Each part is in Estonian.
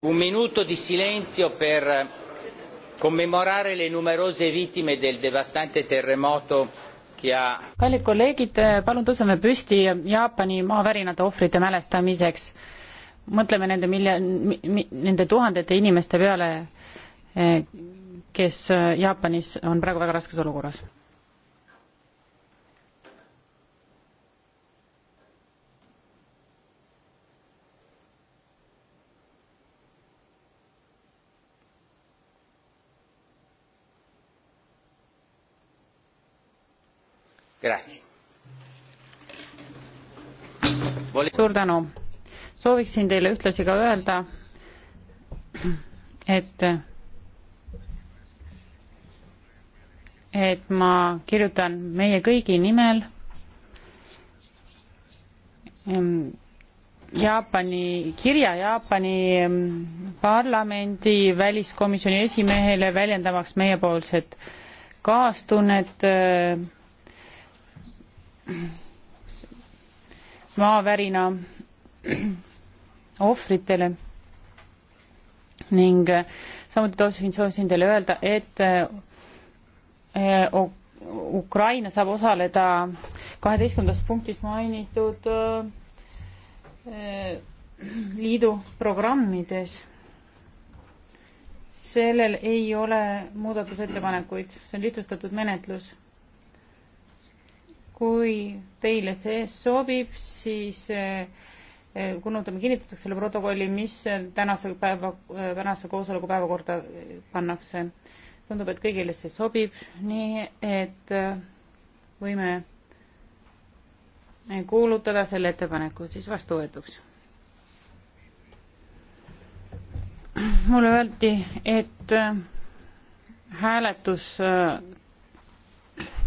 un minuto di silenzio per commemorare le numerose vittime del devastante terremoto che ha kallid kolleegid, palun tõuseme püsti Jaapani maavärinate ohvrite mälestamiseks. mõtleme nende miljon-, nende tuhandete inimeste peale, eh, kes Jaapanis on praegu väga raskes olukorras suur tänu. sooviksin teile ühtlasi ka öelda, et et ma kirjutan meie kõigi nimel ehm, Jaapani, kirja Jaapani ehm, parlamendi väliskomisjoni esimehele väljendamaks meiepoolset kaastunnet äh, maavärina ohvritele ning samuti tohtisin, soovisin teile öelda, et eh, Ukraina saab osaleda kaheteistkümnendas punktis mainitud eh, liidu programmides. sellel ei ole muudatusettepanekuid, see on lihtsustatud menetlus kui teile see sobib, siis eh, eh, kuna ütleme, kinnitatakse selle protokolli, mis tänase päeva, eh, tänase koosoleku päevakorda pannakse. tundub, et kõigile see sobib, nii et võime kuulutada selle ettepaneku siis vastuvõetuks. mulle öeldi, et hääletus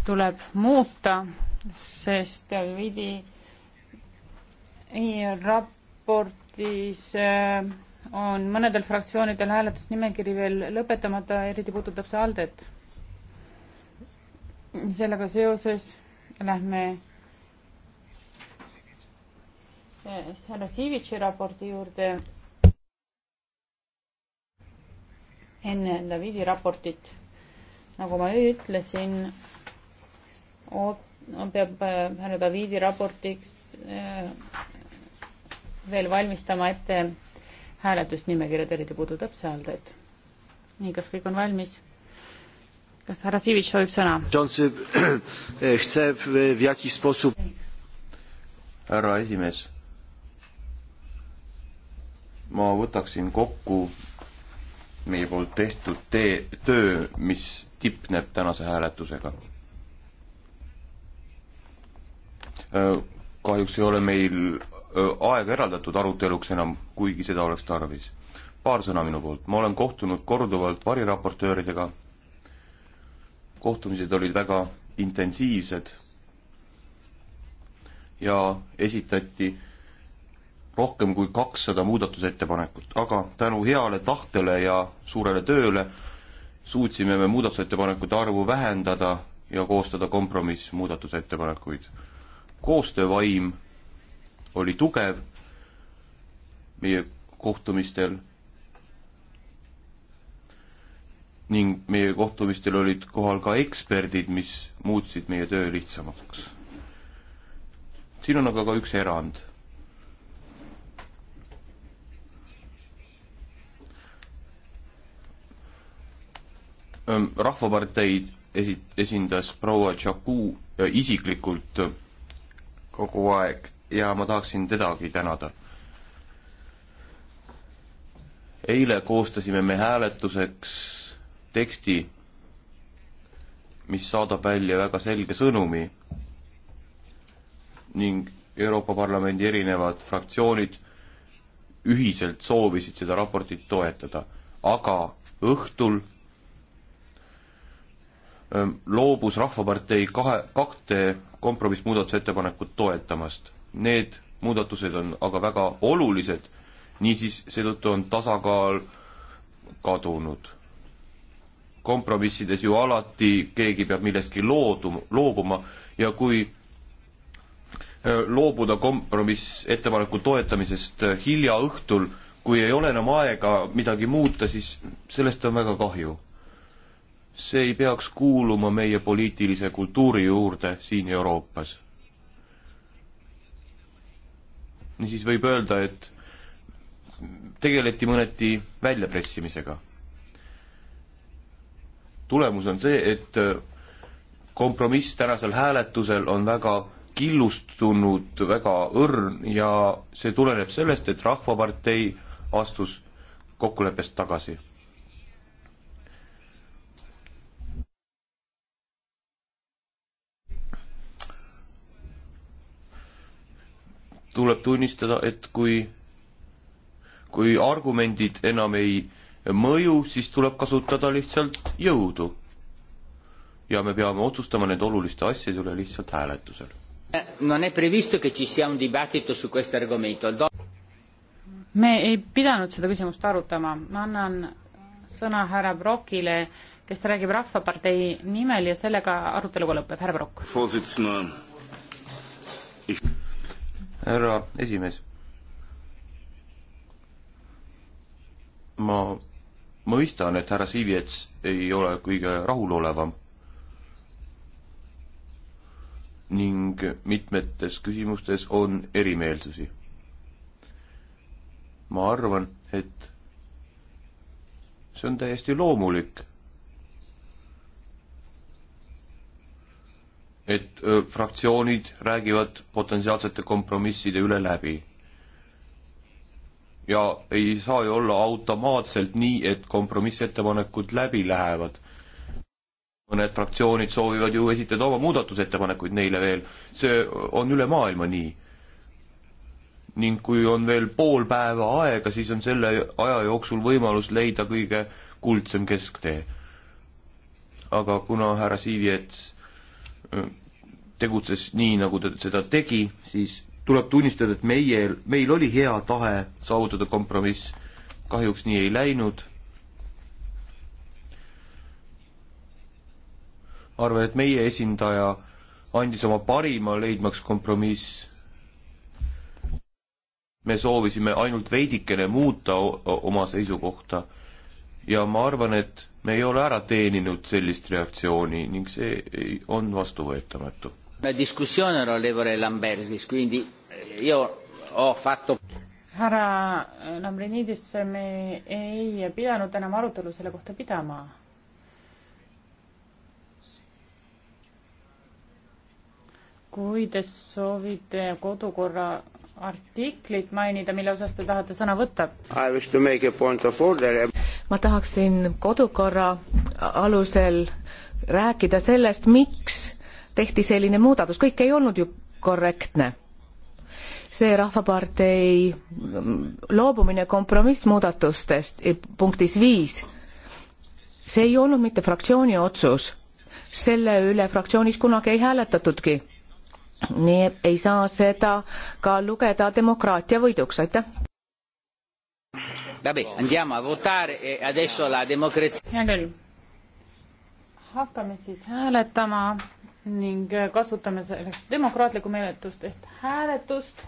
tuleb muuta sest Vidi raportis äh, on mõnedel fraktsioonidel hääletusnimekiri veel lõpetamata, eriti puudutab see ALDE-t. sellega seoses lähme äh, härra Sivitši raporti juurde. enne Davidi raportit, nagu ma ütlesin, oot-, on, peab härra äh, Davidi raportiks äh, veel valmistama ette hääletusnimekirjad, eriti puudutab sealdeid. nii, kas kõik on valmis? kas härra Sivitš soovib sõna? Äh, härra esimees, ma võtaksin kokku meie poolt tehtud tee, töö, mis tipneb tänase hääletusega Äh, kahjuks ei ole meil äh, aega eraldatud aruteluks enam, kuigi seda oleks tarvis. paar sõna minu poolt, ma olen kohtunud korduvalt variraportööridega, kohtumised olid väga intensiivsed ja esitati rohkem kui kakssada muudatusettepanekut, aga tänu heale tahtele ja suurele tööle suutsime me muudatusettepanekute arvu vähendada ja koostada kompromissmuudatusettepanekuid koostöövaim oli tugev meie kohtumistel ning meie kohtumistel olid kohal ka eksperdid, mis muutsid meie töö lihtsamaks. siin on aga ka üks erand. rahvaparteid esi-, esindas proua Tšaku äh, isiklikult äh, kogu aeg ja ma tahaksin tedagi tänada. eile koostasime me hääletuseks teksti, mis saadab välja väga selge sõnumi ning Euroopa Parlamendi erinevad fraktsioonid ühiselt soovisid seda raportit toetada, aga õhtul ähm, loobus Rahvapartei kahe, kahte kompromissmuudatusettepanekut toetamast. Need muudatused on aga väga olulised, niisiis seetõttu on tasakaal kadunud. kompromissides ju alati keegi peab millestki loodu, loobuma ja kui äh, loobuda kompromissettepaneku toetamisest äh, hilja õhtul, kui ei ole enam aega midagi muuta, siis sellest on väga kahju see ei peaks kuuluma meie poliitilise kultuuri juurde siin Euroopas. niisiis võib öelda, et tegeleti mõneti väljapressimisega. tulemus on see, et kompromiss tänasel hääletusel on väga killustunud, väga õrn ja see tuleneb sellest, et Rahvapartei astus kokkuleppest tagasi tuleb tunnistada, et kui, kui argumendid enam ei mõju, siis tuleb kasutada lihtsalt jõudu. ja me peame otsustama nende oluliste asjade üle lihtsalt hääletusel. me ei pidanud seda küsimust arutama, ma annan sõna härra Brokile, kes räägib Rahvapartei nimel ja sellega arutelu ka lõpeb, härra Brok härra esimees. ma mõistan, et härra Siivets ei ole kõige rahulolevam ning mitmetes küsimustes on erimeelsusi. ma arvan, et see on täiesti loomulik et fraktsioonid räägivad potentsiaalsete kompromisside üle läbi. ja ei saa ju olla automaatselt nii, et kompromissettepanekud läbi lähevad. mõned fraktsioonid soovivad ju esitada oma muudatusettepanekuid neile veel, see on üle maailma nii. ning kui on veel pool päeva aega, siis on selle aja jooksul võimalus leida kõige kuldsem kesktee. aga kuna härra Siiviets tegutses nii, nagu ta seda tegi, siis tuleb tunnistada, et meie, meil oli hea tahe saavutada kompromiss, kahjuks nii ei läinud. arvan, et meie esindaja andis oma parima, leidmaks kompromiss. me soovisime ainult veidikene muuta oma seisukohta ja ma arvan, et me ei ole ära teeninud sellist reaktsiooni ning see ei, on vastuvõetamatu. Eh, härra eh, Lambrinidis, me ei pidanud enam arutelu selle kohta pidama. kui te soovite kodukorra artiklit mainida, mille osas te tahate sõna võtta? ma tahaksin kodukorra alusel rääkida sellest, miks tehti selline muudatus, kõik ei olnud ju korrektne. see Rahvapartei loobumine kompromissmuudatustest eh, punktis viis, see ei olnud mitte fraktsiooni otsus, selle üle fraktsioonis kunagi ei hääletatudki nii ei saa seda ka lugeda demokraatia võiduks, aitäh. E hea küll. hakkame siis hääletama ning kasutame selleks demokraatlikku meeletust ehk hääletust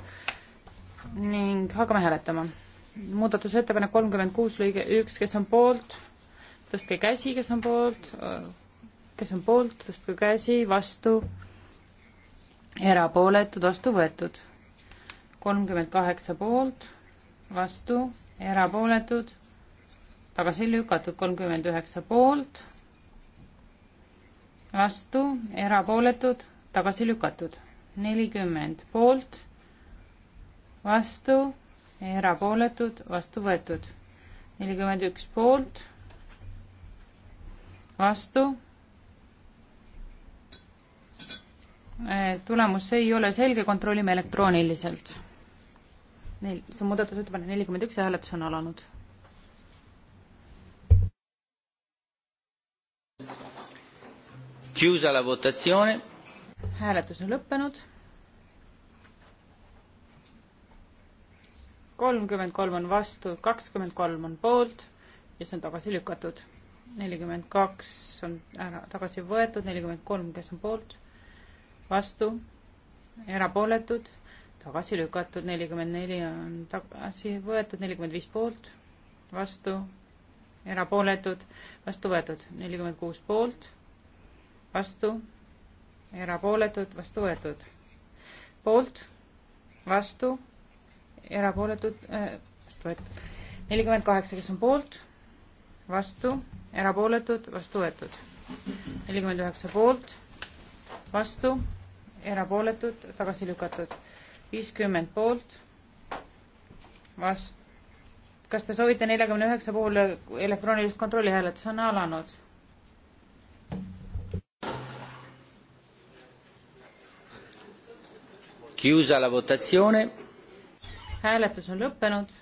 ning hakkame hääletama. muudatusettepanek kolmkümmend kuus lõige üks, kes on poolt, tõstke käsi, kes on poolt, kes on poolt, tõstke käsi, vastu erapooletud, vastu võetud. kolmkümmend kaheksa poolt, vastu, erapooletud, tagasi lükatud, kolmkümmend üheksa poolt, vastu, erapooletud, tagasi lükatud, nelikümmend poolt, vastu, erapooletud, vastu võetud, nelikümmend üks poolt, vastu, Eh, tulemus ei ole selge, kontrollime elektrooniliselt. Neil, see on muudatusettepanek nelikümmend üks ja hääletus on alanud. Chiusa la votazione. hääletus on lõppenud. kolmkümmend kolm on vastu, kakskümmend kolm on poolt ja see on tagasi lükatud. nelikümmend kaks on ära tagasi võetud, nelikümmend kolm, kes on poolt vastu, erapooletud, tagasi lükatud, nelikümmend neli on tagasi võetud, nelikümmend viis poolt, vastu, erapooletud, vastu võetud, nelikümmend kuus poolt, vastu, erapooletud, vastu võetud, poolt, vastu, erapooletud äh,, vastu võetud, nelikümmend kaheksa, kes on poolt, vastu, erapooletud, vastu võetud, nelikümmend üheksa poolt vastu, erapooletud, tagasi lükatud. viiskümmend poolt, vast-, kas te soovite neljakümne üheksa puhul elektroonilist kontrolli, hääletus on alanud chiusa la votazione hääletus on lõppenud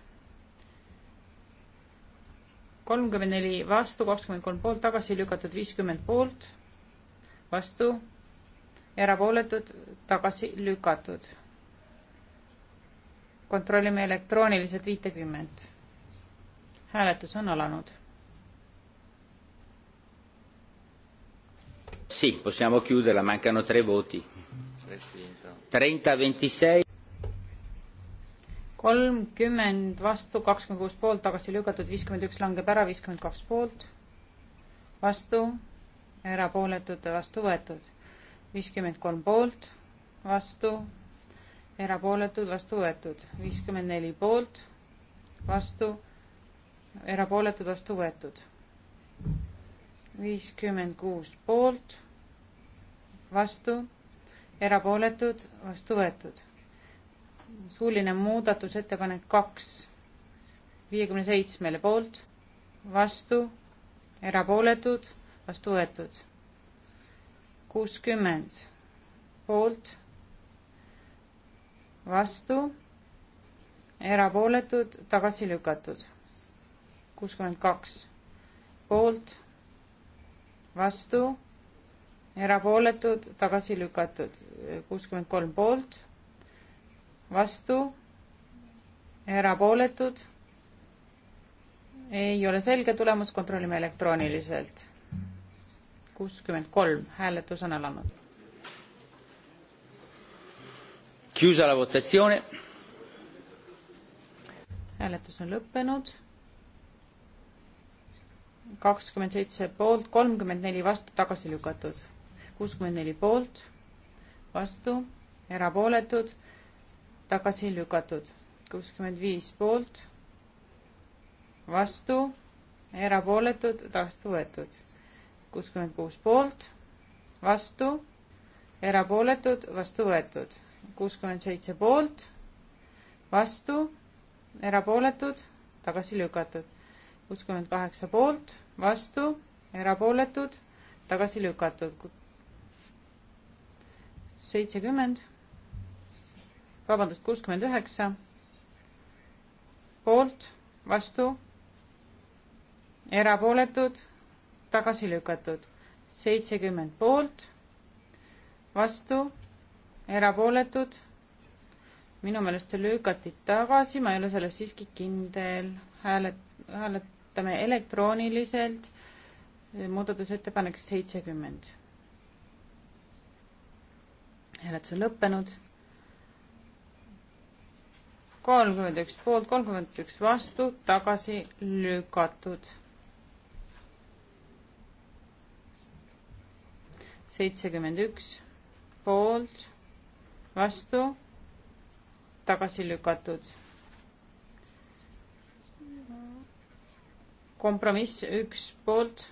kolmkümmend neli vastu kakskümmend kolm poolt tagasi lükatud viiskümmend poolt vastu erapooletud, tagasi lükatud. kontrollime elektrooniliselt viitekümmet. hääletus on alanud. Sì, possiamo chiuderla, mancano tre voti. 30-26. kolmkümmend vastu, kakskümmend kuus poolt, tagasi lükatud, viiskümmend üks langeb ära, viiskümmend kaks poolt, vastu, erapooletud, vastu võetud viiskümmend kolm poolt, vastu, erapooletud, vastu võetud, viiskümmend neli poolt, vastu, erapooletud, vastu võetud, viiskümmend kuus poolt, vastu, erapooletud, vastu võetud. suuline muudatusettepanek kaks, viiekümne seitsmele poolt, vastu, erapooletud, vastu võetud kuuskümmend poolt, vastu, erapooletud, tagasi lükatud. kuuskümmend kaks poolt, vastu, erapooletud, tagasi lükatud. kuuskümmend kolm poolt, vastu, erapooletud, ei ole selge tulemus, kontrollime elektrooniliselt kuuskümmend kolm, hääletus on alanud. Chiusa la votatsioone. hääletus on lõppenud. kakskümmend seitse poolt, kolmkümmend neli vastu, tagasi lükatud. kuuskümmend neli poolt, vastu, erapooletud, tagasi lükatud. kuuskümmend viis poolt, vastu, erapooletud, vastu võetud kuuskümmend kuus poolt, vastu, erapooletud, vastu võetud. kuuskümmend seitse poolt, vastu, erapooletud, tagasi lükatud. kuuskümmend kaheksa poolt, vastu, erapooletud, tagasi lükatud. seitsekümmend, vabandust, kuuskümmend üheksa, poolt, vastu, erapooletud tagasi lükatud. seitsekümmend poolt, vastu, erapooletud. minu meelest see lükati tagasi, ma ei ole selles siiski kindel. hääled, hääletame elektrooniliselt. muudatusettepanek seitsekümmend. hääletus on lõppenud kolmkümmend üks poolt, kolmkümmend üks vastu, tagasi lükatud. seitsekümmend üks poolt, vastu, tagasi lükatud. kompromiss üks poolt,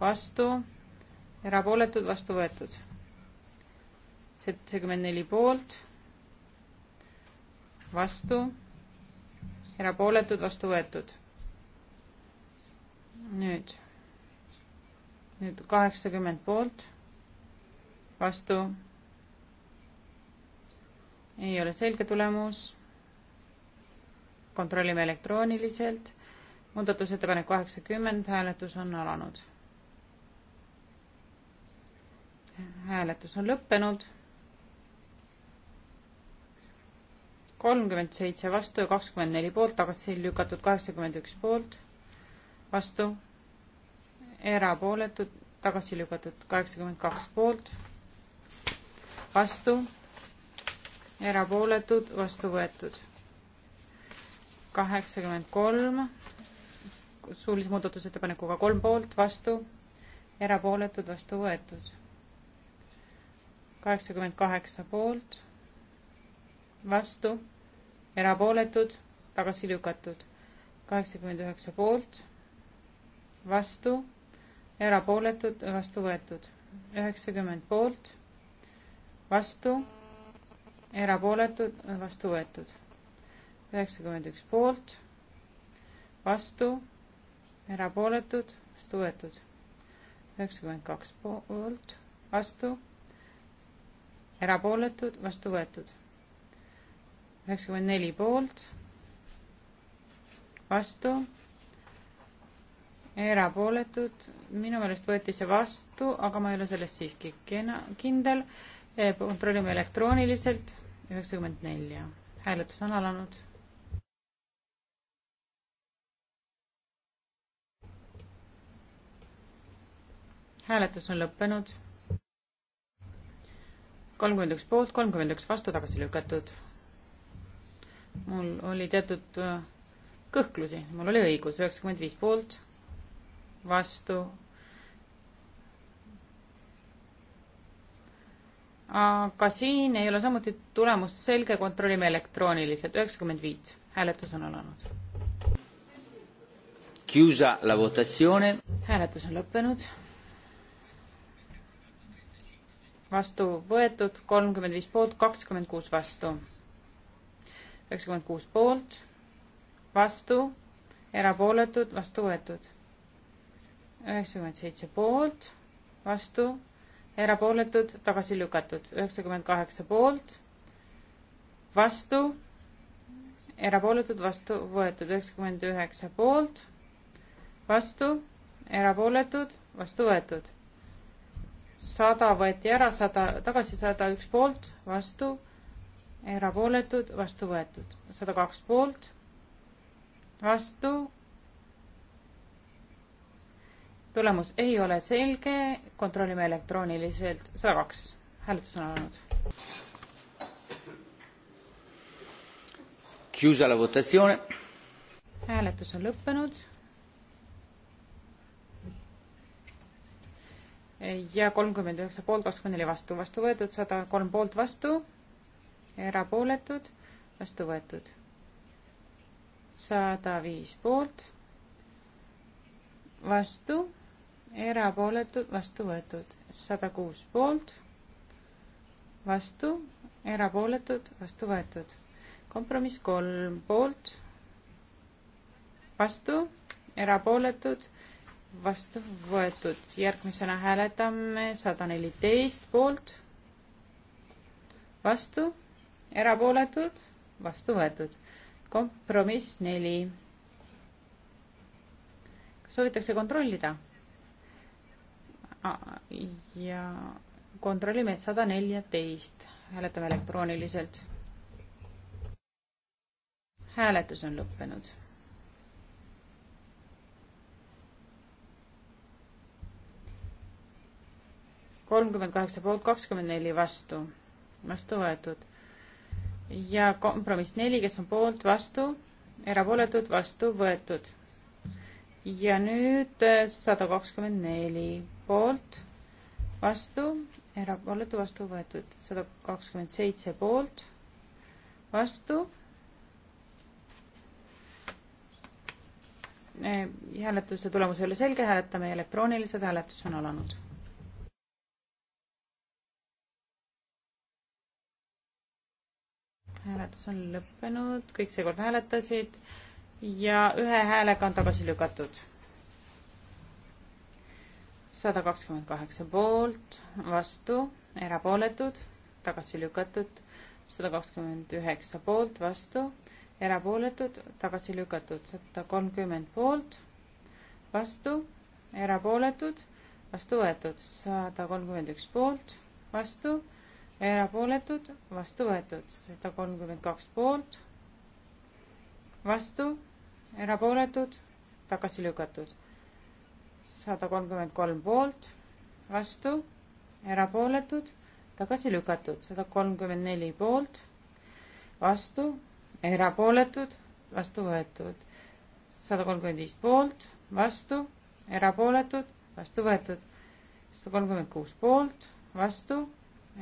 vastu, erapooletud, vastu võetud. seitsekümmend neli poolt, vastu, erapooletud, vastu võetud. nüüd nüüd kaheksakümmend poolt, vastu. ei ole selge tulemus. kontrollime elektrooniliselt. muudatusettepanek kaheksakümmend, hääletus on alanud. hääletus on lõppenud. kolmkümmend seitse vastu ja kakskümmend neli poolt, tagasi lükatud kaheksakümmend üks poolt, vastu erapooletud, tagasi lükatud kaheksakümmend kaks poolt, vastu, erapooletud, vastu võetud. kaheksakümmend kolm, suulise muudatusettepanekuga kolm poolt, vastu, erapooletud, vastu võetud. kaheksakümmend kaheksa poolt, vastu, erapooletud, tagasi lükatud. kaheksakümmend üheksa poolt, vastu erapooletud, vastu võetud. üheksakümmend poolt, vastu, erapooletud, vastu võetud. üheksakümmend üks poolt, vastu, erapooletud, vastu võetud. üheksakümmend kaks poolt, vastu, erapooletud, vastu võetud. üheksakümmend neli poolt, vastu erapooletud, minu meelest võeti see vastu, aga ma ei ole selles siiski kena, kindel. Eh, kontrollime elektrooniliselt, üheksakümmend nelja. hääletus on alanud. hääletus on lõppenud. kolmkümmend üks poolt, kolmkümmend üks vastu, tagasi lükatud. mul oli teatud eh, kõhklusi, mul oli õigus, üheksakümmend viis poolt vastu. aga siin ei ole samuti tulemust selge, kontrollime elektrooniliselt, üheksakümmend viis, hääletus on alanud. hääletus on lõppenud. vastu võetud kolmkümmend viis poolt, kakskümmend kuus vastu. üheksakümmend kuus poolt, vastu, erapooletud, vastu võetud üheksakümmend seitse poolt, vastu, erapooletud, tagasi lükatud, üheksakümmend kaheksa poolt, vastu, erapooletud, vastu võetud, üheksakümmend üheksa poolt, vastu, erapooletud, vastu võetud. sada võeti ära, sada, tagasi sada üks poolt, vastu, erapooletud, vastu võetud, sada kaks poolt, vastu tulemus ei ole selge, kontrollime elektrooniliselt, sada kaks, hääletus on alanud. hääletus on lõppenud. ja kolmkümmend üheksa poolt, kakskümmend neli vastu, vastu võetud, sada kolm poolt vastu, erapooletud, vastu võetud. sada viis poolt, vastu erapooletud, vastu võetud. sada kuus poolt, vastu, erapooletud, vastu võetud. kompromiss kolm poolt, vastu, erapooletud, vastu võetud. järgmisena hääletame sada neliteist poolt, vastu, erapooletud, vastu võetud. kompromiss neli. soovitakse kontrollida ja kontrollime sada neljateist, hääletame elektrooniliselt. hääletus on lõppenud. kolmkümmend kaheksa poolt, kakskümmend neli vastu, vastu võetud. ja kompromiss neli, kes on poolt, vastu, erapooletud, vastu võetud. ja nüüd eh, sada kakskümmend neli poolt, vastu, erapooletu vastu võetud, sada kakskümmend seitse poolt, vastu. E, hääletuse tulemus ei ole selge, hääletame elektrooniliselt, hääletus on alanud. hääletus on lõppenud, kõik seekord hääletasid ja ühe häälega on tagasi lükatud sada kakskümmend kaheksa poolt, vastu, erapooletud, tagasi lükatud, sada kakskümmend üheksa poolt, vastu, erapooletud, tagasi lükatud, sada kolmkümmend poolt, vastu, erapooletud, vastu võetud, sada kolmkümmend üks poolt, vastu, erapooletud, vastu võetud, sada kolmkümmend kaks poolt, vastu, erapooletud, tagasi lükatud sada kolmkümmend kolm poolt, vastu, erapooletud, tagasi lükatud, sada kolmkümmend neli poolt, vastu, erapooletud, vastu võetud, sada kolmkümmend viis poolt, vastu, erapooletud, vastu võetud, sada kolmkümmend kuus poolt, vastu,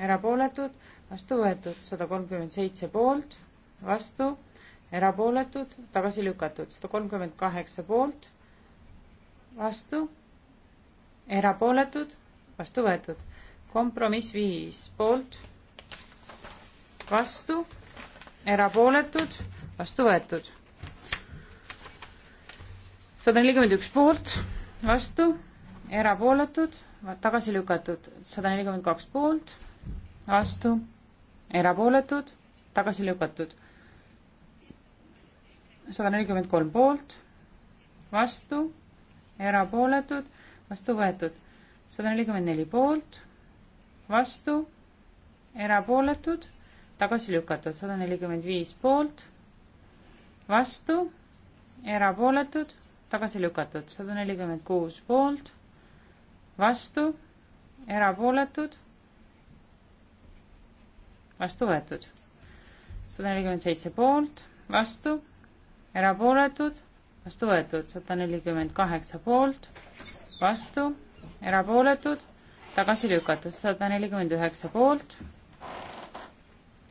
erapooletud, vastu võetud, sada kolmkümmend seitse poolt, vastu, erapooletud, tagasi lükatud, sada kolmkümmend kaheksa poolt, vastu erapooletud, vastu võetud. kompromiss viis poolt, vastu, erapooletud, vastu võetud. sada nelikümmend üks poolt, vastu, erapooletud, tagasi lükatud. sada nelikümmend kaks poolt, vastu, erapooletud, tagasi lükatud. sada nelikümmend kolm poolt, vastu, erapooletud vastu võetud. sada nelikümmend neli poolt, vastu, erapooletud, tagasi lükatud. sada nelikümmend viis poolt, vastu, erapooletud, tagasi lükatud. sada nelikümmend kuus poolt, vastu, erapooletud, vastu võetud. sada nelikümmend seitse poolt, vastu, erapooletud, vastu võetud. sada nelikümmend kaheksa poolt vastu, erapooletud, tagasi lükatud, sada nelikümmend üheksa poolt,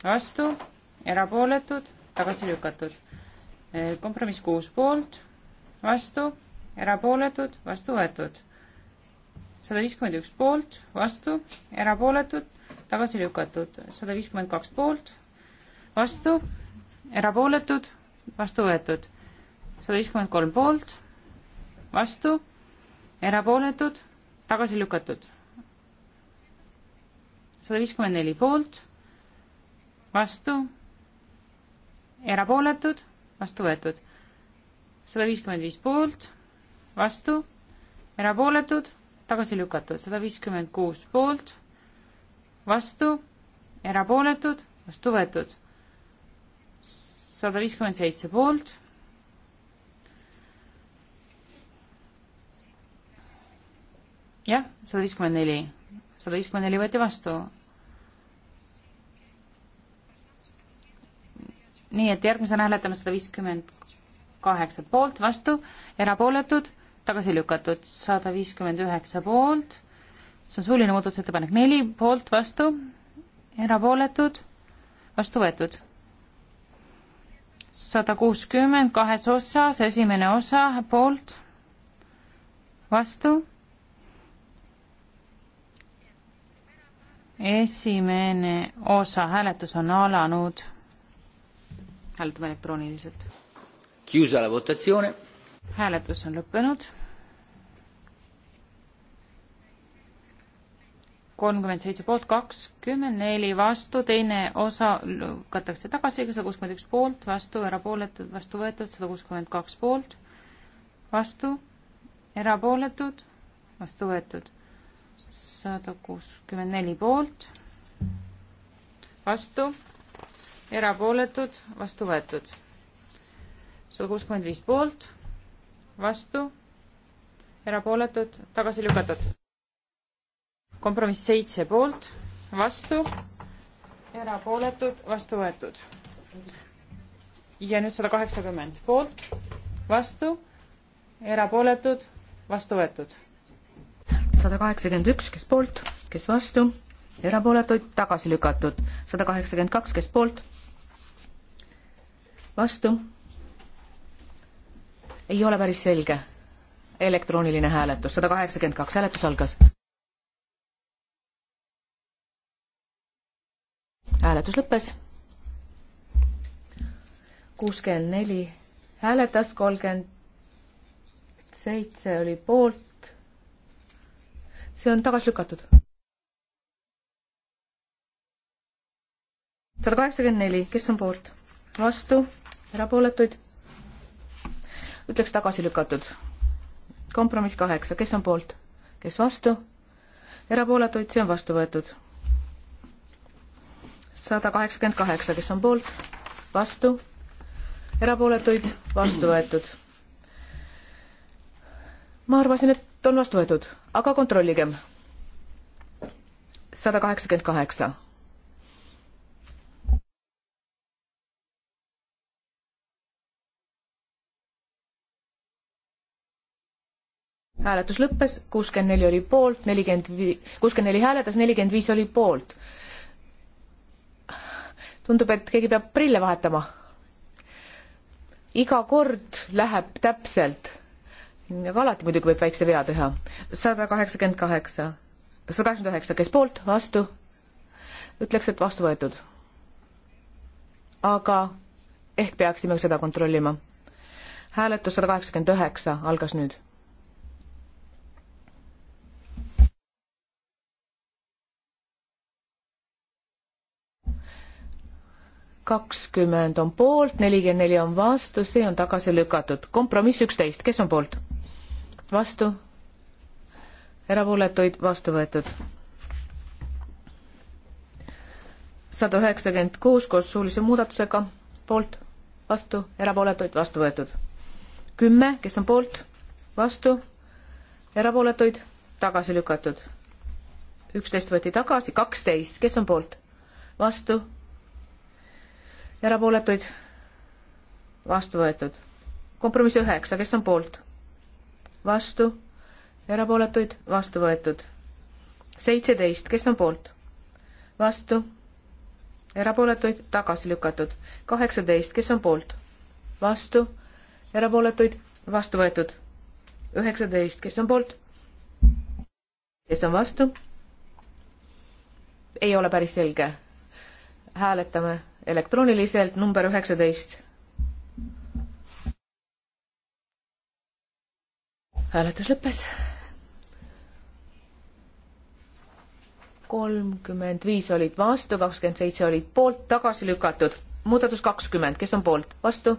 vastu, erapooletud, tagasi lükatud. kompromiss kuus poolt, vastu, erapooletud, vastu võetud. sada viiskümmend üks poolt, vastu, erapooletud, tagasi lükatud, sada viiskümmend kaks poolt, vastu, erapooletud, vastu võetud. sada viiskümmend kolm poolt, vastu erapooletud, tagasi lükatud. sada viiskümmend neli poolt, vastu, erapooletud, vastu võetud. sada viiskümmend viis poolt, vastu, erapooletud, tagasi lükatud. sada viiskümmend kuus poolt, vastu, erapooletud, vastu võetud. sada viiskümmend seitse poolt jah, sada viiskümmend neli, sada viiskümmend neli võeti vastu. nii et järgmisena hääletame sada viiskümmend kaheksa poolt, vastu, erapooletud, tagasi lükatud, sada viiskümmend üheksa poolt, see on suuline muudatusettepanek, neli poolt, vastu, erapooletud, vastu võetud sada kuuskümmend kahes osas, esimene osa poolt, vastu, esimene osa, hääletus on alanud. hääletame elektrooniliselt. hääletus on lõppenud. kolmkümmend seitse poolt, kakskümmend neli vastu, teine osa lükatakse tagasi, sada kuuskümmend üks poolt, vastu, erapooletud, vastu võetud, sada kuuskümmend kaks poolt, vastu, erapooletud, vastu võetud sada kuuskümmend neli poolt, vastu, erapooletud, vastu võetud. sada kuuskümmend viis poolt, vastu, erapooletud, tagasi lükatud. kompromiss seitse poolt, vastu, erapooletud, vastu võetud. ja nüüd sada kaheksakümmend poolt, vastu, erapooletud, vastu võetud sada kaheksakümmend üks, kes poolt, kes vastu, erapooletuid tagasi lükatud, sada kaheksakümmend kaks, kes poolt, vastu, ei ole päris selge. elektrooniline hääletus, sada kaheksakümmend kaks, hääletus algas. hääletus lõppes. kuuskümmend neli hääletas, kolmkümmend seitse oli poolt, see on tagasi lükatud. sada kaheksakümmend neli, kes on poolt? vastu, erapooletuid? ütleks tagasi lükatud. kompromiss kaheksa, kes on poolt? kes vastu? erapooletuid, see on vastu võetud. sada kaheksakümmend kaheksa, kes on poolt? vastu? erapooletuid, vastu võetud. ma arvasin, et on vastu võetud aga kontrolligem. sada kaheksakümmend kaheksa. hääletus lõppes, kuuskümmend neli oli poolt, nelikümmend viis, kuuskümmend neli hääletas, nelikümmend viis oli poolt. tundub, et keegi peab prille vahetama. iga kord läheb täpselt aga alati muidugi võib väikse vea teha. sada kaheksakümmend kaheksa, sada kaheksakümmend üheksa, kes poolt, vastu? ütleks, et vastu võetud. aga ehk peaksime seda kontrollima. hääletus sada kaheksakümmend üheksa algas nüüd. kakskümmend on poolt, nelikümmend neli on vastu, see on tagasi lükatud. kompromiss üksteist, kes on poolt? vastu, erapooletuid vastu võetud. sada üheksakümmend kuus koos suulise muudatusega, poolt, vastu, erapooletuid vastu võetud. kümme, kes on poolt, vastu, erapooletuid tagasi lükatud. üksteist võeti tagasi, kaksteist, kes on poolt, vastu, erapooletuid vastu võetud. kompromiss üheksa, kes on poolt vastu, erapooletuid, vastu võetud. seitseteist, kes on poolt? vastu, erapooletuid, tagasi lükatud. kaheksateist, kes on poolt? vastu, erapooletuid, vastu võetud. üheksateist, kes on poolt? kes on vastu? ei ole päris selge. hääletame elektrooniliselt number üheksateist hääletus lõppes. kolmkümmend viis olid vastu, kakskümmend seitse olid poolt, tagasi lükatud. muudatus kakskümmend, kes on poolt, vastu,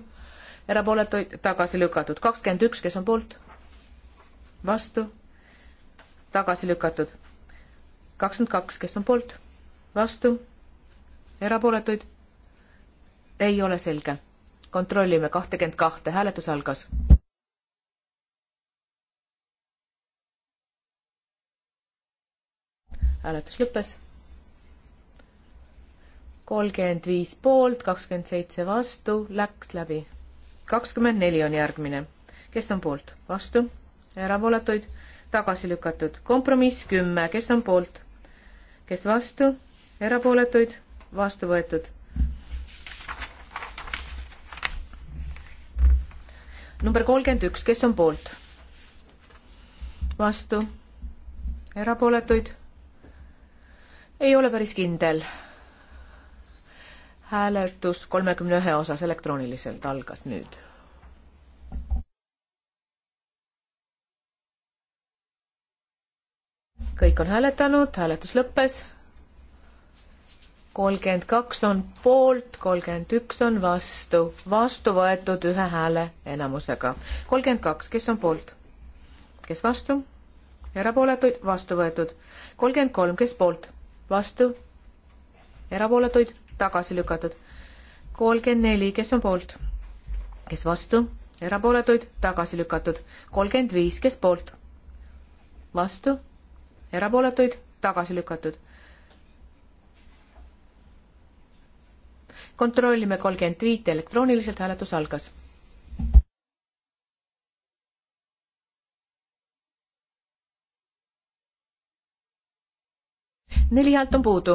erapooletuid tagasi lükatud, kakskümmend üks, kes on poolt, vastu, tagasi lükatud, kakskümmend kaks, kes on poolt, vastu, erapooletuid ei ole selge. kontrollime kahtekümmend kahte, hääletus algas hääletus lõppes. kolmkümmend viis poolt, kakskümmend seitse vastu, läks läbi. kakskümmend neli on järgmine. kes on poolt? vastu? erapooletuid? tagasi lükatud. kompromiss kümme, kes on poolt? kes vastu? erapooletuid? vastu võetud. number kolmkümmend üks, kes on poolt? vastu? erapooletuid? ei ole päris kindel. hääletus kolmekümne ühe osas elektrooniliselt algas nüüd. kõik on hääletanud, hääletus lõppes. kolmkümmend kaks on poolt, kolmkümmend üks on vastu, vastu võetud ühe hääle enamusega. kolmkümmend kaks, kes on poolt? kes vastu? erapooletuid, vastu võetud. kolmkümmend kolm, kes poolt? vastu, erapooletuid tagasi lükatud. kolmkümmend neli, kes on poolt, kes vastu, erapooletuid tagasi lükatud. kolmkümmend viis, kes poolt, vastu, erapooletuid tagasi lükatud. kontrollime kolmkümmend viit, elektrooniliselt hääletus algas neli häält on puudu.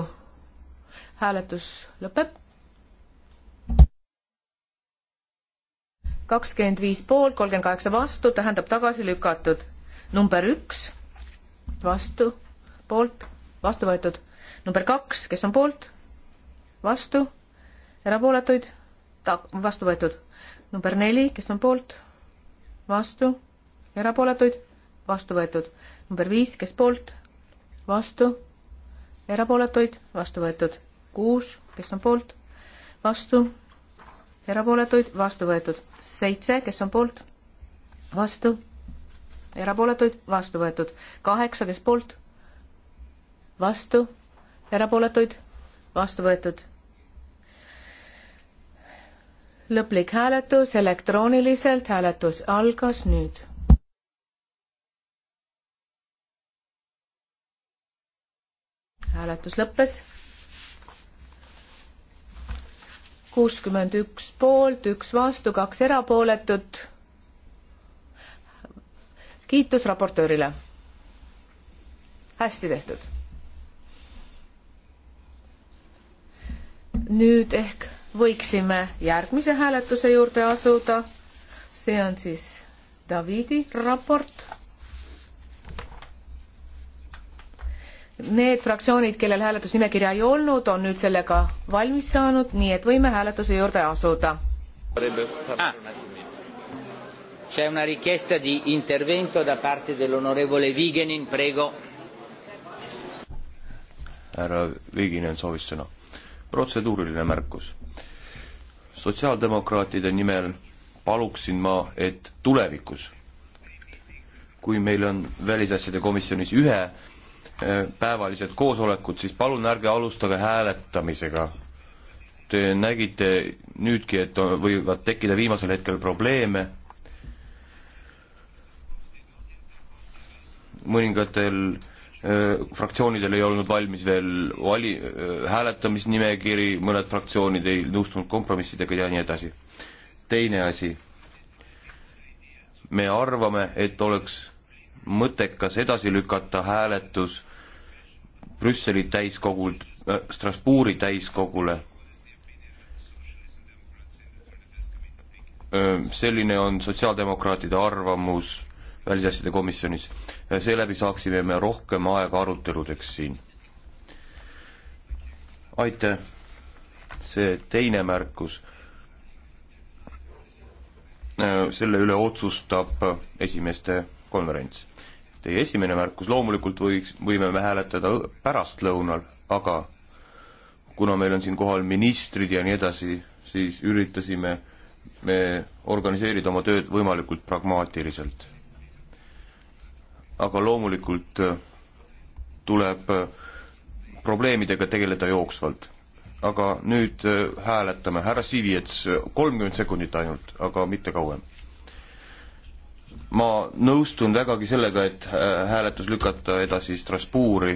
hääletus lõpeb. kakskümmend viis poolt, kolmkümmend kaheksa vastu, tähendab tagasi lükatud. number üks, vastu, poolt, vastu võetud. number kaks, kes on poolt, vastu, erapooletuid, ta-, vastu võetud. number neli, kes on poolt, vastu, erapooletuid, vastu võetud. number viis, kes poolt, vastu erapooletuid, vastu võetud kuus, kes on poolt, vastu, erapooletuid, vastu võetud seitse, kes on poolt, vastu, erapooletuid, vastu võetud kaheksa, kes poolt, vastu, erapooletuid, vastu võetud. lõplik hääletus elektrooniliselt, hääletus algas nüüd hääletus lõppes. kuuskümmend üks poolt, üks vastu, kaks erapooletut. kiitus raportöörile. hästi tehtud. nüüd ehk võiksime järgmise hääletuse juurde asuda. see on siis Davidi raport Need fraktsioonid, kellel hääletusnimekirja ei olnud, on nüüd sellega valmis saanud, nii et võime hääletuse juurde asuda ah.. C'è una richiesta di intervento da parte dell'onorevole Vigenin, prego. härra Viginen soovis sõna. protseduuriline märkus. sotsiaaldemokraatide nimel paluksin ma, et tulevikus, kui meil on välisasjade komisjonis ühe päevalised koosolekud, siis palun ärge alustage hääletamisega. Te nägite nüüdki, et võivad tekkida viimasel hetkel probleeme. mõningatel äh, fraktsioonidel ei olnud valmis veel vali- äh,, hääletamisnimekiri, mõned fraktsioonid ei nõustunud kompromissidega ja nii edasi. teine asi, me arvame, et oleks mõttekas edasi lükata hääletus Brüsseli täiskogult äh,, Strasbourgi täiskogule äh,. selline on sotsiaaldemokraatide arvamus välisasjade komisjonis. Äh, seeläbi saaksime me rohkem aega aruteludeks siin. aitäh. see teine märkus äh, selle üle otsustab esimeeste konverents. Teie esimene märkus, loomulikult võiks, võime me hääletada pärastlõunal, aga kuna meil on siin kohal ministrid ja nii edasi, siis üritasime me organiseerida oma tööd võimalikult pragmaatiliselt. aga loomulikult äh, tuleb äh, probleemidega tegeleda jooksvalt. aga nüüd äh, hääletame, härra Sivijets, kolmkümmend sekundit ainult, aga mitte kauem ma nõustun vägagi sellega, et äh, hääletus lükata edasi Strasbourgi,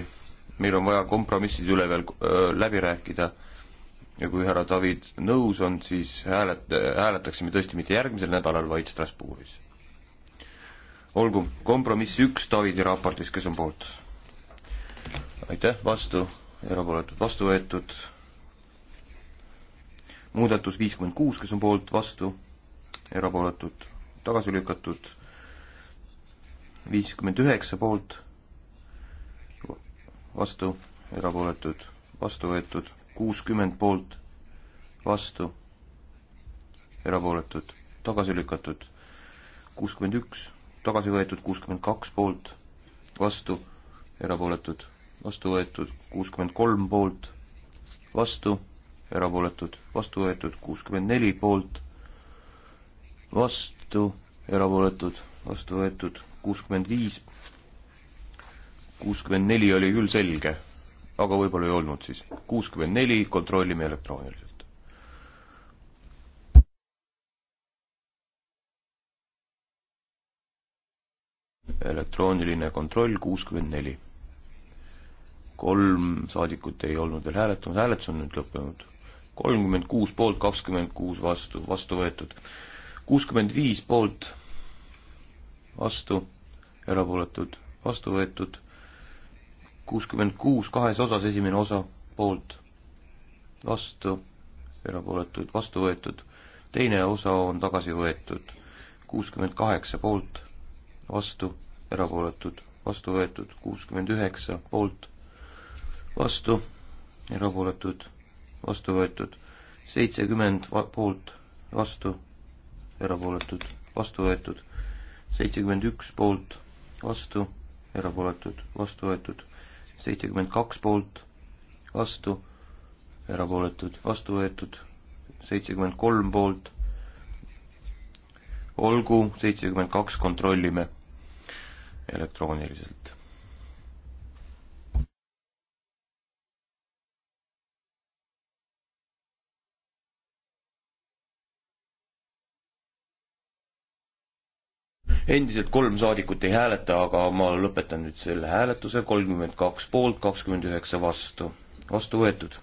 meil on vaja kompromissid üle veel äh, läbi rääkida ja kui härra David nõus on, siis häälet-, hääletaksime tõesti mitte järgmisel nädalal, vaid Strasbourgis. olgu, kompromiss üks Davidi raportis, kes on poolt? aitäh, vastu, erapooletud, vastu võetud, muudatus viiskümmend kuus, kes on poolt, vastu, erapooletud, tagasi lükatud viiskümmend üheksa poolt, vastu, erapooletud, vastu võetud, kuuskümmend poolt, vastu, erapooletud, tagasi lükatud, kuuskümmend üks, tagasi võetud, kuuskümmend kaks poolt, vastu, erapooletud, vastu võetud, kuuskümmend kolm poolt, vastu, erapooletud, vastu võetud, kuuskümmend neli poolt, vastu, erapooletud, vastu võetud, kuuskümmend viis, kuuskümmend neli oli küll selge, aga võib-olla ei olnud siis. kuuskümmend neli kontrollime elektrooniliselt. elektrooniline kontroll kuuskümmend neli. kolm saadikut ei olnud veel hääletamas, hääletus on nüüd lõppenud. kolmkümmend kuus poolt, kakskümmend kuus vastu, vastu võetud. kuuskümmend viis poolt, vastu erapooletud, vastu võetud kuuskümmend kuus kahes osas, esimene osa poolt, vastu, erapooletud, vastu võetud, teine osa on tagasi võetud, kuuskümmend kaheksa poolt, vastu, erapooletud, vastu võetud, kuuskümmend üheksa poolt, vastu, erapooletud, vastu võetud, seitsekümmend poolt, vastu, erapooletud, vastu võetud, seitsekümmend üks poolt vastu, erapooletud, vastu võetud. seitsekümmend kaks poolt, vastu, erapooletud, vastu võetud. seitsekümmend kolm poolt, olgu, seitsekümmend kaks kontrollime elektrooniliselt endiselt kolm saadikut ei hääleta, aga ma lõpetan nüüd selle hääletuse, kolmkümmend kaks poolt, kakskümmend üheksa vastu. vastu võetud.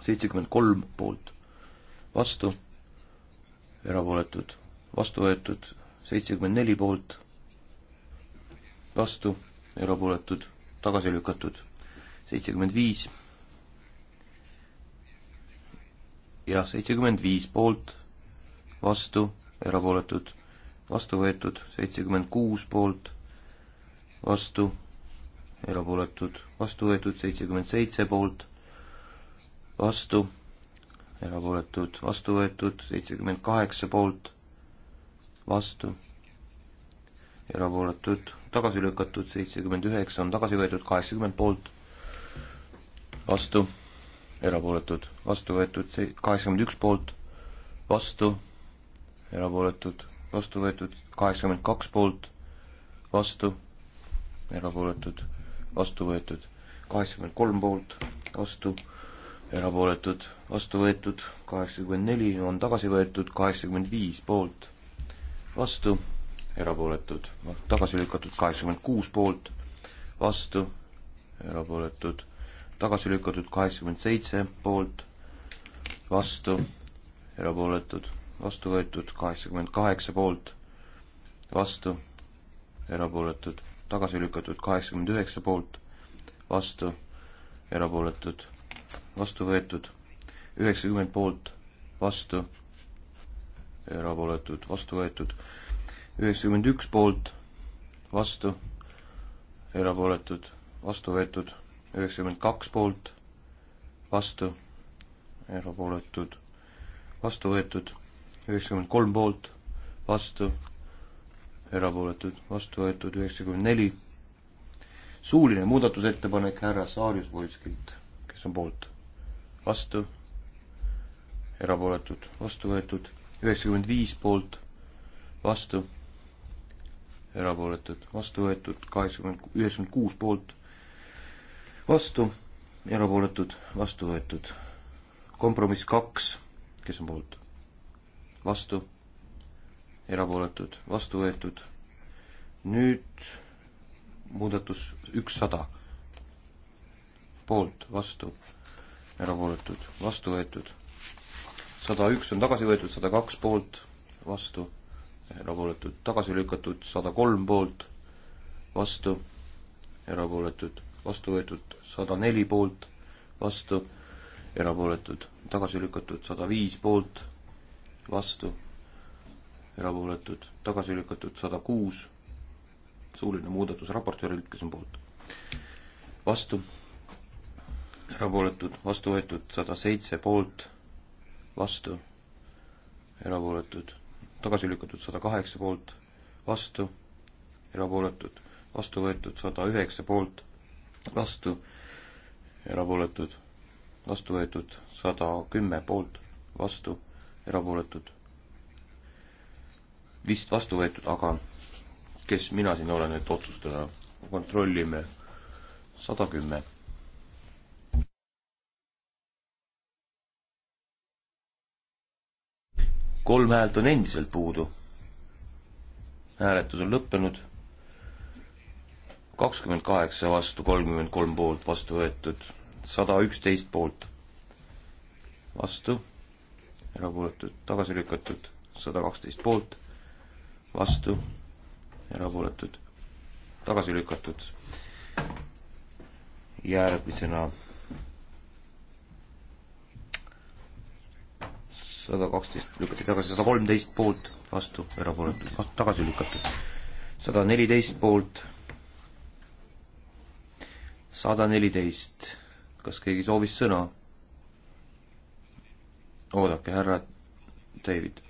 seitsekümmend kolm poolt, vastu, erapooletud, vastu võetud, seitsekümmend neli poolt, vastu, erapooletud, tagasi lükatud, seitsekümmend viis jah, seitsekümmend viis poolt, vastu, erapooletud, vastu võetud, seitsekümmend kuus poolt, vastu, erapooletud, vastu võetud, seitsekümmend seitse poolt, vastu, erapooletud, vastu võetud, seitsekümmend kaheksa poolt, vastu, erapooletud, tagasi lükatud, seitsekümmend üheksa on tagasi võetud, kaheksakümmend poolt, vastu, erapooletud, vastu võetud, kaheksakümmend üks poolt, vastu, erapooletud, vastu võetud kaheksakümmend kaks poolt, vastu, erapooletud, vastu võetud kaheksakümmend kolm poolt, vastu, erapooletud, vastu võetud kaheksakümmend neli, on tagasi võetud kaheksakümmend viis poolt, vastu, erapooletud, noh, tagasi lükatud kaheksakümmend kuus poolt, vastu, erapooletud, tagasi lükatud kaheksakümmend seitse poolt, vastu, erapooletud vastu võetud kaheksakümmend kaheksa poolt, vastu, erapooletud, tagasi lükatud kaheksakümmend üheksa poolt, vastu, erapooletud, vastu võetud üheksakümmend poolt, vastu, erapooletud, vastu võetud üheksakümmend üks poolt, vastu, erapooletud, vastu võetud üheksakümmend kaks poolt, vastu, erapooletud, vastu võetud üheksakümmend kolm poolt, vastu, erapooletud, vastu võetud üheksakümmend neli. suuline muudatusettepanek härra Saarjus Volskilt, kes on poolt, vastu, erapooletud, vastu võetud üheksakümmend viis poolt, vastu, erapooletud, vastu võetud kaheksakümmend, üheksakümmend kuus poolt, vastu, erapooletud, vastu võetud. kompromiss kaks, kes on poolt? vastu, erapooletud, vastu võetud. nüüd muudatus ükssada, poolt, vastu, erapooletud, vastu võetud. sada üks on tagasi võetud, sada kaks poolt, vastu, erapooletud, tagasi lükatud, sada kolm poolt, vastu, erapooletud, vastu võetud, sada neli poolt, vastu, erapooletud, tagasi lükatud, sada viis poolt vastu, erapooletud, tagasi lükatud sada kuus, suuline muudatus raportöörilt, kes on poolt, vastu, erapooletud, vastu võetud sada seitse poolt, vastu, erapooletud, tagasi lükatud sada kaheksa poolt, vastu, erapooletud, vastu võetud sada üheksa poolt, vastu, erapooletud, vastu võetud sada kümme poolt, vastu erapooletud, vist vastu võetud, aga kes mina siin olen, et otsustada, kontrollime, sada kümme. kolm häält on endiselt puudu. hääletus on lõppenud kakskümmend kaheksa vastu, kolmkümmend kolm poolt vastu võetud, sada üksteist poolt vastu, erapooletud tagasi lükatud, sada kaksteist poolt, vastu, erapooletud tagasi lükatud. järgmisena sada kaksteist lükati tagasi, sada kolmteist poolt, vastu, erapooletud tagasi lükatud, sada neliteist poolt, sada neliteist, kas keegi soovis sõna? oodake, härra David.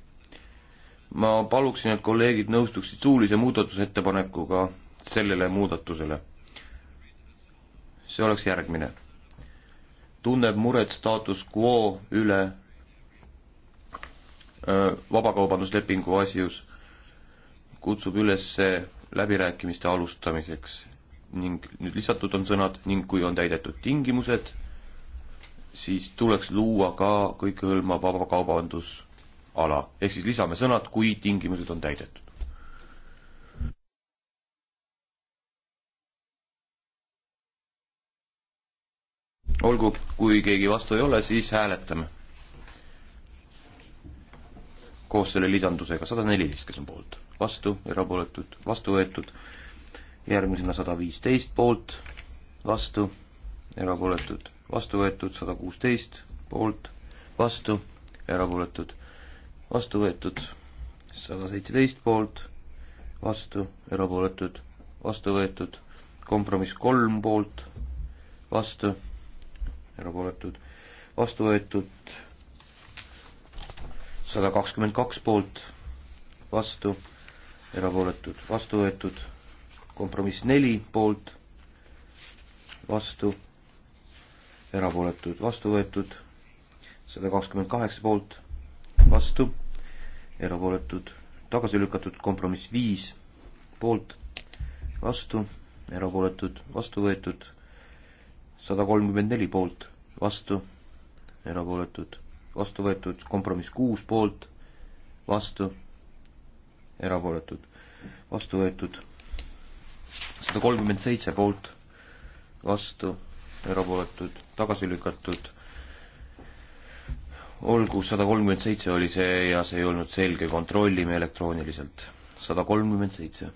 ma paluksin, et kolleegid nõustuksid suulise muudatusettepanekuga sellele muudatusele. see oleks järgmine. tunneb muret status quo üle vabakaubanduslepingu asjus, kutsub üles läbirääkimiste alustamiseks ning nüüd lisatud on sõnad ning kui on täidetud tingimused siis tuleks luua ka kõikehõlmav vabakaubandusala, ehk siis lisame sõnad, kui tingimused on täidetud. olgu, kui keegi vastu ei ole, siis hääletame. koos selle lisandusega sada neliteist, kes on poolt, vastu, erapooletud, vastu võetud, järgmisena sada viisteist poolt, vastu, erapooletud vastu võetud sada kuusteist, poolt, vastu, erapooletud, vastu võetud sada seitseteist poolt, vastu, erapooletud, vastu võetud, kompromiss kolm poolt, vastu, erapooletud, vastu võetud sada kakskümmend kaks poolt, vastu, erapooletud, vastu võetud, kompromiss neli poolt, vastu, erapooletud vastu võetud, sada kakskümmend kaheksa poolt vastu, erapooletud tagasi lükatud, kompromiss viis poolt vastu, erapooletud vastu võetud, sada kolmkümmend neli poolt vastu, erapooletud vastu võetud, kompromiss kuus poolt vastu, erapooletud vastu võetud, sada kolmkümmend seitse poolt vastu erapooletud, tagasi lükatud. olgu, sada kolmkümmend seitse oli see ja see ei olnud selge, kontrollime elektrooniliselt. sada kolmkümmend seitse.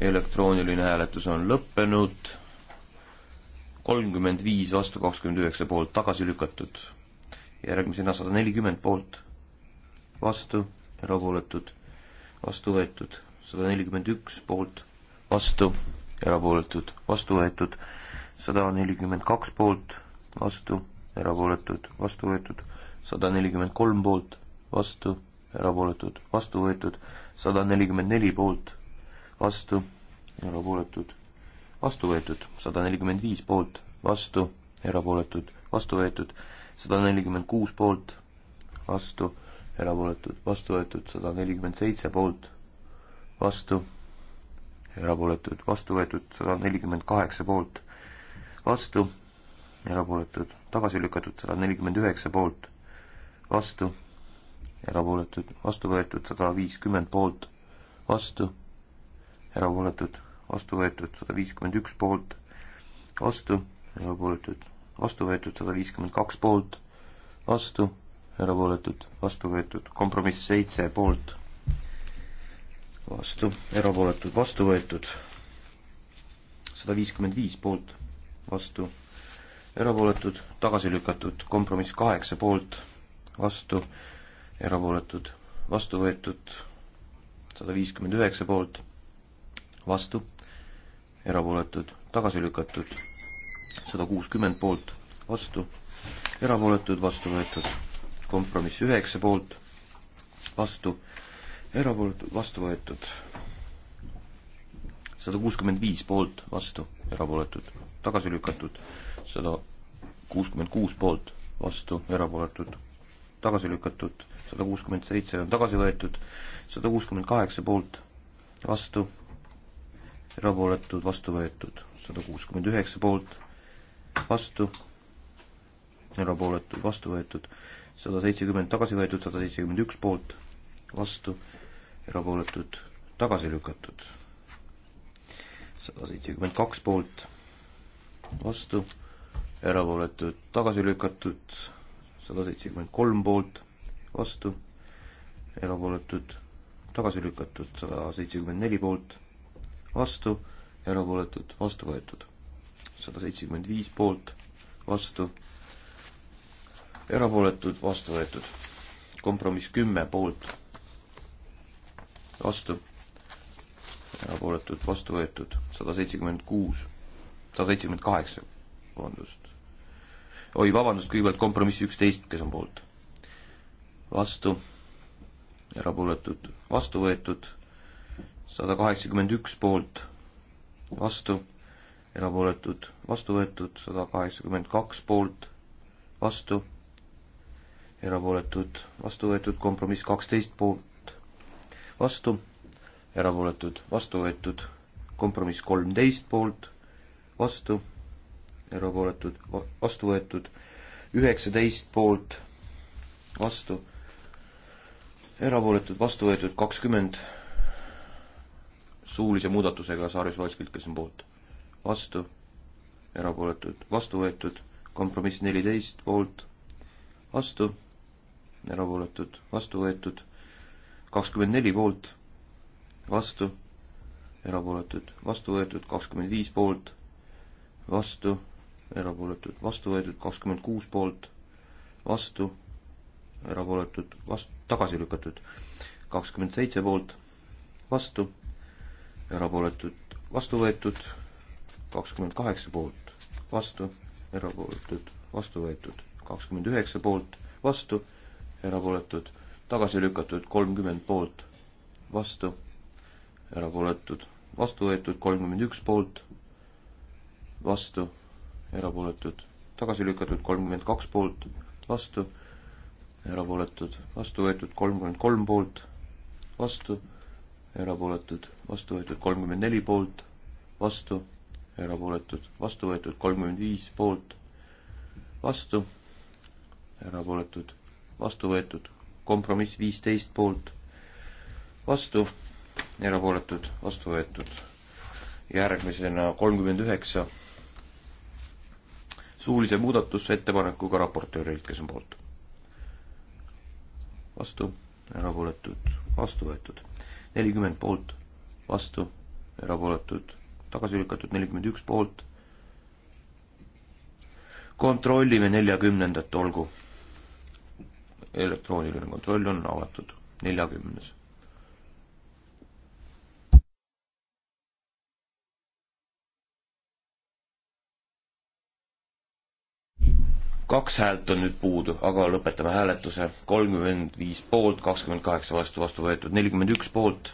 elektrooniline hääletus on lõppenud, kolmkümmend viis vastu kakskümmend üheksa poolt tagasi lükatud, järgmisena sada nelikümmend poolt vastu erapooletud, vastu võetud, sada nelikümmend üks poolt, vastu, erapooletud, vastu võetud, sada nelikümmend kaks poolt, vastu, erapooletud, vastu võetud, sada nelikümmend kolm poolt, vastu, erapooletud, vastu võetud, sada nelikümmend neli poolt, vastu, erapooletud, vastu võetud, sada nelikümmend viis poolt, vastu, erapooletud, vastu võetud, sada nelikümmend kuus poolt, vastu erapooletud, vastu võetud sada nelikümmend seitse poolt, vastu, erapooletud, vastu võetud sada nelikümmend kaheksa poolt, vastu, erapooletud, tagasi lükatud sada nelikümmend üheksa poolt, vastu, erapooletud, vastu võetud sada viiskümmend poolt, vastu, erapooletud, vastu võetud sada viiskümmend üks poolt, vastu, erapooletud, vastu võetud sada viiskümmend kaks poolt, vastu erapooletud, vastu võetud, kompromiss seitse poolt, vastu, erapooletud, vastu võetud, sada viiskümmend viis poolt, vastu, erapooletud, tagasi lükatud, kompromiss kaheksa poolt, vastu, erapooletud, vastu võetud, sada viiskümmend üheksa poolt, vastu, erapooletud, tagasi lükatud, sada kuuskümmend poolt, vastu, erapooletud, vastu võetud kompromiss üheksa poolt, vastu, erapooletud, vastu võetud. sada kuuskümmend viis poolt, vastu, erapooletud, tagasi lükatud. sada kuuskümmend kuus poolt, vastu, erapooletud, tagasi lükatud. sada kuuskümmend seitse on tagasi võetud, sada kuuskümmend kaheksa poolt, vastu, erapooletud, vastu võetud. sada kuuskümmend üheksa poolt, vastu, erapooletud, vastu võetud sada seitsekümmend tagasi võetud, sada seitsekümmend üks poolt, vastu, erapooletud, tagasi lükatud. sada seitsekümmend kaks poolt, vastu, erapooletud, tagasi lükatud, sada seitsekümmend kolm poolt, vastu, erapooletud, tagasi lükatud, sada seitsekümmend neli poolt, vastu, erapooletud, vastu võetud. sada seitsekümmend viis poolt, vastu erapooletud, vastu võetud. kompromiss kümme poolt, vastu, erapooletud, vastu võetud, sada seitsekümmend kuus, sada seitsekümmend kaheksa, vabandust. oi, vabandust, kõigepealt kompromiss üksteist, kes on poolt? vastu, erapooletud, vastu võetud, sada kaheksakümmend üks poolt, vastu, erapooletud, vastu võetud, sada kaheksakümmend kaks poolt, vastu erapooletud, vastu võetud, kompromiss kaksteist poolt, vastu, erapooletud, vastu võetud, kompromiss kolmteist poolt, vastu, erapooletud, vastu võetud, üheksateist poolt, vastu, erapooletud, vastu võetud, kakskümmend suulise muudatusega Saaris Valskilt, kes on poolt, vastu, erapooletud, vastu võetud, kompromiss neliteist poolt, vastu erapooletud, vastu võetud, kakskümmend neli poolt, vastu, erapooletud, vastu võetud, kakskümmend viis poolt, vastu, erapooletud, vastu võetud, kakskümmend kuus poolt, vastu, erapooletud, vastu, tagasi lükatud, kakskümmend seitse poolt, vastu, erapooletud, vastu võetud, kakskümmend kaheksa poolt, vastu, erapooletud, vastu võetud, kakskümmend üheksa poolt, vastu erapooletud, tagasi lükatud kolmkümmend poolt, vastu, erapooletud, vastu võetud kolmkümmend üks poolt, vastu, erapooletud, tagasi lükatud kolmkümmend kaks poolt, vastu, erapooletud, vastu võetud kolmkümmend kolm poolt, vastu, erapooletud, vastu võetud kolmkümmend neli poolt, vastu, erapooletud, vastu võetud kolmkümmend viis poolt, vastu, erapooletud vastu võetud, kompromiss viisteist poolt, vastu, erapooletud, vastu võetud. järgmisena kolmkümmend üheksa suulise muudatusettepanekuga raportöörilt, kes on poolt. vastu, erapooletud, vastu võetud. nelikümmend poolt, vastu, erapooletud, tagasi lükatud, nelikümmend üks poolt. kontrollime neljakümnendat, olgu elektrooniline kontroll on avatud, neljakümnes. kaks häält on nüüd puudu, aga lõpetame hääletuse, kolmkümmend viis poolt, kakskümmend kaheksa vastu, vastu võetud nelikümmend üks poolt,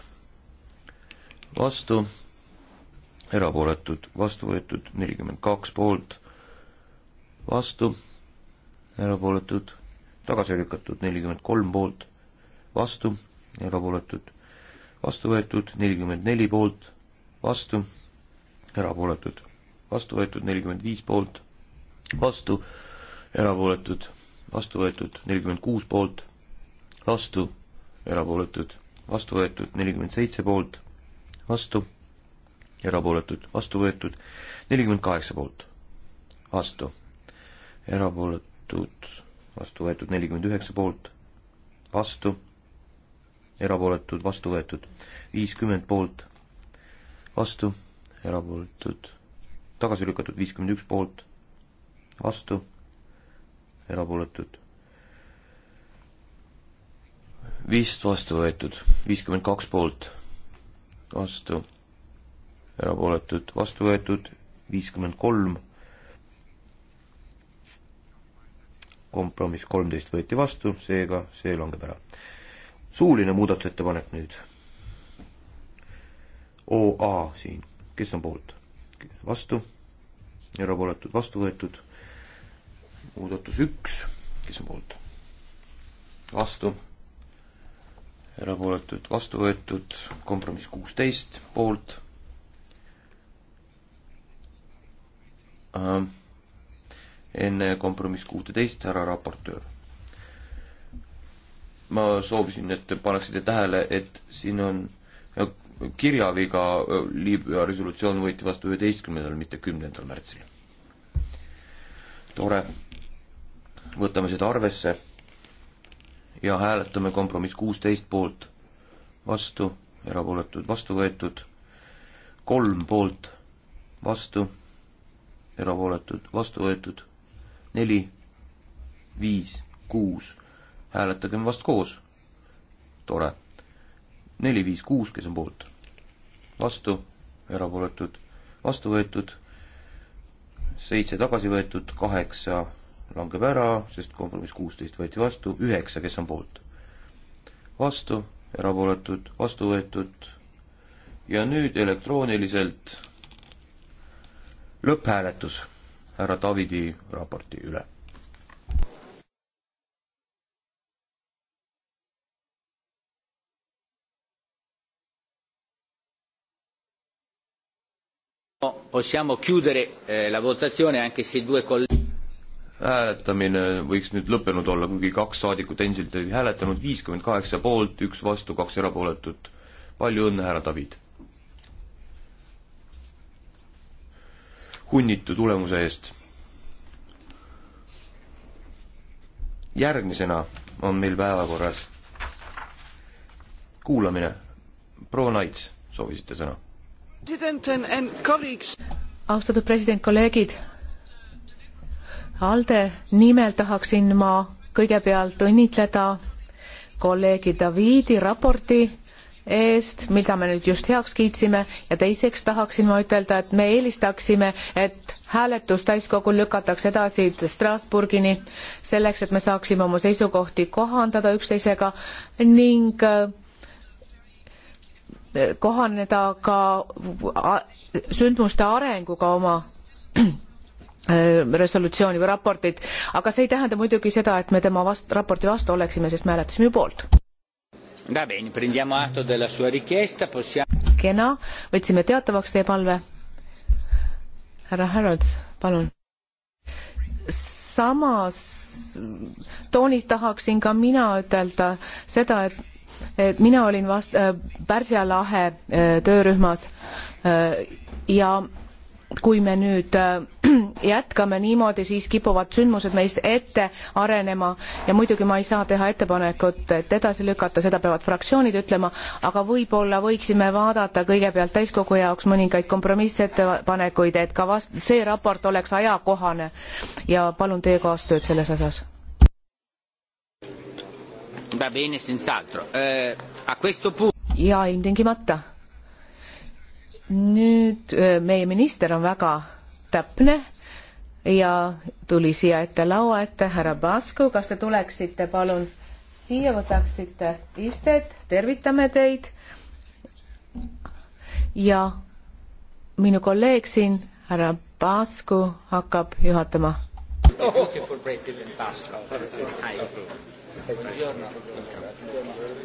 vastu, erapooletud, vastu võetud nelikümmend kaks poolt, vastu, erapooletud tagasi lükatud nelikümmend kolm poolt, vastu, erapooletud, vastu võetud nelikümmend neli poolt, vastu, erapooletud, vastu võetud nelikümmend viis poolt, vastu, erapooletud, vastu võetud nelikümmend kuus poolt, vastu, erapooletud, vastu võetud nelikümmend seitse poolt, vastu, erapooletud, vastu võetud nelikümmend kaheksa poolt, vastu, erapooletud vastu võetud nelikümmend üheksa poolt, vastu, erapooletud, vastu võetud viiskümmend poolt, vastu, erapooletud, tagasi lükatud viiskümmend üks poolt, vastu, erapooletud, vist vastu võetud, viiskümmend kaks poolt, vastu, erapooletud, vastu võetud, viiskümmend kolm kompromiss kolmteist võeti vastu, seega see langeb ära. suuline muudatusettepanek nüüd. OA siin, kes on poolt? vastu, erapooletud, vastu võetud. muudatus üks, kes on poolt? vastu, erapooletud, vastu võetud, kompromiss kuusteist, poolt ähm enne kompromiss kuuteteist, härra raportöör. ma soovisin, et te paneksite tähele, et siin on kirjaviga, Liibüa resolutsioon võeti vastu üheteistkümnendal, mitte kümnendal märtsil. tore, võtame seda arvesse ja hääletame kompromiss kuusteist poolt, vastu, erapooletud, vastu võetud, kolm poolt, vastu, erapooletud, vastu võetud neli, viis, kuus, hääletagem vast koos. tore. neli, viis, kuus, kes on poolt? vastu, erapooletud, vastu võetud, seitse tagasi võetud, kaheksa langeb ära, sest kompromiss kuusteist võeti vastu, üheksa, kes on poolt? vastu, erapooletud, vastu võetud ja nüüd elektrooniliselt lõpphääletus härra Davidi raporti üle. Possiamo chiudere eh, la votazione anche se due colleghi hääletamine võiks nüüd lõppenud olla, kuigi kaks saadikut endiselt ei hääletanud, viiskümmend kaheksa poolt, üks vastu, kaks erapooletut. palju õnne, härra David! hunnitu tulemuse eest. järgmisena on meil päevakorras kuulamine. proua Naits, soovisite sõna? austatud president, kolleegid. ALDE nimel tahaksin ma kõigepealt õnnitleda kolleegi Davidi raporti eest, mida me nüüd just heaks kiitsime ja teiseks tahaksin ma ütelda, et me eelistaksime, et hääletus täiskogul lükatakse edasi Strasburgini selleks, et me saaksime oma seisukohti kohandada üksteisega ning äh, kohaneda ka sündmuste arenguga oma äh, resolutsiooni või raportit, aga see ei tähenda muidugi seda, et me tema vast-, raporti vastu oleksime, sest me hääletasime ju poolt. Va bene, prendiamo atto della sua richiesta, possiamo... kena, võtsime teatavaks teie palve. härra Harrods, palun. samas toonis tahaksin ka mina ütelda seda, et et mina olin vast- äh,, Pärsia lahe äh, töörühmas äh, ja kui me nüüd äh, jätkame niimoodi, siis kipuvad sündmused meist ette arenema ja muidugi ma ei saa teha ettepanekut, et edasi lükata, seda peavad fraktsioonid ütlema, aga võib-olla võiksime vaadata kõigepealt täiskogu jaoks mõningaid kompromissettepanekuid, et ka vast-, see raport oleks ajakohane ja palun teie kaastööd selles osas va bene senz'altro. Eh, a questo punto. ja ilmtingimata nüüd äh, meie minister on väga täpne ja tuli siia ette laua ette, härra Basku, kas te tuleksite palun siia, võtaksite istet, tervitame teid. ja minu kolleeg siin, härra Basku, hakkab juhatama. Beautiful Brazilian Basque. Hi. How long do you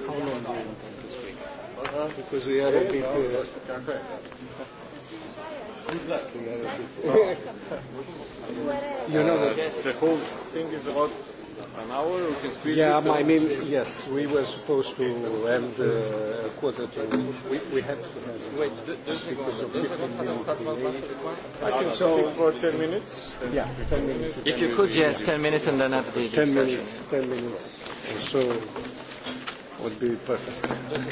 want to? huh? because we had a bit. Uh, Good luck. We had a bit. you know that yes. the whole thing is about an hour. We can squeeze yeah, it. Yeah, I mean, yes, we were supposed to end uh, a quarter to. We, we have to have. Wait, just because of 15 minutes delay. I can so for 10 minutes. Yeah, 10 minutes. If you could, yes, 10 minutes, and then have the discussion. 10 minutes. 10 minutes. So would be perfect. Just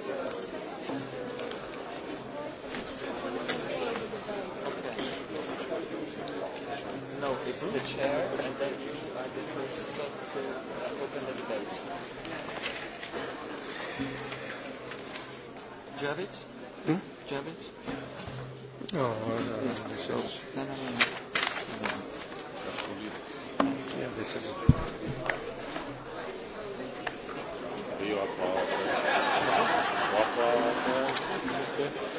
is the chair, and then you are the person that to uh, open the debate. Javic? Hmm? Javic? No, no, uh, no, this is... No, no, no. no. Yeah, this is... Io apro, apro, apro, apro,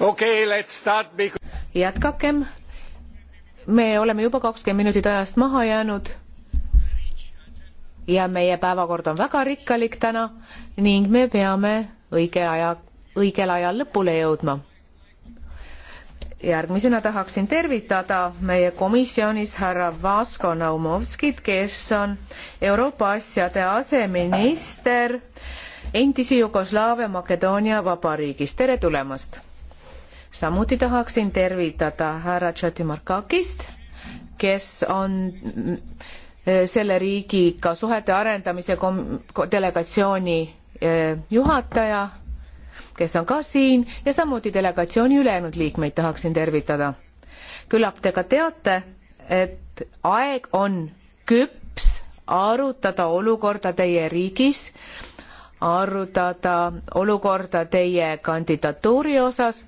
okei okay,, let's start because... jätkakem. me oleme juba kakskümmend minutit ajast maha jäänud. ja meie päevakord on väga rikkalik täna ning me peame õige aja, õigel ajal lõpule jõudma. järgmisena tahaksin tervitada meie komisjonis härra Vasko Naumovskit, kes on Euroopa asjade aseminister endise Jugoslaavia Makedoonia vabariigis. tere tulemast samuti tahaksin tervitada härra Tšotimarkakist, kes on mm, eh, selle riigiga suhete arendamise kom-, delegatsiooni eh, juhataja, kes on ka siin, ja samuti delegatsiooni ülejäänud liikmeid tahaksin tervitada. küllap te ka teate, et aeg on küps arutada olukorda teie riigis, arutada olukorda teie kandidatuuri osas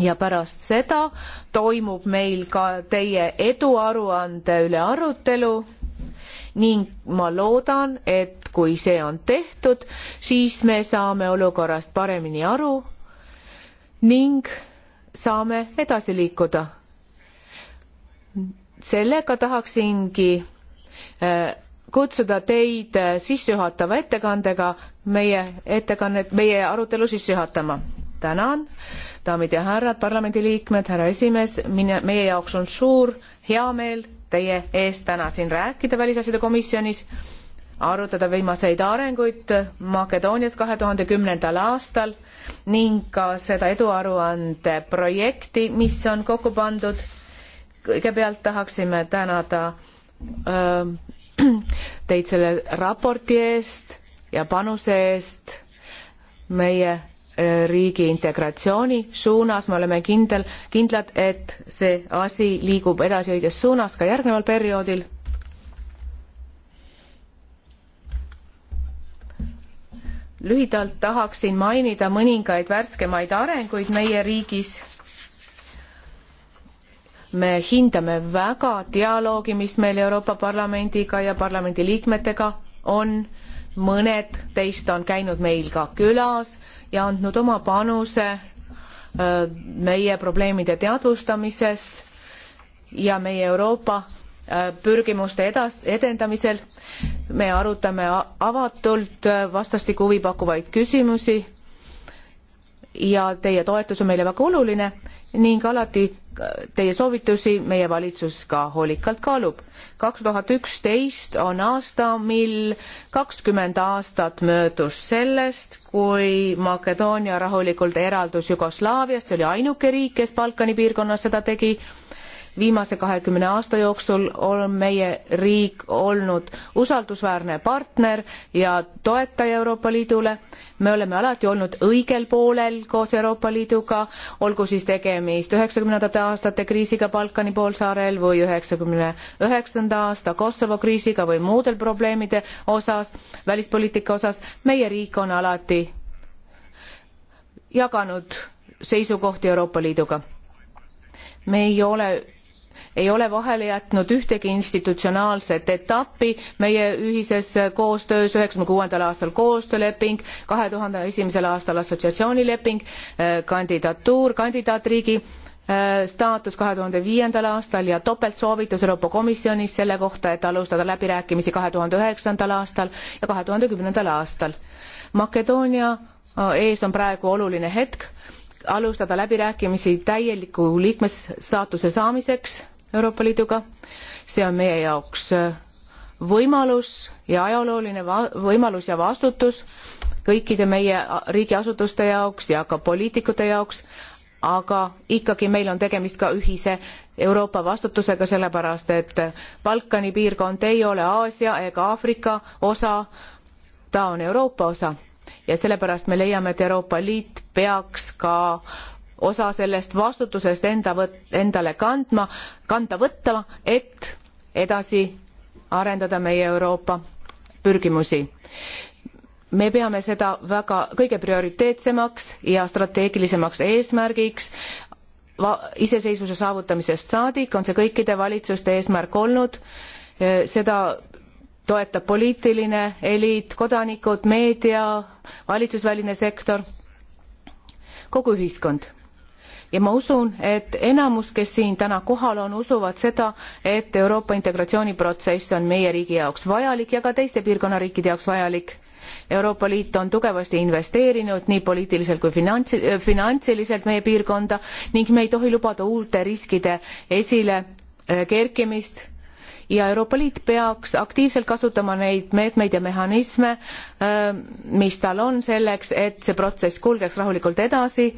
ja pärast seda toimub meil ka teie eduaruande üle arutelu ning ma loodan, et kui see on tehtud, siis me saame olukorrast paremini aru ning saame edasi liikuda. sellega tahaksingi äh, kutsuda teid äh, sissejuhatava ettekandega meie ettekannet, meie arutelu sisse juhatama tänan, daamid ja härrad, parlamendiliikmed, härra esimees, mine, meie jaoks on suur heameel teie ees täna siin rääkida Välisasjade komisjonis, arutada viimaseid arenguid Makedoonias kahe tuhande kümnendal aastal ning ka seda eduaruande projekti, mis on kokku pandud. kõigepealt tahaksime tänada öö, teid selle raporti eest ja panuse eest meie riigi integratsiooni suunas, me oleme kindel, kindlad, et see asi liigub edasi õiges suunas ka järgneval perioodil. lühidalt tahaksin mainida mõningaid värskemaid arenguid meie riigis me hindame väga dialoogi, mis meil Euroopa Parlamendiga ja parlamendi liikmetega on mõned teist on käinud meil ka külas ja andnud oma panuse meie probleemide teadvustamisest ja meie Euroopa pürgimuste edas-, edendamisel. me arutame avatult vastastikku huvi pakkuvaid küsimusi ja teie toetus on meile väga oluline ning alati teie soovitusi meie valitsus ka hoolikalt kaalub. kaks tuhat üksteist on aasta, mil kakskümmend aastat möödus sellest, kui Makedoonia rahulikult eraldus Jugoslaaviast, see oli ainuke riik, kes Balkani piirkonnas seda tegi viimase kahekümne aasta jooksul on meie riik olnud usaldusväärne partner ja toetaja Euroopa Liidule. me oleme alati olnud õigel poolel koos Euroopa Liiduga, olgu siis tegemist üheksakümnendate aastate kriisiga Balkani poolsaarel või üheksakümne üheksanda aasta Kosovo kriisiga või muudel probleemide osas, välispoliitika osas, meie riik on alati jaganud seisukohti Euroopa Liiduga. me ei ole ei ole vahele jätnud ühtegi institutsionaalset etappi meie ühises koostöös, üheksakümne kuuendal aastal koostööleping, kahe tuhande esimesel aastal assotsiatsioonileping, äh, kandidatuur, kandidaatriigi äh, staatus kahe tuhande viiendal aastal ja topeltsoovitus Euroopa Komisjonis selle kohta, et alustada läbirääkimisi kahe tuhande üheksandal aastal ja kahe tuhande kümnendal aastal. Makedoonia äh, ees on praegu oluline hetk alustada läbirääkimisi täieliku liikmesstaatuse saamiseks Euroopa Liiduga. see on meie jaoks äh, võimalus ja ajalooline võimalus ja vastutus kõikide meie äh, riigiasutuste jaoks ja ka poliitikute jaoks, aga ikkagi meil on tegemist ka ühise Euroopa vastutusega, sellepärast et äh, Balkani piirkond ei ole Aasia ega Aafrika osa, ta on Euroopa osa ja sellepärast me leiame, et Euroopa Liit peaks ka osa sellest vastutusest enda võt-, endale kandma, kanda võtma, et edasi arendada meie Euroopa pürgimusi. me peame seda väga kõige prioriteetsemaks ja strateegilisemaks eesmärgiks, iseseisvuse saavutamisest saadik on see kõikide valitsuste eesmärk olnud, seda toetab poliitiline eliit, kodanikud, meedia, valitsusväline sektor, kogu ühiskond ja ma usun, et enamus, kes siin täna kohal on, usuvad seda, et Euroopa integratsiooniprotsess on meie riigi jaoks vajalik ja ka teiste piirkonna riikide jaoks vajalik. Euroopa Liit on tugevasti investeerinud nii poliitiliselt kui finants, finantsiliselt meie piirkonda ning me ei tohi lubada uute riskide esile äh, kerkimist ja Euroopa Liit peaks aktiivselt kasutama neid meetmeid ja mehhanisme, äh, mis tal on selleks, et see protsess kulgeks rahulikult edasi.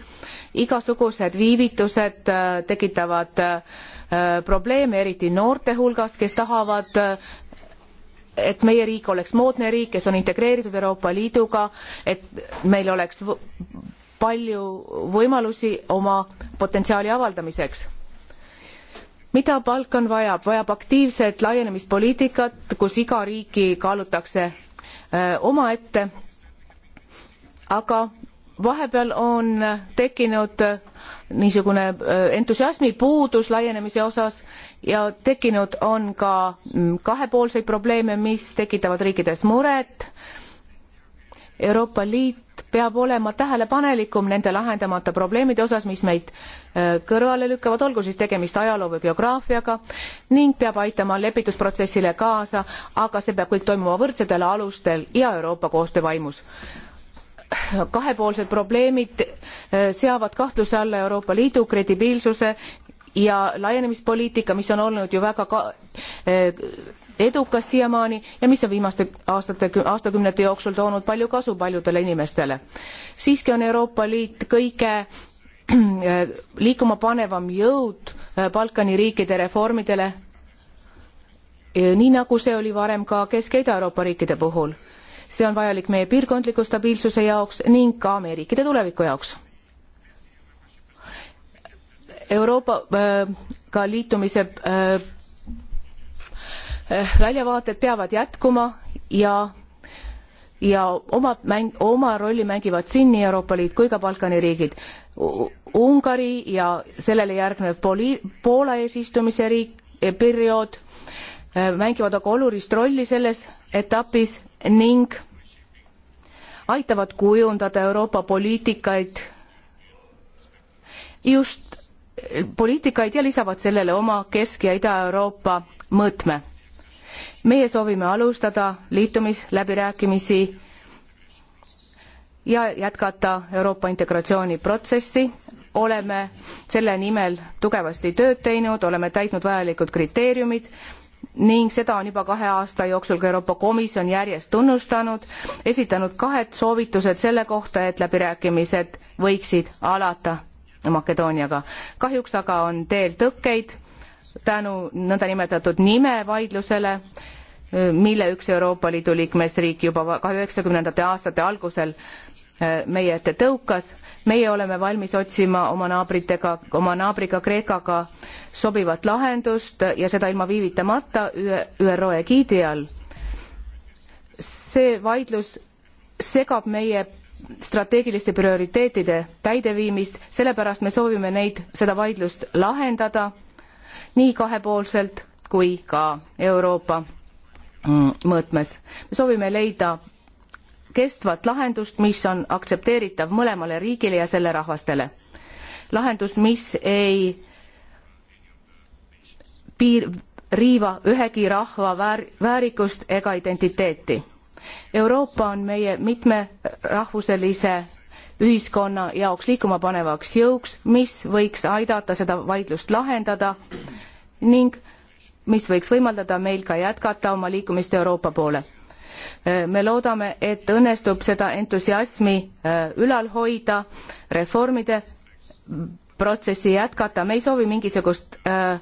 igasugused viivitused äh, tekitavad äh, probleeme, eriti noorte hulgas, kes tahavad et meie riik oleks moodne riik, kes on integreeritud Euroopa Liiduga, et meil oleks palju võimalusi oma potentsiaali avaldamiseks mida Balkan vajab, vajab aktiivset laienemispoliitikat, kus iga riiki kaalutakse äh, omaette, aga vahepeal on tekkinud äh, niisugune äh, entusiasmi puudus laienemise osas ja tekkinud on ka mm, kahepoolseid probleeme, mis tekitavad riikides muret Euroopa Liit peab olema tähelepanelikum nende lahendamata probleemide osas, mis meid äh, kõrvale lükkavad, olgu siis tegemist ajaloo või geograafiaga ning peab aitama lepitusprotsessile kaasa, aga see peab kõik toimuma võrdsetel alustel ja Euroopa koostöö vaimus kahepoolsed probleemid äh, seavad kahtluse alla Euroopa Liidu kredibiilsuse ja laienemispoliitika, mis on olnud ju väga ka, äh, edukas siiamaani ja mis on viimaste aastate, aastakümnete jooksul toonud palju kasu paljudele inimestele. siiski on Euroopa Liit kõige liikuma panevam jõud äh, Balkani riikide reformidele, nii nagu see oli varem ka Kesk- ja Ida-Euroopa riikide puhul. see on vajalik meie piirkondliku stabiilsuse jaoks ning ka meie riikide tuleviku jaoks. Euroopaga äh, liitumise äh, Eh, väljavaated peavad jätkuma ja ja oma mäng, oma rolli mängivad siin nii Euroopa Liit kui ka Balkani riigid. Ungari ja sellele järgnev Poli-, Poola eesistumise riik, eh, periood eh, mängivad aga olulist rolli selles etapis ning aitavad kujundada Euroopa poliitikaid just poliitikaid ja lisavad sellele oma Kesk- ja Ida-Euroopa mõõtme meie soovime alustada liitumisläbirääkimisi ja jätkata Euroopa integratsiooniprotsessi. oleme selle nimel tugevasti tööd teinud, oleme täitnud vajalikud kriteeriumid ning seda on juba kahe aasta jooksul ka Euroopa Komisjon järjest tunnustanud, esitanud kahed soovitused selle kohta, et läbirääkimised võiksid alata Makedooniaga. kahjuks aga on teel tõkkeid tänu nõndanimetatud nimevaidlusele, mille üks Euroopa Liidu liikmesriik juba üheksakümnendate aastate algusel äh, meie ette tõukas. meie oleme valmis otsima oma naabritega, oma naabriga Kreekaga sobivat lahendust ja seda ilma viivitamata ÜRO egiidi all. see vaidlus segab meie strateegiliste prioriteetide täideviimist, sellepärast me soovime neid, seda vaidlust lahendada nii kahepoolselt kui ka Euroopa mm, mõõtmes. me soovime leida kestvat lahendust, mis on aktsepteeritav mõlemale riigile ja selle rahvastele. lahendus, mis ei piir, riiva ühegi rahva väär, väärikust ega identiteeti. Euroopa on meie mitmerahvuselise ühiskonna jaoks liikumapanevaks jõuks, mis võiks aidata seda vaidlust lahendada ning mis võiks võimaldada meil ka jätkata oma liikumist Euroopa poole. me loodame, et õnnestub seda entusiasmi äh, ülal hoida, reformide protsessi jätkata, me ei soovi mingisugust äh,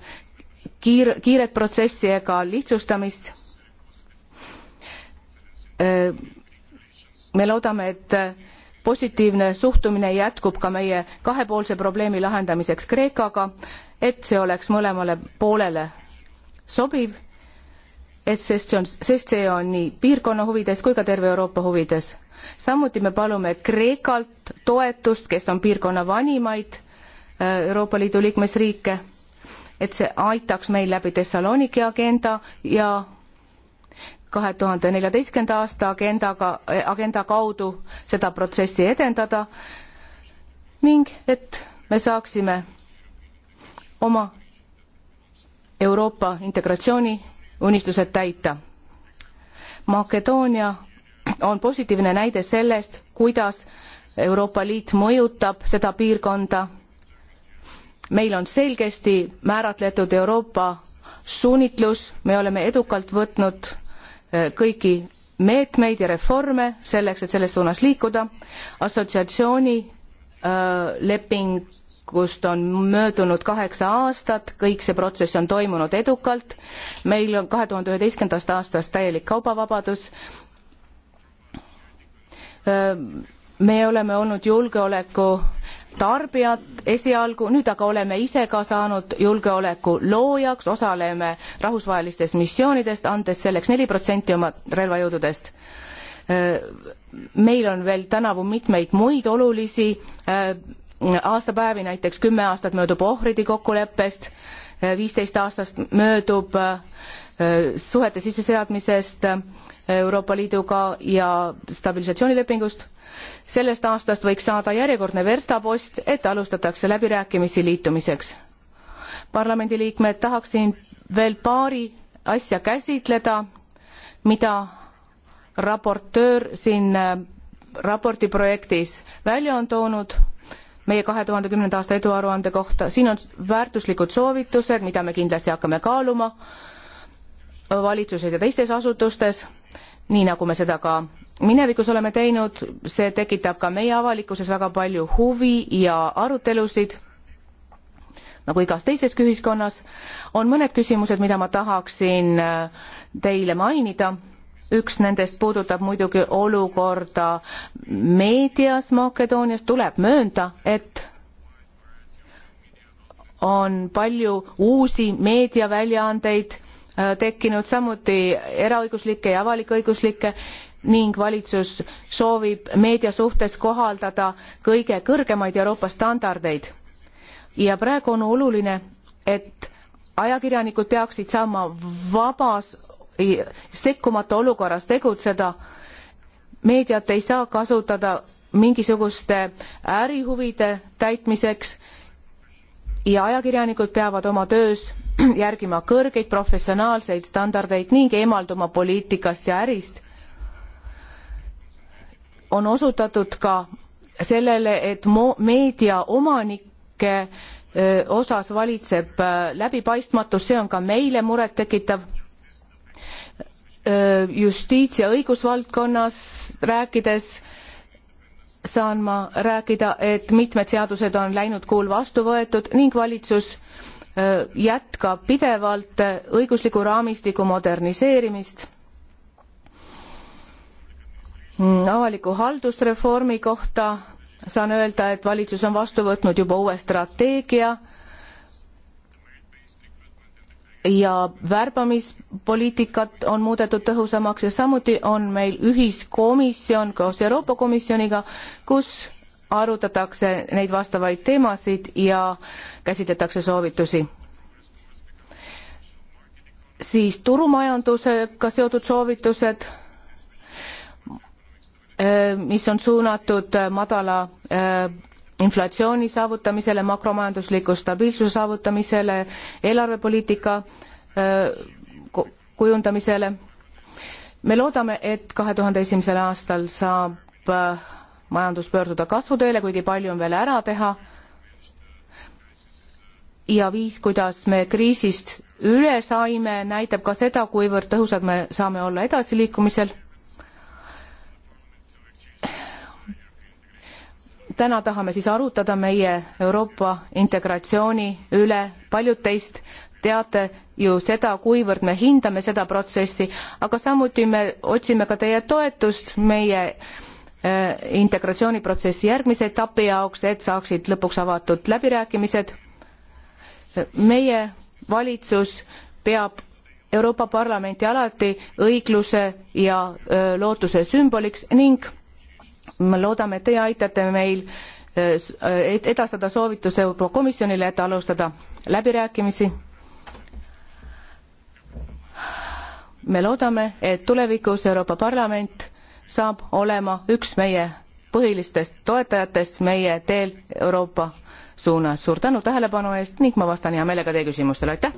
kiir-, kiiret protsessi ega lihtsustamist. Äh, me loodame, et positiivne suhtumine jätkub ka meie kahepoolse probleemi lahendamiseks Kreekaga, et see oleks mõlemale poolele sobiv, et sest see on, sest see on nii piirkonna huvides kui ka terve Euroopa huvides. samuti me palume Kreekalt toetust, kes on piirkonna vanimaid äh, Euroopa Liidu liikmesriike, et see aitaks meil läbi Thessaloniki agenda ja kahe tuhande neljateistkümnenda aasta agendaga, agenda kaudu seda protsessi edendada ning et me saaksime oma Euroopa integratsiooni unistused täita. Makedoonia on positiivne näide sellest, kuidas Euroopa Liit mõjutab seda piirkonda. meil on selgesti määratletud Euroopa suunitlus, me oleme edukalt võtnud Äh, kõiki meetmeid ja reforme selleks, et selles suunas liikuda. assotsiatsiooni äh, lepingust on möödunud kaheksa aastat, kõik see protsess on toimunud edukalt. meil on kahe tuhande üheteistkümnendast aastast täielik kaubavabadus äh, me oleme olnud julgeoleku tarbijad esialgu, nüüd aga oleme ise ka saanud julgeoleku loojaks, osaleme rahvusvahelistest missioonidest, andes selleks neli protsenti oma relvajõududest. meil on veel tänavu mitmeid muid olulisi äh, aastapäevi, näiteks kümme aastat möödub ohvridi kokkuleppest, viisteist aastast möödub äh, Äh, suhete sisseseadmisest Euroopa Liiduga ja stabilisatsioonilepingust. sellest aastast võiks saada järjekordne verstapost, et alustatakse läbirääkimisi liitumiseks. parlamendiliikmed, tahaksin veel paari asja käsitleda, mida raportöör siin äh, raporti projektis välja on toonud meie kahe tuhande kümnenda aasta eduaruande kohta. siin on väärtuslikud soovitused, mida me kindlasti hakkame kaaluma valitsuses ja teistes asutustes, nii nagu me seda ka minevikus oleme teinud, see tekitab ka meie avalikkuses väga palju huvi ja arutelusid, nagu igas teiseski ühiskonnas. on mõned küsimused, mida ma tahaksin äh, teile mainida üks nendest puudutab muidugi olukorda meedias Makedoonias, tuleb möönda, et on palju uusi meediaväljaandeid, Äh, tekkinud, samuti eraõiguslikke ja avalik-õiguslikke ning valitsus soovib meedia suhtes kohaldada kõige kõrgemaid Euroopa standardeid. ja praegu on oluline, et ajakirjanikud peaksid saama vabas, sekkumata olukorras tegutseda. meediat ei saa kasutada mingisuguste ärihuvide täitmiseks ja ajakirjanikud peavad oma töös järgima kõrgeid professionaalseid standardeid ning eemalduma poliitikast ja ärist, on osutatud ka sellele, et mo-, meedia omanike osas valitseb läbipaistmatus, see on ka meile murettekitav. justiits- ja õigusvaldkonnas rääkides saan ma rääkida, et mitmed seadused on läinud kuul vastu võetud ning valitsus Äh, jätkab pidevalt õigusliku raamistiku moderniseerimist. Mm, avaliku haldusreformi kohta saan öelda, et valitsus on vastu võtnud juba uue strateegia ja värbamispoliitikat on muudetud tõhusamaks ja samuti on meil ühiskomisjon koos Euroopa Komisjoniga, kus arutatakse neid vastavaid teemasid ja käsitletakse soovitusi. siis turumajandusega seotud soovitused, eh, mis on suunatud madala eh, inflatsiooni saavutamisele, makromajandusliku stabiilsuse saavutamisele, eelarvepoliitika eh, kujundamisele. me loodame, et kahe tuhande esimesel aastal saab majandus pöörduda kasvuteele, kuigi palju on veel ära teha. ja viis, kuidas me kriisist üle saime, näitab ka seda, kuivõrd tõhusad me saame olla edasiliikumisel. täna tahame siis arutada meie Euroopa integratsiooni üle, paljud teist teate ju seda, kuivõrd me hindame seda protsessi, aga samuti me otsime ka teie toetust meie Äh, integratsiooniprotsessi järgmise etapi jaoks, et saaksid lõpuks avatud läbirääkimised. meie valitsus peab Euroopa Parlamenti alati õigluse ja äh, lootuse sümboliks ning me loodame, et teie aitate meil äh, edastada soovituse Euroopa Komisjonile, et alustada läbirääkimisi. me loodame, et tulevikus Euroopa Parlament saab olema üks meie põhilistest toetajatest meie teel Euroopa suunas. suur tänu tähelepanu eest ning ma vastan hea meelega teie küsimustele, aitäh!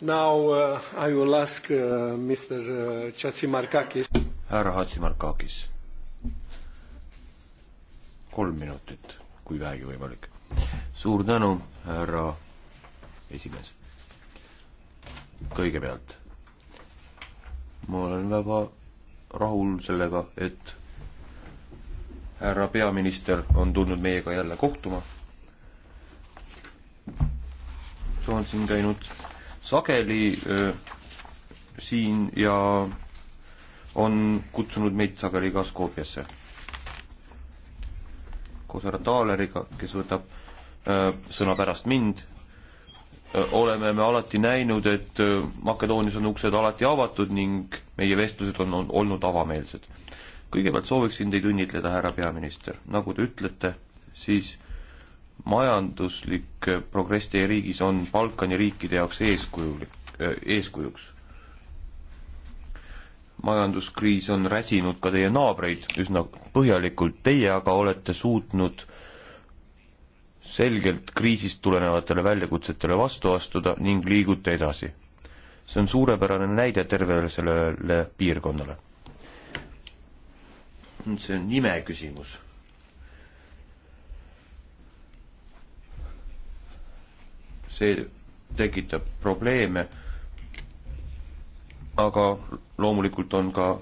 Now uh, I will ask uh, Mr. Uh, Chatsimarkakis. härra Hatsimarkakis, kolm minutit, kui vähegi võimalik. suur tänu, härra esimees. kõigepealt, ma olen väga rahul sellega, et härra peaminister on tulnud meiega jälle kohtuma. ta on siin käinud sageli öö, siin ja on kutsunud meid sageli ka Skopjasse. koos härra Taaleriga, kes võtab öö, sõna pärast mind oleme me alati näinud, et Makedoonias on uksed alati avatud ning meie vestlused on olnud avameelsed. kõigepealt sooviksin teid õnnitleda, härra peaminister, nagu te ütlete, siis majanduslik progress teie riigis on Balkani riikide jaoks eeskujulik, eeskujuks. majanduskriis on räsinud ka teie naabreid üsna põhjalikult, teie aga olete suutnud selgelt kriisist tulenevatele väljakutsetele vastu astuda ning liiguta edasi. see on suurepärane näide tervele sellele piirkonnale. see on nime küsimus. see tekitab probleeme, aga loomulikult on ka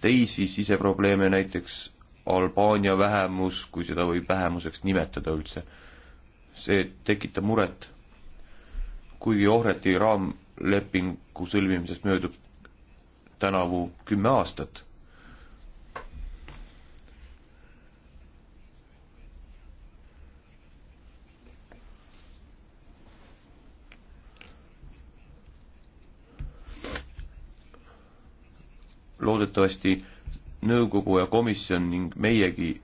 teisi siseprobleeme, näiteks Albaania vähemus, kui seda võib vähemuseks nimetada üldse. see tekitab muret. kuigi Ohreti raamlepingu sõlmimisest möödub tänavu kümme aastat, loodetavasti nõukogu ja komisjon ning meiegi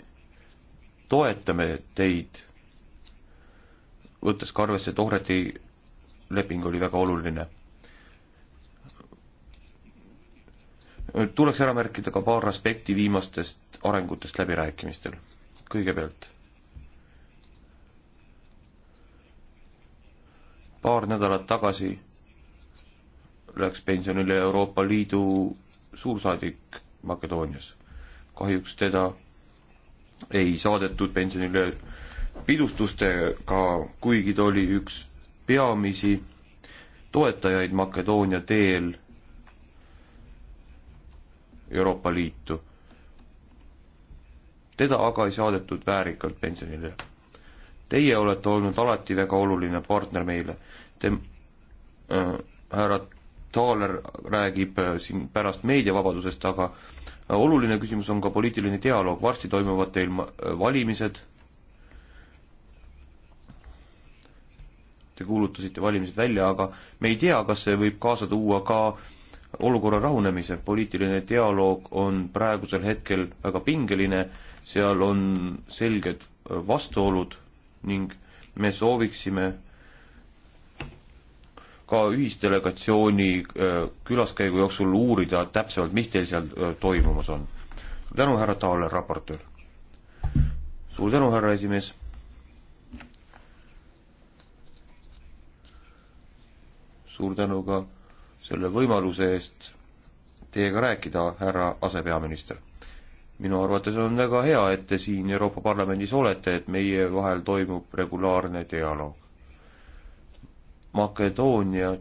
toetame teid, võttes ka arvesse, et Ohreti leping oli väga oluline. tuleks ära märkida ka paar aspekti viimastest arengutest läbirääkimistel. kõigepealt paar nädalat tagasi läks pensionile Euroopa Liidu suursaadik Makedoonias. kahjuks teda ei saadetud pensionile pidustustega, kuigi ta oli üks peamisi toetajaid Makedoonia teel Euroopa Liitu. teda aga ei saadetud väärikalt pensionile. Teie olete olnud alati väga oluline partner meile. Te äh,, härra Taaler räägib äh, siin pärast meediavabadusest, aga äh, oluline küsimus on ka poliitiline dialoog, varsti toimuvad teil äh, valimised, te kuulutasite valimised välja, aga me ei tea, kas see võib kaasa tuua ka olukorra rahunemise, poliitiline dialoog on praegusel hetkel väga pingeline, seal on selged vastuolud ning me sooviksime äh, ka ühisdelegatsiooni äh, külaskäigu jooksul uurida täpsemalt, mis teil seal äh, toimumas on. tänu, härra Taaler, raportöör. suur tänu, härra esimees. suur tänu ka selle võimaluse eest teiega rääkida, härra asepeaminister. minu arvates on väga hea, et te siin Euroopa Parlamendis olete, et meie vahel toimub regulaarne dialoog Makedooniat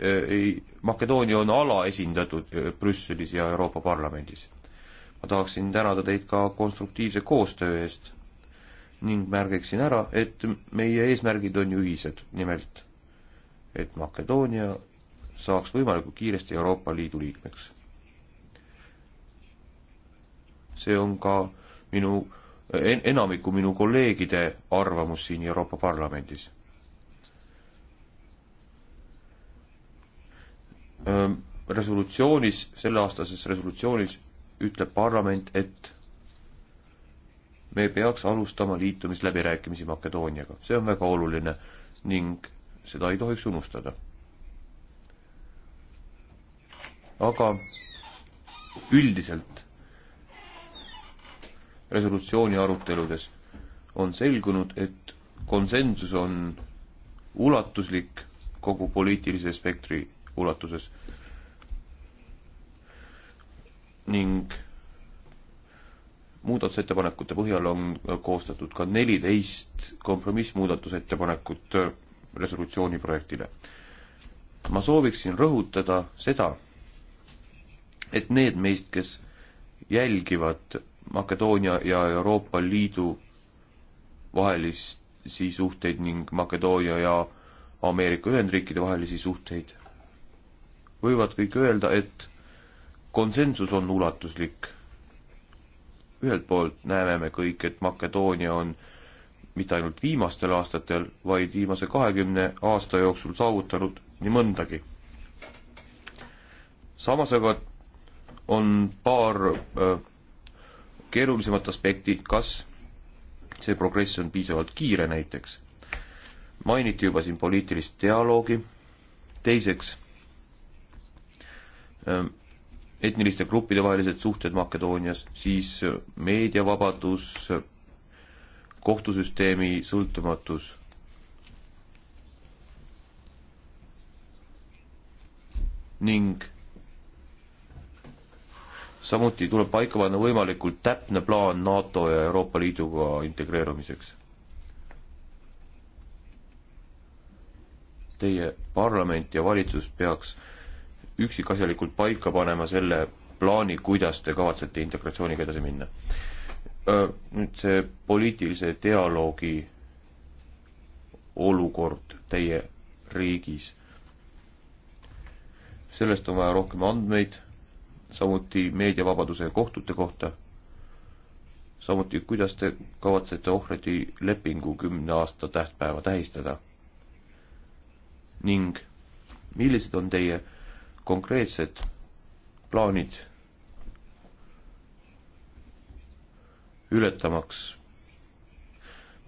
eh, ei, Makedoonia on alaesindatud eh, Brüsselis ja Euroopa Parlamendis. ma tahaksin tänada teid ka konstruktiivse koostöö eest ning märgiksin ära, et meie eesmärgid on ju ühised, nimelt et Makedoonia saaks võimalikult kiiresti Euroopa Liidu liikmeks. see on ka minu en,, enamiku minu kolleegide arvamus siin Euroopa Parlamendis resolutsioonis, selleaastases resolutsioonis ütleb parlament, et me peaks alustama liitumisläbirääkimisi Makedooniaga. see on väga oluline ning seda ei tohiks unustada. aga üldiselt resolutsiooni aruteludes on selgunud, et konsensus on ulatuslik kogu poliitilise spektri ulatuses. ning muudatusettepanekute põhjal on koostatud ka neliteist kompromissmuudatusettepanekut resolutsiooni projektile. ma sooviksin rõhutada seda, et need meist, kes jälgivad Makedoonia ja Euroopa Liidu vahelisi suhteid ning Makedoonia ja Ameerika Ühendriikide vahelisi suhteid, võivad kõik öelda, et konsensus on ulatuslik. ühelt poolt näeme me kõik, et Makedoonia on mitte ainult viimastel aastatel, vaid viimase kahekümne aasta jooksul saavutanud nii mõndagi. samas aga on paar öö, äh, keerulisemat aspekti, kas see progress on piisavalt kiire näiteks. mainiti juba siin poliitilist dialoogi, teiseks Ähm, etniliste gruppide vahelised suhted Makedoonias, siis äh, meediavabadus, äh, kohtusüsteemi sõltumatus. ning samuti tuleb paika panna võimalikult täpne plaan NATO ja Euroopa Liiduga integreerumiseks teie parlament ja valitsus peaks üksikasjalikult paika panema selle plaani, kuidas te kavatsete integratsiooniga edasi minna. Nüüd see poliitilise dialoogi olukord teie riigis, sellest on vaja rohkem andmeid, samuti meediavabaduse ja kohtute kohta, samuti kuidas te kavatsete ohvriti lepingu kümne aasta tähtpäeva tähistada ning millised on teie konkreetsed plaanid ületamaks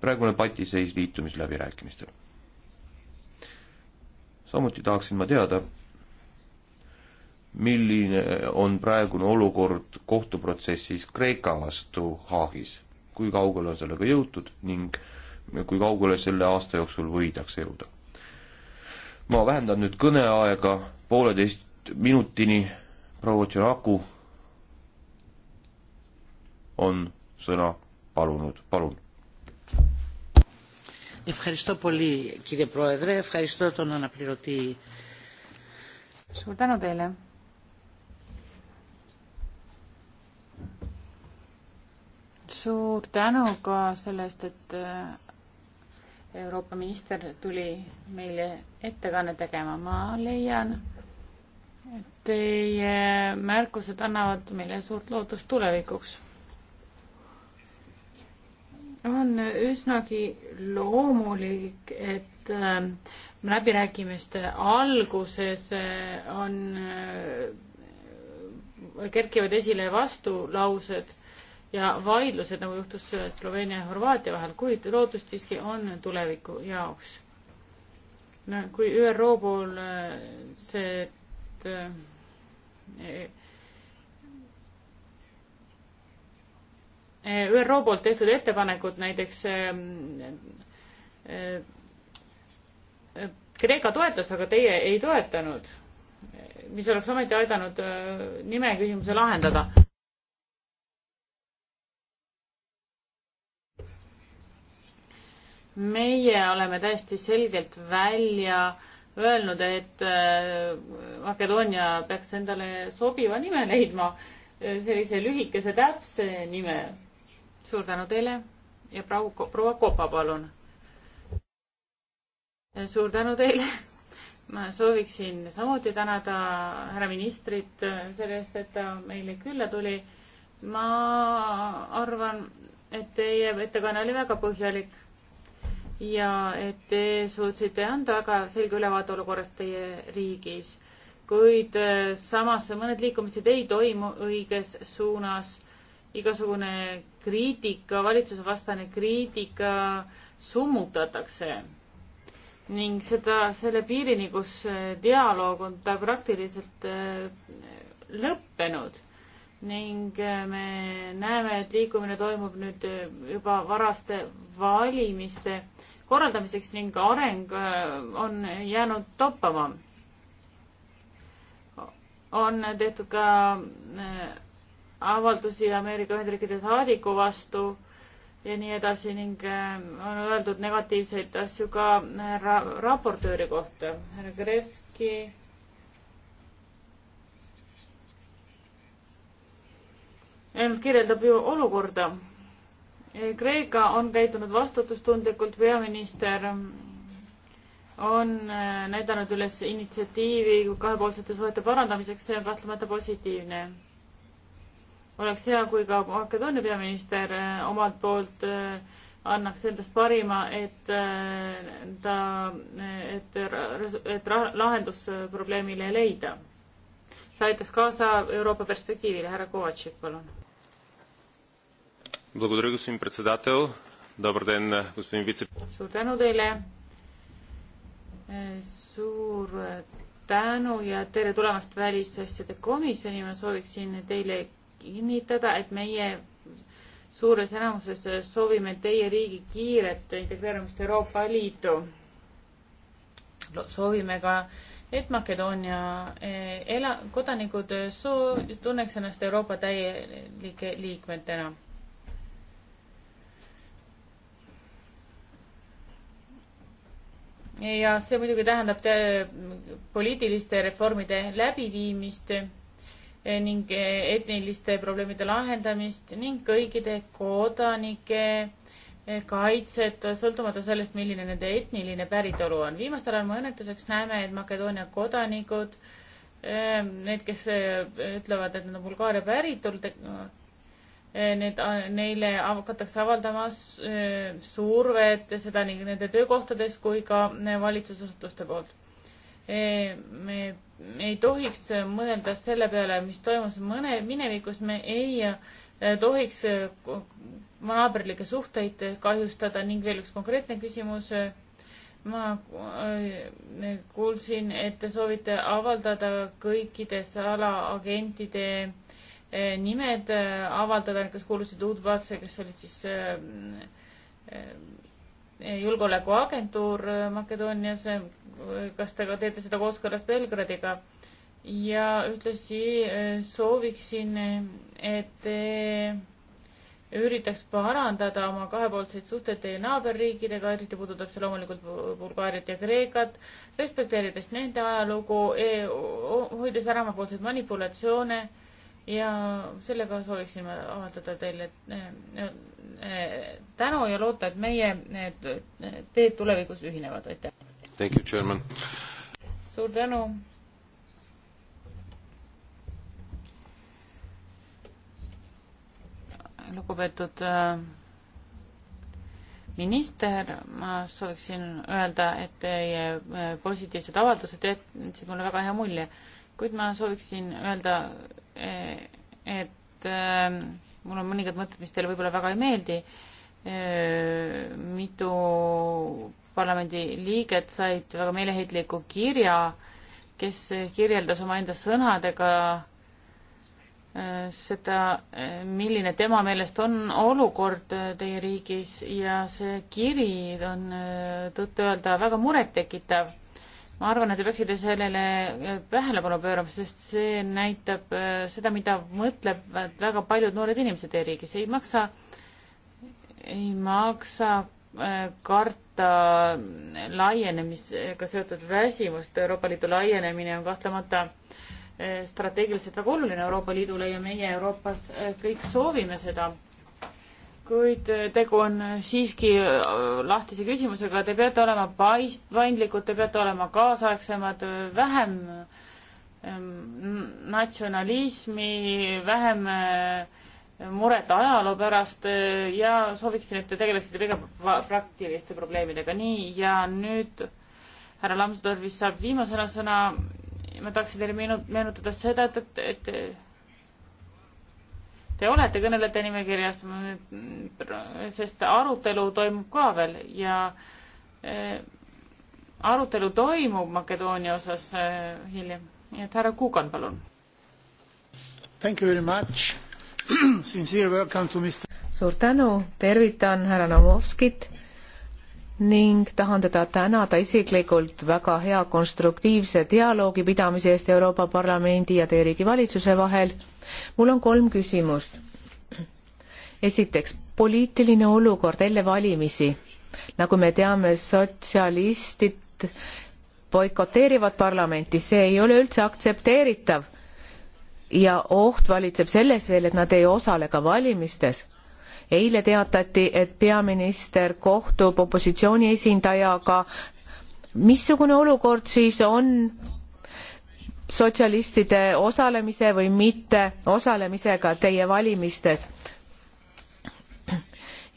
praegune patiseis liitumisläbirääkimistel. samuti tahaksin ma teada, milline on praegune olukord kohtuprotsessis Kreeka vastu Haagis, kui kaugele on sellega jõutud ning kui kaugele selle aasta jooksul võidakse jõuda. ma vähendan nüüd kõneaega pooleteist minutini proua Tšeraku on sõna palunud, palun. suur tänu teile. suur tänu ka selle eest, et äh, Euroopa minister tuli meile ettekanne tegema, ma leian Teie märkused annavad meile suurt lootust tulevikuks. on üsnagi loomulik, et äh, läbirääkimiste alguses äh, on, äh, kerkivad esile vastulaused ja vaidlused, nagu juhtus Sloveenia ja Horvaatia vahel, kuid lootust siiski on tuleviku jaoks. no kui ÜRO pool see et eh, eh, ÜRO poolt tehtud ettepanekud näiteks eh, Kreeka toetas, aga teie ei toetanud, mis oleks ometi aidanud nime küsimuse lahendada. meie oleme täiesti selgelt välja öelnud, et äh, Makedoonia peaks endale sobiva nime leidma, äh, sellise lühikese täpse nime. suur tänu teile ja proua, proua Kopa, palun. suur tänu teile. ma sooviksin samuti tänada härra ministrit äh, selle eest, et ta meile külla tuli. ma arvan, et teie ettekanne oli väga põhjalik ja et te suutsite anda väga selge ülevaate olukorrast teie riigis. kuid äh, samas mõned liikumised ei toimu õiges suunas. igasugune kriitika, valitsusevastane kriitika summutatakse ning seda selle piirini, kus äh, dialoog on ta praktiliselt äh, lõppenud ning me näeme, et liikumine toimub nüüd juba varaste valimiste korraldamiseks ning areng äh, on jäänud toppama. on tehtud ka äh, avaldusi Ameerika Ühendriikide saadiku vastu ja nii edasi ning äh, on öeldud negatiivseid asju ka ra raportööri kohta. härra Grevski. ainult kirjeldab ju olukorda Kreeka on käitunud vastutustundlikult, peaminister on äh, näidanud üles initsiatiivi kahepoolsete suhete parandamiseks, see on kahtlemata positiivne. oleks hea, kui ka Makedoonia peaminister äh, omalt poolt äh, annaks endast parima, et ta, et, et lahendus probleemile leida. see aitaks kaasa Euroopa perspektiivile, härra Kovatšik, palun Благодаря, господин председател. Добър ден, господин вице. Suur tänu teile. Suur tänu ja tere tulemast välisasjade komisjoni. Ma sooviksin teile kinnitada, et meie suures enamuses soovime teie riigi kiiret integreerumist Euroopa Liitu. soovime ka, et Makedoonia e, ela-, kodanikud soo-, tunneks ennast Euroopa täielike liikmetena ja see muidugi tähendab poliitiliste reformide läbiviimist eh, ning eh, etniliste probleemide lahendamist ning kõikide kodanike eh, kaitset, sõltumata sellest, milline nende etniline päritolu on. viimastel ajal me õnnetuseks näeme, et Makedoonia kodanikud, need, kes ütlevad, et nad on Bulgaaria päritolu, Eh, need, neile hakatakse avaldama eh, survet, seda nii nende töökohtades kui ka eh, valitsusasutuste poolt. me ei tohiks mõelda selle peale, mis toimus mõne minevikus, me ei tohiks naaberlikke suhteid kahjustada ning veel üks konkreetne küsimus. ma kuulsin, et te soovite avaldada kõikide salaagentide Eh, nimed eh, avaldada, kes kuulusid Udvasse, kes olid siis eh, julgeolekuagentuur Makedoonias, kas te ka teete seda kooskõlas Belgradiga? ja ühtlasi sooviksin, et te üritaks parandada oma kahepoolseid suhteid teie naaberriikidega, eriti puudutab see loomulikult Bulgaariat ja Kreekat, respekteerides nende ajalugu e, hoides ära omapoolseid manipulatsioone ja sellega sooviksin ma avaldada teile eh, eh, tänu ja loota, et meie need eh, teed tulevikus ühinevad, aitäh! Thank you, chairman! suur tänu! lugupeetud minister, ma sooviksin öelda, et teie positiivsed avaldused jätsid mulle väga hea mulje, kuid ma sooviksin öelda Eh, et eh, mul on mõningad mõtted, mis teile võib-olla väga ei meeldi. Eh, mitu parlamendi liiget said väga meeleheitliku kirja, kes kirjeldas omaenda sõnadega seda, milline tema meelest on olukord teie riigis ja see kiri on tõtt-öelda väga murettekitav ma arvan, et te peaksite sellele äh, tähelepanu pöörama, sest see näitab äh, seda, mida mõtlevad väga paljud noored inimesed e-riigis. ei maksa, ei maksa äh, karta laienemisega seotud väsimust. Euroopa Liidu laienemine on kahtlemata strateegiliselt väga oluline Euroopa Liidule ja meie Euroopas kõik soovime seda kuid eh, tegu on eh, siiski eh, lahtise küsimusega, te peate olema paist-, paindlikud, te peate olema kaasaegsemad, vähem ehm, natsionalismi, vähem muret ajaloo pärast ja sooviksin, et te tegeleksite pigem praktiliste probleemidega, nii, ja nüüd härra Lamsdorf vist saab viimasena sõna, ma tahaksin teile meenu-, meenutada seda, et, et, et Te olete kõnelejate nimekirjas, sest arutelu toimub ka veel ja eh, arutelu toimub Makedoonia osas eh, hiljem. nii et härra Kukan, palun. suur tänu, tervitan härra Novoskit ning tahan teda tänada isiklikult väga hea konstruktiivse dialoogi pidamise eest Euroopa Parlamendi ja teie riigi valitsuse vahel. mul on kolm küsimust. esiteks, poliitiline olukord enne valimisi. nagu me teame, sotsialistid boikoteerivad parlamenti, see ei ole üldse aktsepteeritav. ja oht valitseb selles veel, et nad ei osale ka valimistes eile teatati, et peaminister kohtub opositsiooni esindajaga. missugune olukord siis on sotsialistide osalemise või mitte osalemisega teie valimistes?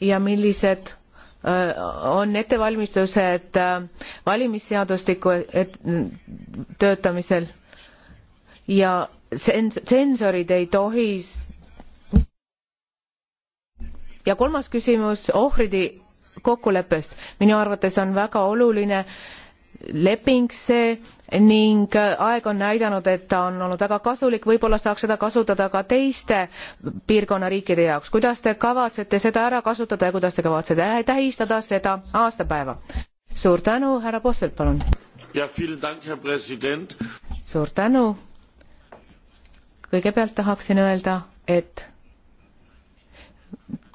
ja millised äh, on ettevalmistused äh, valimisseadustiku töötamisel ja tsensorid ei tohi ja kolmas küsimus ohvridi kokkuleppest. minu arvates on väga oluline leping see ning aeg on näidanud, et ta on olnud väga kasulik, võib-olla saaks seda kasutada ka teiste piirkonna riikide jaoks. kuidas te kavatsete seda ära kasutada ja kuidas te kavatsete tähistada seda aastapäeva? suur tänu, härra Posselt, palun. suur tänu. kõigepealt tahaksin öelda, et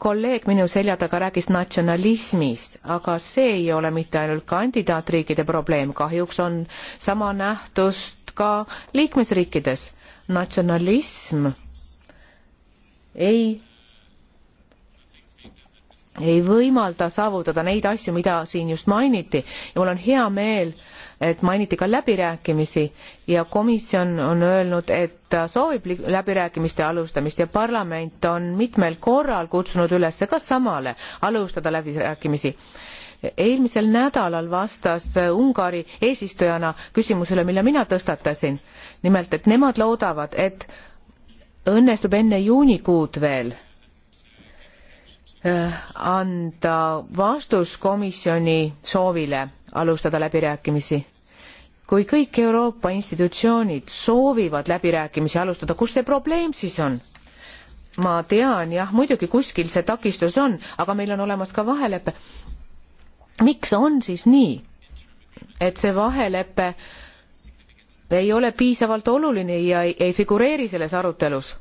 kolleeg minu selja taga rääkis natsionalismist, aga see ei ole mitte ainult kandidaatriikide probleem, kahjuks on sama nähtust ka liikmesriikides. natsionalism ei ei võimalda saavutada neid asju, mida siin just mainiti ja mul on hea meel, et mainiti ka läbirääkimisi ja komisjon on öelnud, et ta soovib läbirääkimiste alustamist ja parlament on mitmel korral kutsunud üles ka samale alustada läbirääkimisi eelmisel nädalal vastas Ungari eesistujana küsimusele, mille mina tõstatasin. nimelt, et nemad loodavad, et õnnestub enne juunikuud veel Eh, anda vastus komisjoni soovile alustada läbirääkimisi. kui kõik Euroopa institutsioonid soovivad läbirääkimisi alustada, kus see probleem siis on? ma tean jah, muidugi kuskil see takistus on, aga meil on olemas ka vahelepe. miks on siis nii, et see vahelepe ei ole piisavalt oluline ja ei, ei figureeri selles arutelus?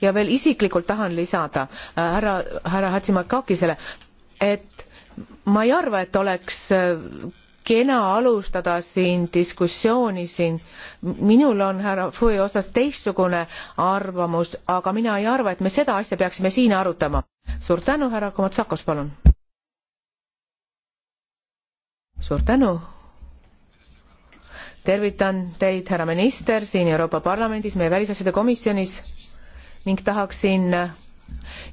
ja veel isiklikult tahan lisada äh, härra, härra Hatsimakakisele, et ma ei arva, et oleks äh, kena alustada siin diskussiooni siin. minul on härra Fui osas teistsugune arvamus, aga mina ei arva, et me seda asja peaksime siin arutama. suur tänu, härra Komatsakos, palun. suur tänu. tervitan teid, härra minister, siin Euroopa Parlamendis, meie välisasjade komisjonis ning tahaksin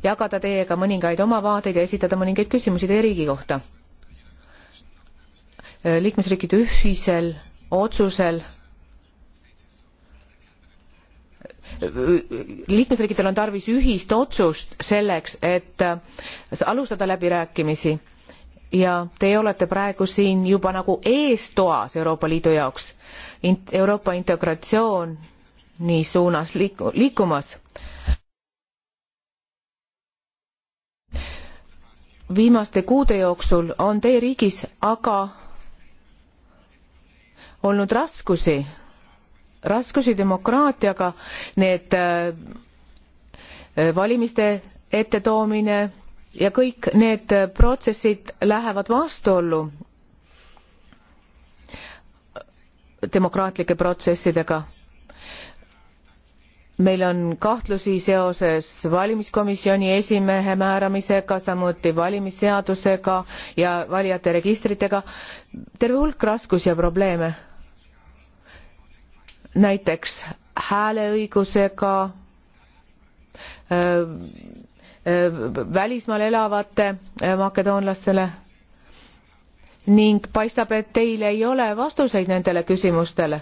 jagada teiega mõningaid oma vaateid ja esitada mõningaid küsimusi teie riigi kohta. liikmesriikide ühisel otsusel liikmesriikidel on tarvis ühist otsust selleks, et alustada läbirääkimisi ja teie olete praegu siin juba nagu eestoas Euroopa Liidu jaoks Int Euroopa integratsiooni suunas liik liikumas viimaste kuude jooksul on teie riigis aga olnud raskusi, raskusi demokraatiaga, need äh, valimiste ettetoomine ja kõik need protsessid lähevad vastuollu demokraatlike protsessidega meil on kahtlusi seoses valimiskomisjoni esimehe määramisega, samuti valimisseadusega ja valijate registritega, terve hulk raskusi ja probleeme. näiteks hääleõigusega välismaal elavate makedoonlastele ning paistab, et teil ei ole vastuseid nendele küsimustele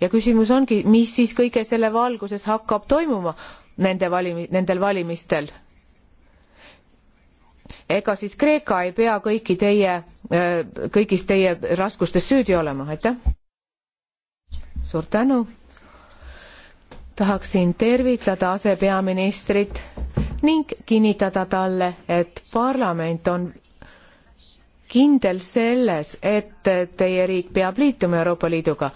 ja küsimus ongi, mis siis kõige selle valguses hakkab toimuma nende valimi-, nendel valimistel? ega siis Kreeka ei pea kõiki teie, äh, kõigis teie raskustes süüdi olema, aitäh! suur tänu! tahaksin tervitada asepeaministrit ning kinnitada talle, et parlament on kindel selles, et teie riik peab liituma Euroopa Liiduga,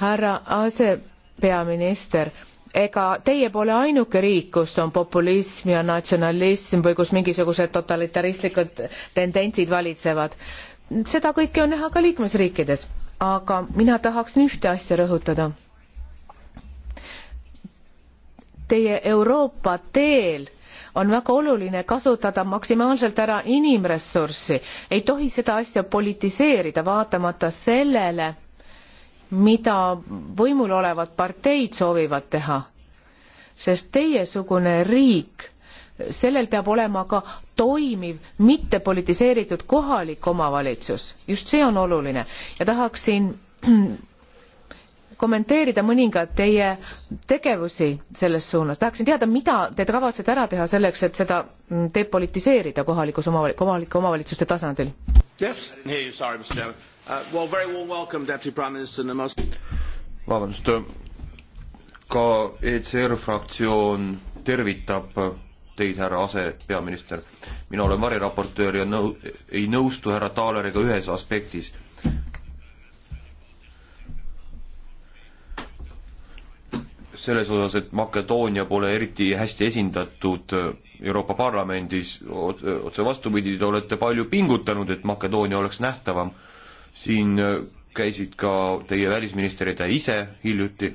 härra asepeaminister, ega teie pole ainuke riik, kus on populism ja natsionalism või kus mingisugused totalitaristlikud tendentsid valitsevad. seda kõike on näha ka liikmesriikides, aga mina tahaksin ühte asja rõhutada. Teie Euroopa teel on väga oluline kasutada maksimaalselt ära inimressurssi, ei tohi seda asja politiseerida, vaatamata sellele, mida võimul olevad parteid soovivad teha. sest teiesugune riik, sellel peab olema ka toimiv, mitte politiseeritud kohalik omavalitsus, just see on oluline ja tahaksin kommenteerida mõningad teie tegevusi selles suunas, tahaksin teada, mida te kavatsete ära teha selleks, et seda depolitiseerida kohalikus omavalitsus, kohalike omavalitsuste tasandil yes.? Uh, well, very warm welcome, Deputy Prime Minister Nemos. vabandust, ka ECR fraktsioon tervitab teid, härra asepeaminister. mina olen variraportöör ja nõu-, ei nõustu härra Taaleriga ühes aspektis. selles osas, et Makedoonia pole eriti hästi esindatud Euroopa Parlamendis, otse vastupidi, te olete palju pingutanud, et Makedoonia oleks nähtavam siin äh, käisid ka teie välisministrid ise hiljuti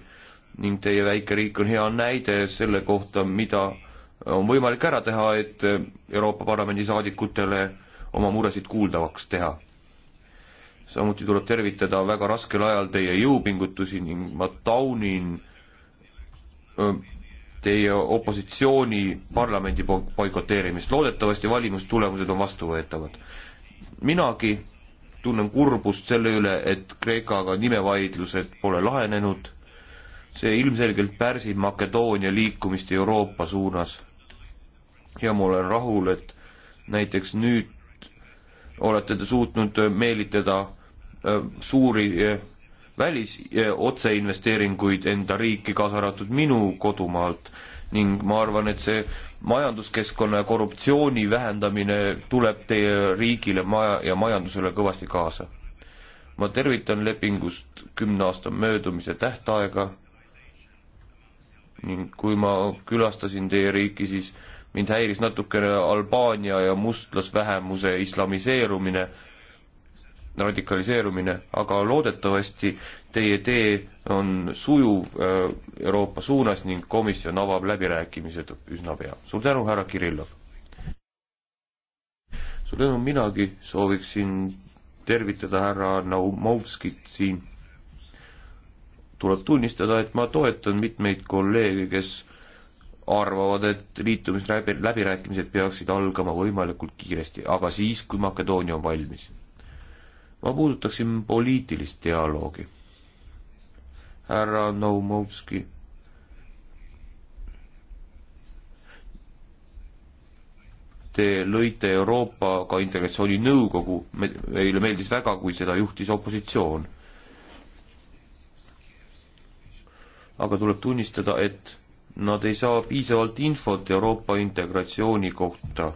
ning teie väike riik on hea näide selle kohta, mida on võimalik ära teha, et äh, Euroopa Parlamendi saadikutele oma muresid kuuldavaks teha. samuti tuleb tervitada väga raskel ajal teie jõupingutusi ning ma taunin äh, teie opositsiooni parlamendi boikoteerimist, loodetavasti valimustulemused on vastuvõetavad. minagi tunnen kurbust selle üle, et Kreekaga nimevaidlused pole lahenenud, see ilmselgelt pärsib Makedoonia liikumist Euroopa suunas. ja ma olen rahul, et näiteks nüüd olete te suutnud meelitada äh, suuri äh, välis- otseinvesteeringuid enda riiki, kaasa arvatud minu kodumaalt ning ma arvan, et see majanduskeskkonna ja korruptsiooni vähendamine tuleb teie riigile maja ja majandusele kõvasti kaasa. ma tervitan lepingust kümne aasta möödumise tähtaega ning kui ma külastasin teie riiki, siis mind häiris natukene Albaania ja mustlasvähemuse islamiseerumine radikaliseerumine, aga loodetavasti teie tee on sujuv äh, Euroopa suunas ning komisjon avab läbirääkimised üsna pea. suur tänu, härra Kirillov! suur tänu, minagi sooviksin tervitada härra Naumovskit siin. tuleb tunnistada, et ma toetan mitmeid kolleege, kes arvavad, et liitumisläbirääkimised peaksid algama võimalikult kiiresti, aga siis, kui Makedoonia on valmis ma puudutaksin poliitilist dialoogi. härra Noumovski. Te lõite Euroopaga Integratsiooni Nõukogu, meile meeldis väga, kui seda juhtis opositsioon. aga tuleb tunnistada, et nad ei saa piisavalt infot Euroopa integratsiooni kohta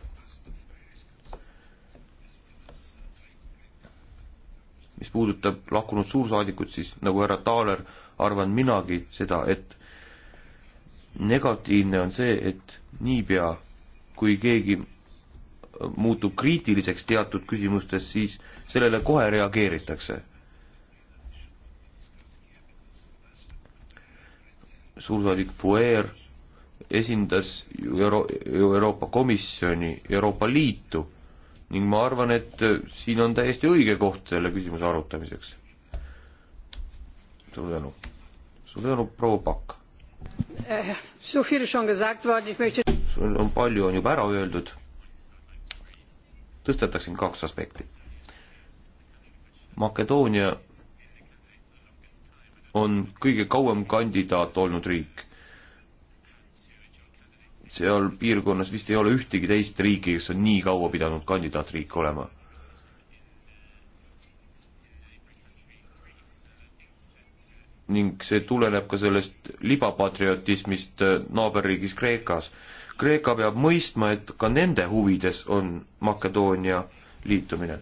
mis puudutab lahkunud suursaadikut, siis nagu härra Taaler, arvan minagi seda, et negatiivne on see, et niipea, kui keegi muutub kriitiliseks teatud küsimustes, siis sellele kohe reageeritakse. suursaadik Fuer esindas ju Euro-, Euroopa Komisjoni, Euroopa Liitu ning ma arvan, et äh, siin on täiesti õige koht selle küsimuse arutamiseks. suur tänu. suur tänu, proua Pakk. Äh, sul on palju, on juba ära öeldud. tõstataksin kaks aspekti. Makedoonia on kõige kauem kandidaat olnud riik seal piirkonnas vist ei ole ühtegi teist riiki, kes on nii kaua pidanud kandidaatriik olema. ning see tuleneb ka sellest libapatriotismist äh, naaberriigis Kreekas. Kreeka peab mõistma, et ka nende huvides on Makedoonia liitumine.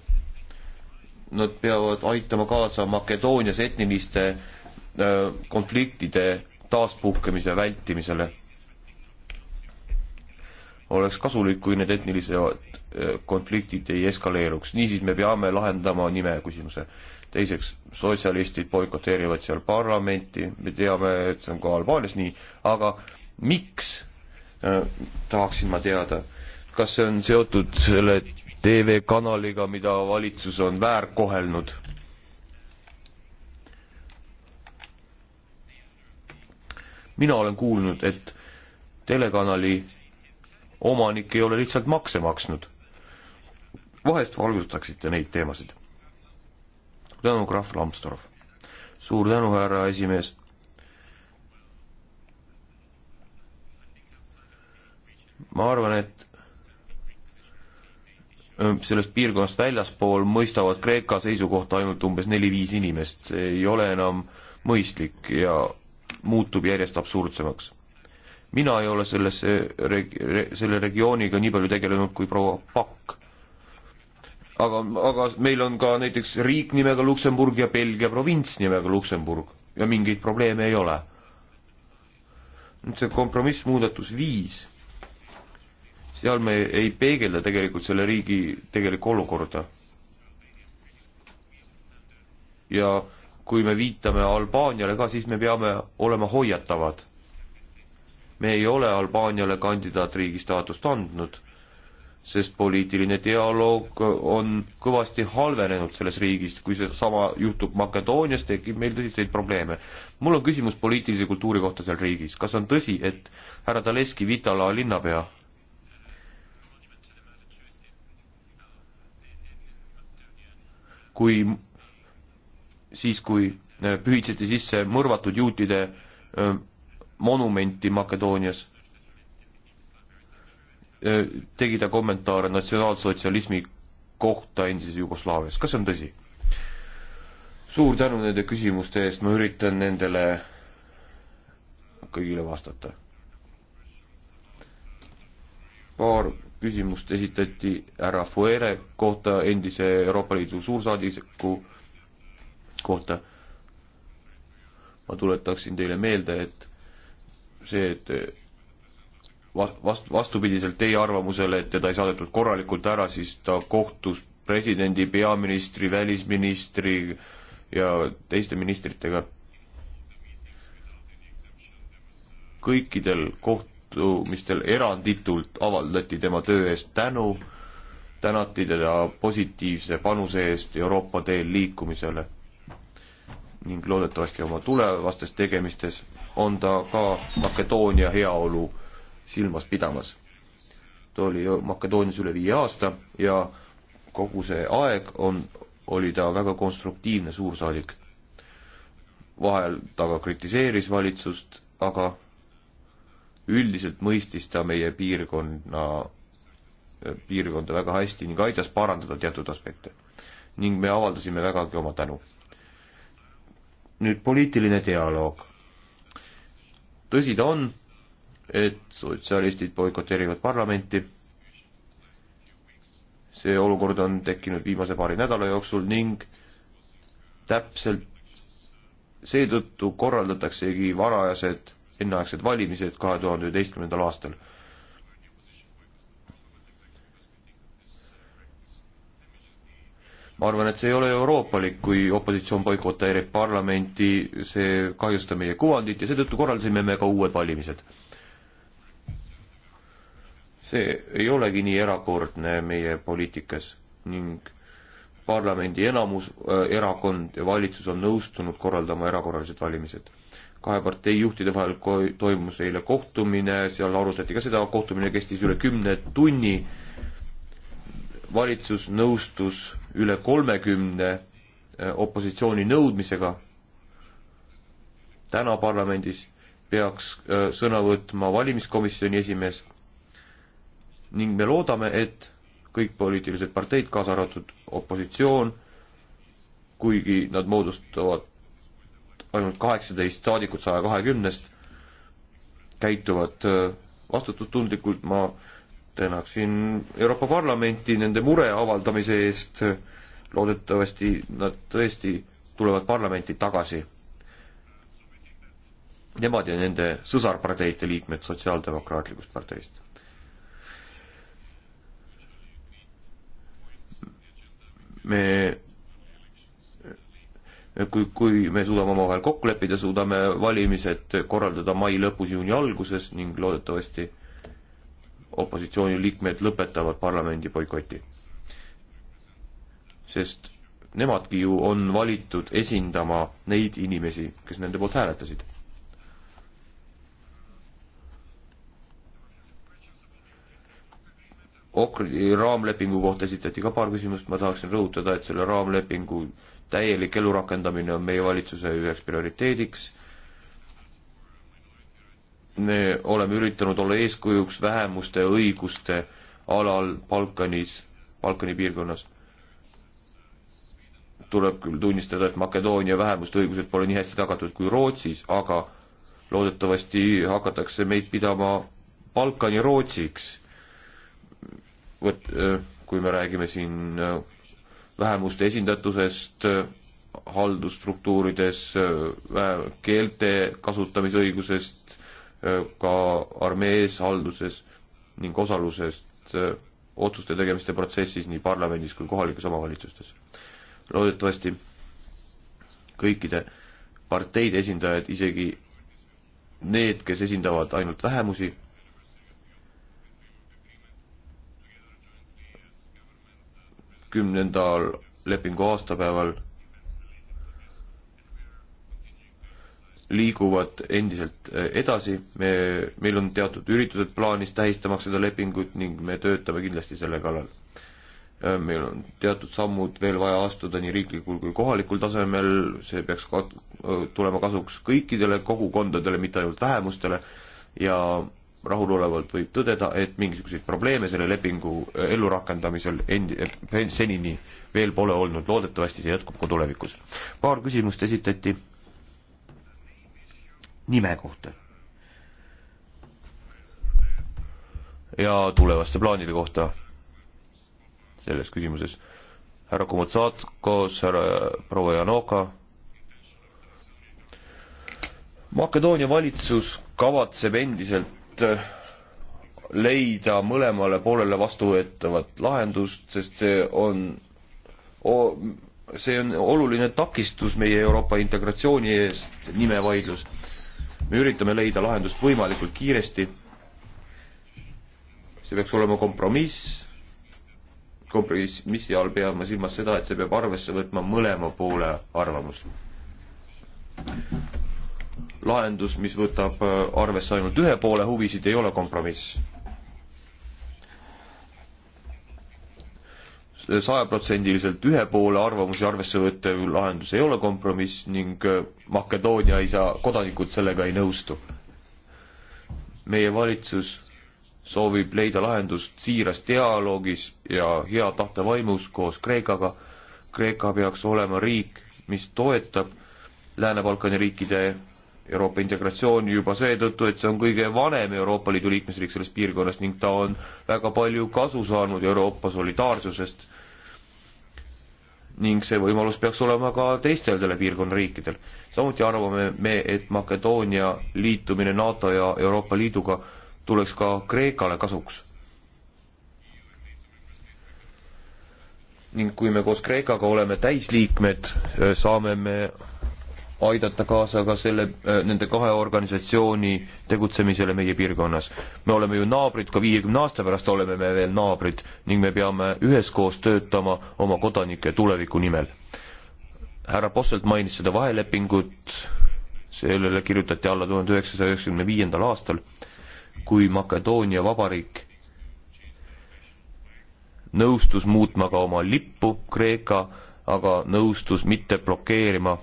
Nad peavad aitama kaasa Makedoonias etniliste äh, konfliktide taaspuhkemise vältimisele oleks kasulik, kui need etnilised äh, konfliktid ei eskaleeruks, niisiis me peame lahendama nime küsimuse. teiseks, sotsialistid boikoteerivad seal parlamenti, me teame, et see on ka Albaanias nii, aga miks äh,, tahaksin ma teada, kas see on seotud selle TV-kanaliga, mida valitsus on väärkohelnud? mina olen kuulnud, et telekanali omanik ei ole lihtsalt makse maksnud. vahest valgustaksite neid teemasid? tänu, krahv Lambsdorff. suur tänu, härra esimees. ma arvan, et sellest piirkonnast väljaspool mõistavad Kreeka seisukohta ainult umbes neli-viis inimest, see ei ole enam mõistlik ja muutub järjest absurdsemaks mina ei ole sellesse eh, reg-, re, selle regiooniga nii palju tegelenud kui proua Pakk. aga, aga meil on ka näiteks riik nimega Luksemburg ja Belgia provints nimega Luksemburg ja mingeid probleeme ei ole. nüüd see kompromissmuudatus viis, seal me ei peegelda tegelikult selle riigi tegelikku olukorda. ja kui me viitame Albaaniale ka, siis me peame olema hoiatavad me ei ole Albaaniale kandidaatriigi staatust andnud, sest poliitiline dialoog on kõvasti halvenenud selles riigis, kui seesama juhtub Makedoonias, tekib meil tõsiseid probleeme. mul on küsimus poliitilise kultuuri kohta seal riigis, kas on tõsi, et härra Taleski, Vitala linnapea, kui, siis kui pühitseti sisse mõrvatud juutide monumenti Makedoonias, äh, tegi ta kommentaare natsionaalsotsialismi kohta endises Jugoslaavias, kas see on tõsi? suur tänu nende küsimuste eest, ma üritan nendele kõigile vastata. paar küsimust esitati härra Fuere kohta, endise Euroopa Liidu suursaadiku kohta. ma tuletaksin teile meelde, et see, et eh, vast-, vastupidiselt teie arvamusele, et teda ei saadetud korralikult ära, siis ta kohtus presidendi, peaministri, välisministri ja teiste ministritega. kõikidel kohtumistel eranditult avaldati tema töö eest tänu, tänati teda positiivse panuse eest Euroopa teel liikumisele ning loodetavasti oma tulevastes tegemistes on ta ka Makedoonia heaolu silmas pidamas. ta oli Makedoonias üle viie aasta ja kogu see aeg on, oli ta väga konstruktiivne suursaadik. vahel ta ka kritiseeris valitsust, aga üldiselt mõistis ta meie piirkonna, piirkonda väga hästi ning aitas parandada teatud aspekte. ning me avaldasime vägagi oma tänu. nüüd poliitiline dialoog tõsi ta on, et sotsialistid boikoteerivad parlamenti, see olukord on tekkinud viimase paari nädala jooksul ning täpselt seetõttu korraldataksegi varajased enneaegsed valimised kahe tuhande üheteistkümnendal aastal ma arvan, et see ei ole euroopalik, kui opositsioon boikoteerib parlamenti, see kahjustab meie kuvandit ja seetõttu korraldasime me ka uued valimised. see ei olegi nii erakordne meie poliitikas ning parlamendi enamus äh,, erakond ja valitsus on nõustunud korraldama erakorralised valimised. kahe partei juhtide vahel ko-, toimus eile kohtumine, seal arutati ka seda, kohtumine kestis üle kümne tunni, valitsus nõustus üle kolmekümne äh, opositsiooni nõudmisega täna parlamendis peaks äh, sõna võtma valimiskomisjoni esimees ning me loodame, et kõik poliitilised parteid, kaasa arvatud opositsioon, kuigi nad moodustavad ainult kaheksateist saadikut saja kahekümnest, käituvad äh, vastutustundlikult, ma tänaksin Euroopa Parlamenti nende mure avaldamise eest, loodetavasti nad tõesti tulevad parlamenti tagasi. Nemad ja nende sõsarparteide liikmed Sotsiaaldemokraatlikust parteist. me, kui, kui me suudame omavahel kokku leppida, suudame valimised korraldada mai lõpus, juuni alguses ning loodetavasti opositsiooniliikmed lõpetavad parlamendi boikoti. sest nemadki ju on valitud esindama neid inimesi, kes nende poolt hääletasid. Okri raamlepingu kohta esitati ka paar küsimust, ma tahaksin rõhutada, et selle raamlepingu täielik elurakendamine on meie valitsuse üheks prioriteediks me oleme üritanud olla eeskujuks vähemuste õiguste alal Balkanis, Balkani piirkonnas. tuleb küll tunnistada, et Makedoonia vähemuste õigused pole nii hästi tagatud kui Rootsis, aga loodetavasti hakatakse meid pidama Balkani Rootsiks. vot äh, kui me räägime siin äh, vähemuste esindatusest äh, haldusstruktuurides, keelte kasutamisõigusest, Äh, ka armees halduses ning osalusest äh, otsuste tegemiste protsessis nii parlamendis kui kohalikes omavalitsustes. loodetavasti kõikide parteide esindajad, isegi need, kes esindavad ainult vähemusi, kümnendal lepingu aastapäeval liiguvad endiselt eh, edasi, me, meil on teatud üritused plaanis tähistamaks seda lepingut ning me töötame kindlasti selle kallal. Eh, meil on teatud sammud veel vaja astuda nii riiklikul kui kohalikul tasemel, see peaks ka eh, tulema kasuks kõikidele kogukondadele, mitte ainult vähemustele, ja rahulolevalt võib tõdeda, et mingisuguseid probleeme selle lepingu ellurakendamisel endi-, senini veel pole olnud, loodetavasti see jätkub ka tulevikus. paar küsimust esitati nime kohta. ja tulevaste plaanide kohta selles küsimuses. härra Komotsat koos härra proua Janoka. Makedoonia valitsus kavatseb endiselt leida mõlemale poolele vastuvõetavat lahendust, sest see on see on oluline takistus meie Euroopa integratsiooni eest, nimevaidlus me üritame leida lahendust võimalikult kiiresti. see peaks olema kompromiss, kompromissi all pean ma silmas seda, et see peab arvesse võtma mõlema poole arvamust. lahendus, mis võtab äh, arvesse ainult ühe poole huvisid, ei ole kompromiss sajaprotsendiliselt ühe poole arvamusi arvesse võttev lahendus ei ole kompromiss ning äh, Makedoonia ei saa, kodanikud sellega ei nõustu. meie valitsus soovib leida lahendust siiras dialoogis ja hea tahte vaimus koos Kreekaga. Kreeka peaks olema riik, mis toetab Lääne-Balkani riikide Euroopa integratsiooni juba seetõttu, et see on kõige vanem Euroopa Liidu liikmesriik selles piirkonnas ning ta on väga palju kasu saanud Euroopa solidaarsusest. ning see võimalus peaks olema ka teistel selle piirkonna riikidel. samuti arvame me, et Makedoonia liitumine NATO ja Euroopa Liiduga tuleks ka Kreekale kasuks. ning kui me koos Kreekaga oleme täisliikmed, saame me aidata kaasa ka selle, äh, nende kahe organisatsiooni tegutsemisele meie piirkonnas. me oleme ju naabrid, ka viiekümne aasta pärast oleme me veel naabrid ning me peame üheskoos töötama oma kodanike tuleviku nimel. härra Posselt mainis seda vahelepingut, sellele kirjutati alla tuhande üheksasaja üheksakümne viiendal aastal, kui Makedoonia Vabariik nõustus muutma ka oma lippu Kreeka, aga nõustus mitte blokeerima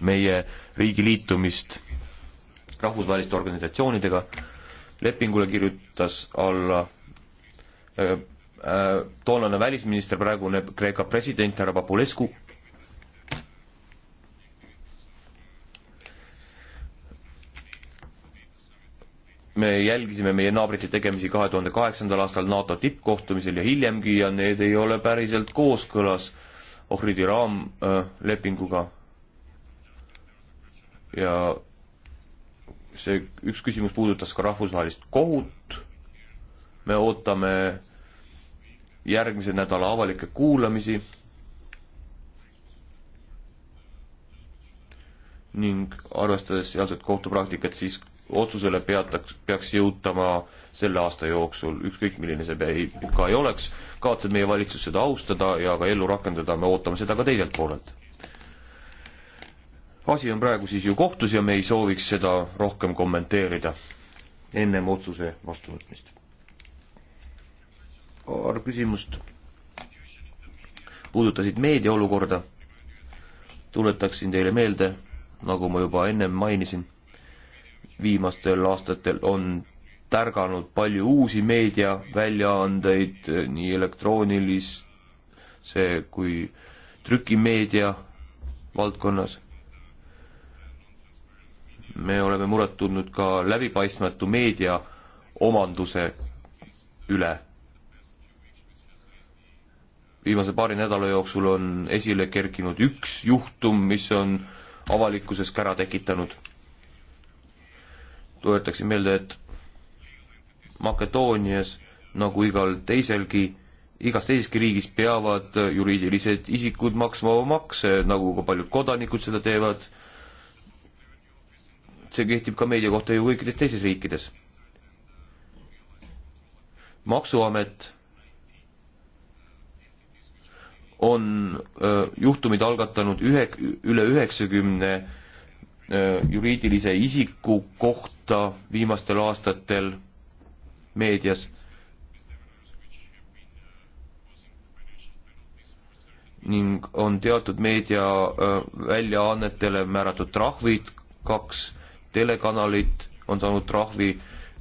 meie riigi liitumist rahvusvaheliste organisatsioonidega, lepingule kirjutas alla äh, äh, toonane välisminister, praegune Kreeka president härra Papulescu, me jälgisime meie naabrite tegemisi kahe tuhande kaheksandal aastal NATO tippkohtumisel ja hiljemgi ja need ei ole päriselt kooskõlas Ohridi raamlepinguga äh, ja see üks küsimus puudutas ka rahvusvahelist kohut. me ootame järgmise nädala avalikke kuulamisi. ning arvestades sealset kohtupraktikat, siis otsusele peataks, peaks jõutama selle aasta jooksul, ükskõik milline see ei, ka ei oleks, kavatseb meie valitsus seda austada ja ka ellu rakendada, me ootame seda ka teiselt poolelt asi on praegu siis ju kohtus ja me ei sooviks seda rohkem kommenteerida ennem otsuse vastuvõtmist. paar küsimust puudutasid meedia olukorda. tuletaksin teile meelde, nagu ma juba ennem mainisin, viimastel aastatel on tärganud palju uusi meediaväljaandeid, nii elektroonilise kui trükimeedia valdkonnas me oleme muret tundnud ka läbipaistmatu meedia omanduse üle. viimase paari nädala jooksul on esile kerkinud üks juhtum, mis on avalikkuses kära tekitanud. tuletaksin meelde, et Makedoonias nagu igal teiselgi, igas teiseski riigis peavad juriidilised isikud maksma makse, nagu ka paljud kodanikud seda teevad see kehtib ka meedia kohta ju kõikides teistes riikides. maksuamet on öö, juhtumid algatanud ühe, üle üheksakümne juriidilise isiku kohta viimastel aastatel meedias. ning on teatud meediaväljaannetele määratud trahvid kaks telekanalid on saanud trahvi,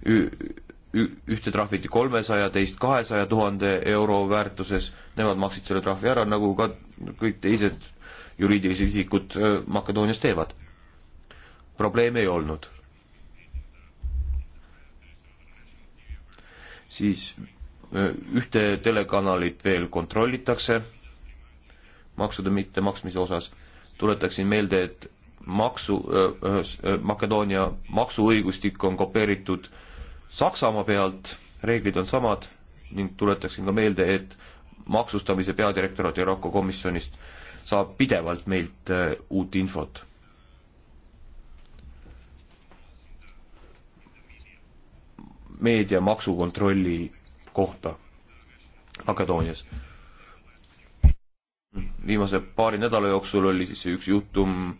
ühte trahviti kolmesaja, teist kahesaja tuhande euro väärtuses, nemad maksid selle trahvi ära, nagu ka kõik teised juriidilised isikud äh, Makedoonias teevad. probleeme ei olnud. siis äh, ühte telekanalit veel kontrollitakse maksude mittemaksmise osas, tuletaksin meelde, et maksu äh,, Makedoonia maksuõigustik on kopeeritud Saksamaa pealt, reeglid on samad ning tuletaksin ka meelde, et maksustamise peadirektorat Euroopa Komisjonist saab pidevalt meilt äh, uut infot. meedia maksukontrolli kohta Makedoonias. viimase paari nädala jooksul oli siis üks juhtum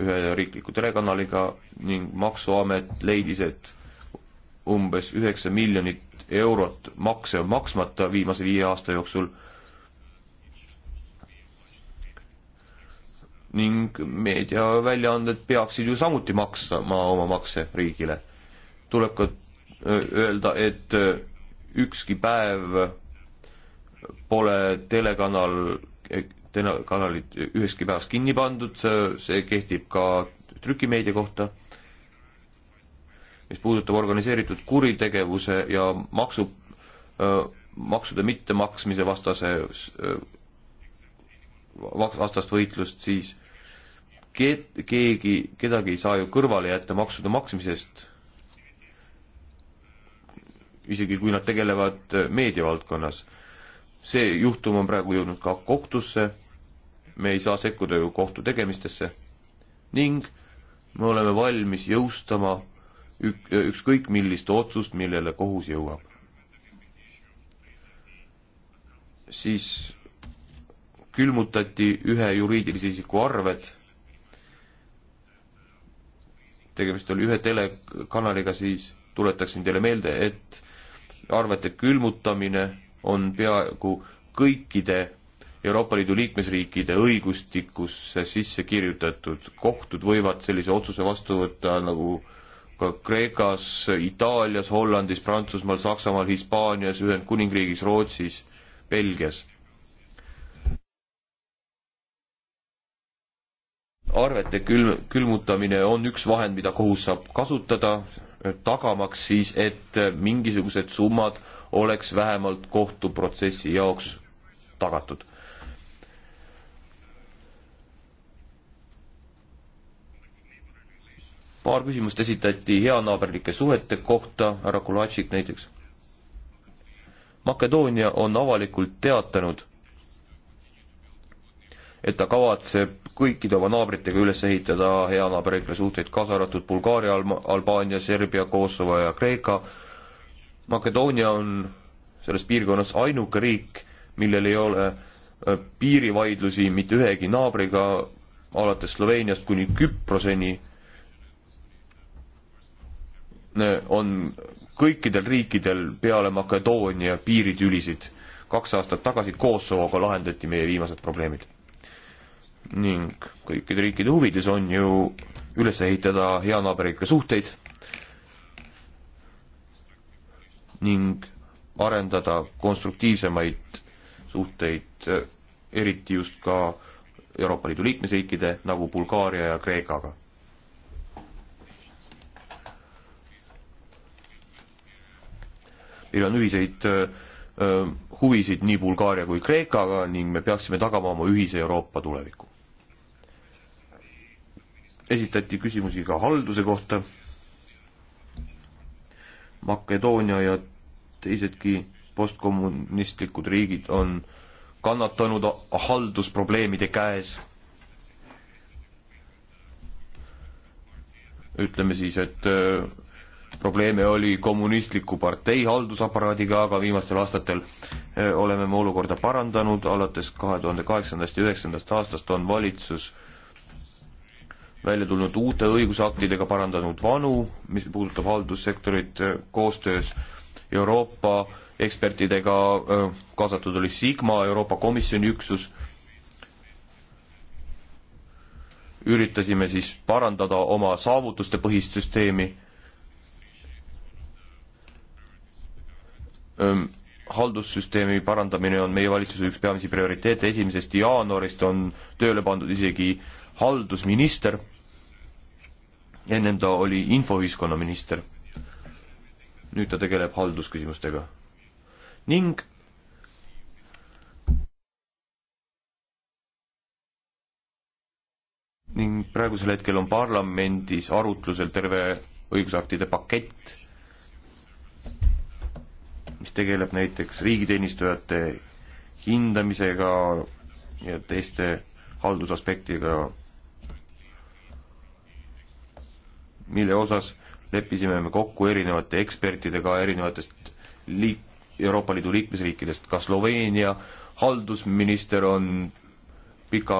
ühe riikliku telekanaliga ning Maksuamet leidis, et umbes üheksa miljonit eurot makse on maksmata viimase viie aasta jooksul ning meediaväljaanded peaksid ju samuti maksma oma makse riigile. tuleb ka öelda, et ükski päev pole telekanal kanalid üheski päevas kinni pandud, see kehtib ka trükimeedia kohta, mis puudutab organiseeritud kuritegevuse ja maksu, maksude mittemaksmise vastase, vastast võitlust, siis ke-, keegi, kedagi ei saa ju kõrvale jätta maksude maksmisest, isegi kui nad tegelevad meediavaldkonnas. see juhtum on praegu jõudnud ka kohtusse me ei saa sekkuda ju kohtu tegemistesse ning me oleme valmis jõustama ük-, ükskõik millist otsust, millele kohus jõuab. siis külmutati ühe juriidilise isiku arved, tegemist oli ühe telekanaliga, siis tuletaksin teile meelde, et arvete külmutamine on peaaegu kõikide Euroopa Liidu liikmesriikide õigustikusse sisse kirjutatud. kohtud võivad sellise otsuse vastu võtta nagu ka Kreekas, Itaalias, Hollandis, Prantsusmaal, Saksamaal, Hispaanias, Ühendkuningriigis, Rootsis, Belgias. arvete külm-, külmutamine on üks vahend, mida kohus saab kasutada, tagamaks siis, et mingisugused summad oleks vähemalt kohtuprotsessi jaoks tagatud. paar küsimust esitati heanaaberlike suhete kohta, härra Kulatšik näiteks. Makedoonia on avalikult teatanud, et ta kavatseb kõikide oma naabritega üles ehitada heanaaberlikke suhteid, kaasa arvatud Bulgaaria Alba,, Albaania, Serbia, Kosovo ja Kreeka. Makedoonia on selles piirkonnas ainuke riik, millel ei ole äh, piirivaidlusi mitte ühegi naabriga, alates Sloveeniast kuni Küproseni on kõikidel riikidel peale Makedoonia piiritülisid. kaks aastat tagasi Kosovoga lahendati meie viimased probleemid. ning kõikide riikide huvides on ju üles ehitada heanaaberlikke suhteid ning arendada konstruktiivsemaid suhteid, eriti just ka Euroopa Liidu liikmesriikide nagu Bulgaaria ja Kreekaga meil on ühiseid huvisid nii Bulgaaria kui Kreekaga ning me peaksime tagama oma ühise Euroopa tuleviku. esitati küsimusi ka halduse kohta. Makedoonia ja teisedki postkommunistlikud riigid on kannatanud haldusprobleemide käes. ütleme siis, et probleeme oli kommunistliku partei haldusaparaadiga, aga viimastel aastatel eh, oleme me olukorda parandanud, alates kahe tuhande kaheksandast ja üheksandast aastast on valitsus välja tulnud uute õigusaktidega, parandanud vanu, mis puudutab haldussektorit eh, koostöös Euroopa ekspertidega, eh, kaasatud oli Sigma, Euroopa Komisjoni üksus, üritasime siis parandada oma saavutuste põhist süsteemi haldussüsteemi parandamine on meie valitsuse üks peamisi prioriteete, esimesest jaanuarist on tööle pandud isegi haldusminister, ennem ta oli infoühiskonnaminister. nüüd ta tegeleb haldusküsimustega. ning ning praegusel hetkel on parlamendis arutlusel terve õigusaktide pakett mis tegeleb näiteks riigiteenistujate hindamisega ja teiste haldusaspektiga, mille osas leppisime me kokku erinevate ekspertidega erinevatest liik-, Euroopa Liidu liikmesriikidest, ka Sloveenia haldusminister on pika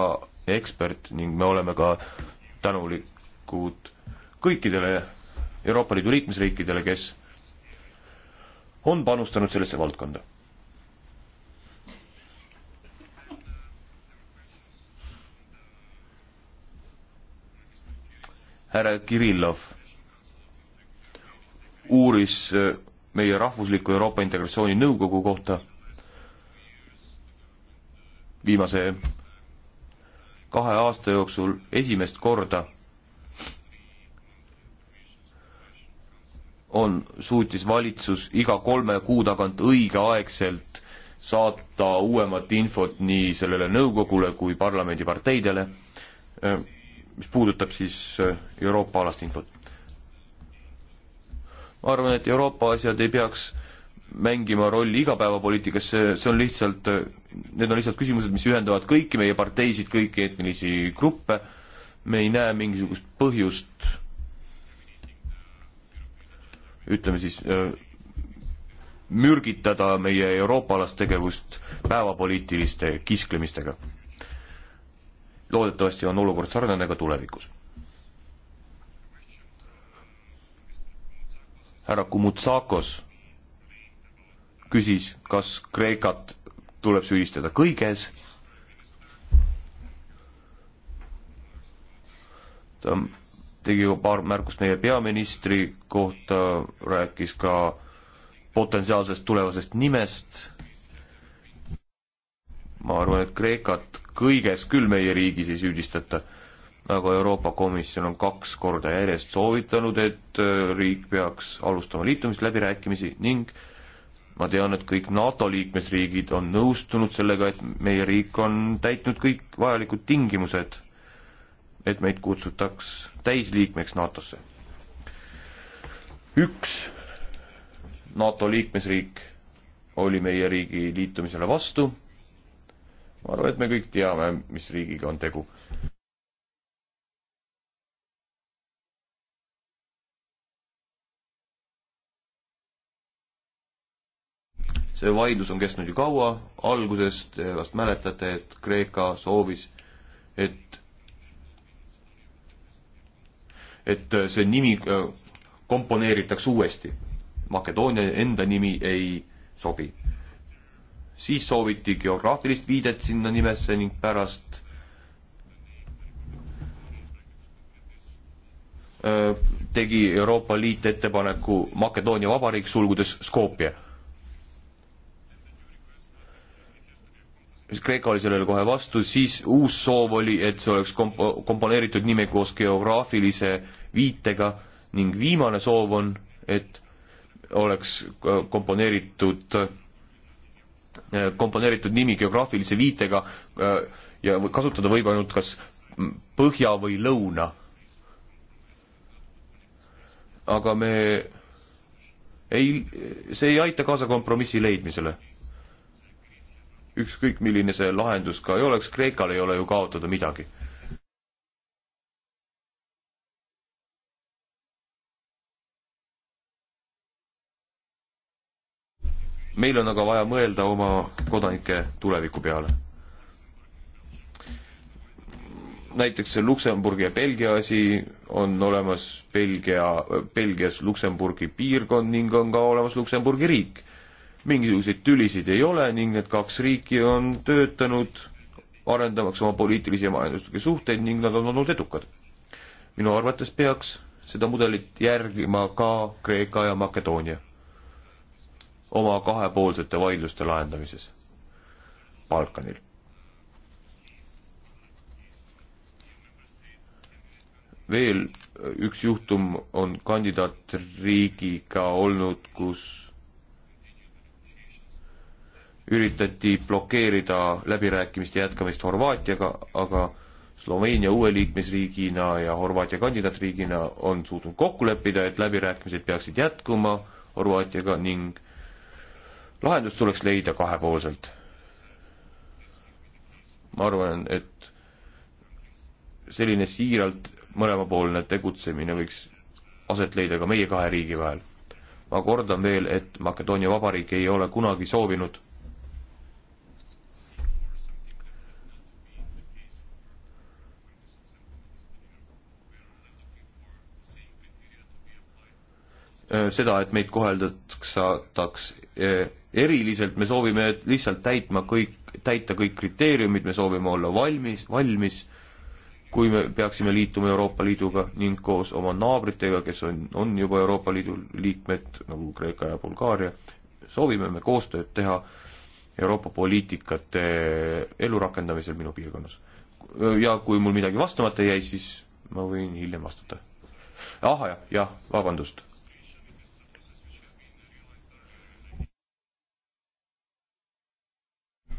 ekspert ning me oleme ka tänulikud kõikidele Euroopa Liidu liikmesriikidele, kes on panustanud sellesse valdkonda. härra Kirillov uuris äh, meie rahvusliku Euroopa Integratsiooni Nõukogu kohta viimase kahe aasta jooksul esimest korda on, suutis valitsus iga kolme kuu tagant õigeaegselt saata uuemat infot nii sellele nõukogule kui parlamendiparteidele, eh, mis puudutab siis eh, Euroopa-alast infot. ma arvan, et Euroopa asjad ei peaks mängima rolli igapäevapoliitikas, see, see on lihtsalt, eh, need on lihtsalt küsimused, mis ühendavad kõiki meie parteisid, kõiki etnilisi gruppe, me ei näe mingisugust põhjust ütleme siis, äh, mürgitada meie euroopalast tegevust päevapoliitiliste kisklemistega. loodetavasti on olukord sarnane ka tulevikus. härra Kumutsakos küsis, kas Kreekat tuleb süüdistada kõiges. ta tegi ju paar märkust meie peaministri kohta, rääkis ka potentsiaalsest tulevasest nimest. ma arvan, et Kreekat kõiges küll meie riigis ei süüdistata, aga Euroopa Komisjon on kaks korda järjest soovitanud, et äh, riik peaks alustama liitumisläbirääkimisi ning ma tean, et kõik NATO liikmesriigid on nõustunud sellega, et meie riik on täitnud kõik vajalikud tingimused et meid kutsutaks täisliikmeks NATO-sse. üks NATO liikmesriik oli meie riigi liitumisele vastu. ma arvan, et me kõik teame, mis riigiga on tegu. see vaidlus on kestnud ju kaua, alguses te vast mäletate, et Kreeka soovis, et et äh, see nimi äh, komponeeritakse uuesti. Makedoonia enda nimi ei sobi. siis sooviti geograafilist viidet sinna nimesse ning pärast äh, tegi Euroopa Liit ettepaneku Makedoonia Vabariik sulgudes Skopje Kreeka oli sellele kohe vastu, siis uus soov oli, et see oleks komp-, komponeeritud nimi koos geograafilise viitega ning viimane soov on, et oleks äh, komponeeritud, äh, komponeeritud nimi geograafilise viitega äh, ja kasutada võib ainult kas põhja või lõuna. aga me ei, see ei aita kaasa kompromissi leidmisele ükskõik milline see lahendus ka ei oleks, Kreekal ei ole ju kaotada midagi. meil on aga vaja mõelda oma kodanike tuleviku peale. näiteks see Luksemburgi ja Belgia asi on olemas Belgia, Belgias Luksemburgi piirkond ning on ka olemas Luksemburgi riik mingisuguseid tülisid ei ole ning need kaks riiki on töötanud arendamaks oma poliitilisi ja majanduslikke suhteid ning nad on olnud edukad. minu arvates peaks seda mudelit järgima ka Kreeka ja Makedoonia oma kahepoolsete vaidluste lahendamises Balkanil. veel üks juhtum on kandidaatriigiga olnud, kus üritati blokeerida läbirääkimiste jätkamist Horvaatiaga, aga Sloveenia uue liikmesriigina ja Horvaatia kandidaatriigina on suutnud kokku leppida, et läbirääkimised peaksid jätkuma Horvaatiaga ning lahendus tuleks leida kahepoolselt. ma arvan, et selline siiralt mõlemapoolne tegutsemine võiks aset leida ka meie kahe riigi vahel. ma kordan veel, et Makedoonia Vabariik ei ole kunagi soovinud Äh, seda, et meid koheldataks äh, eriliselt, me soovime lihtsalt täitma kõik, täita kõik kriteeriumid, me soovime olla valmis, valmis, kui me peaksime liituma Euroopa Liiduga ning koos oma naabritega, kes on, on juba Euroopa Liidu liikmed, nagu Kreeka ja Bulgaaria, soovime me koostööd teha Euroopa poliitikate elurakendamisel minu piirkonnas. ja kui mul midagi vastamata jäi, siis ma võin hiljem vastata. ahah, jah, jah, vabandust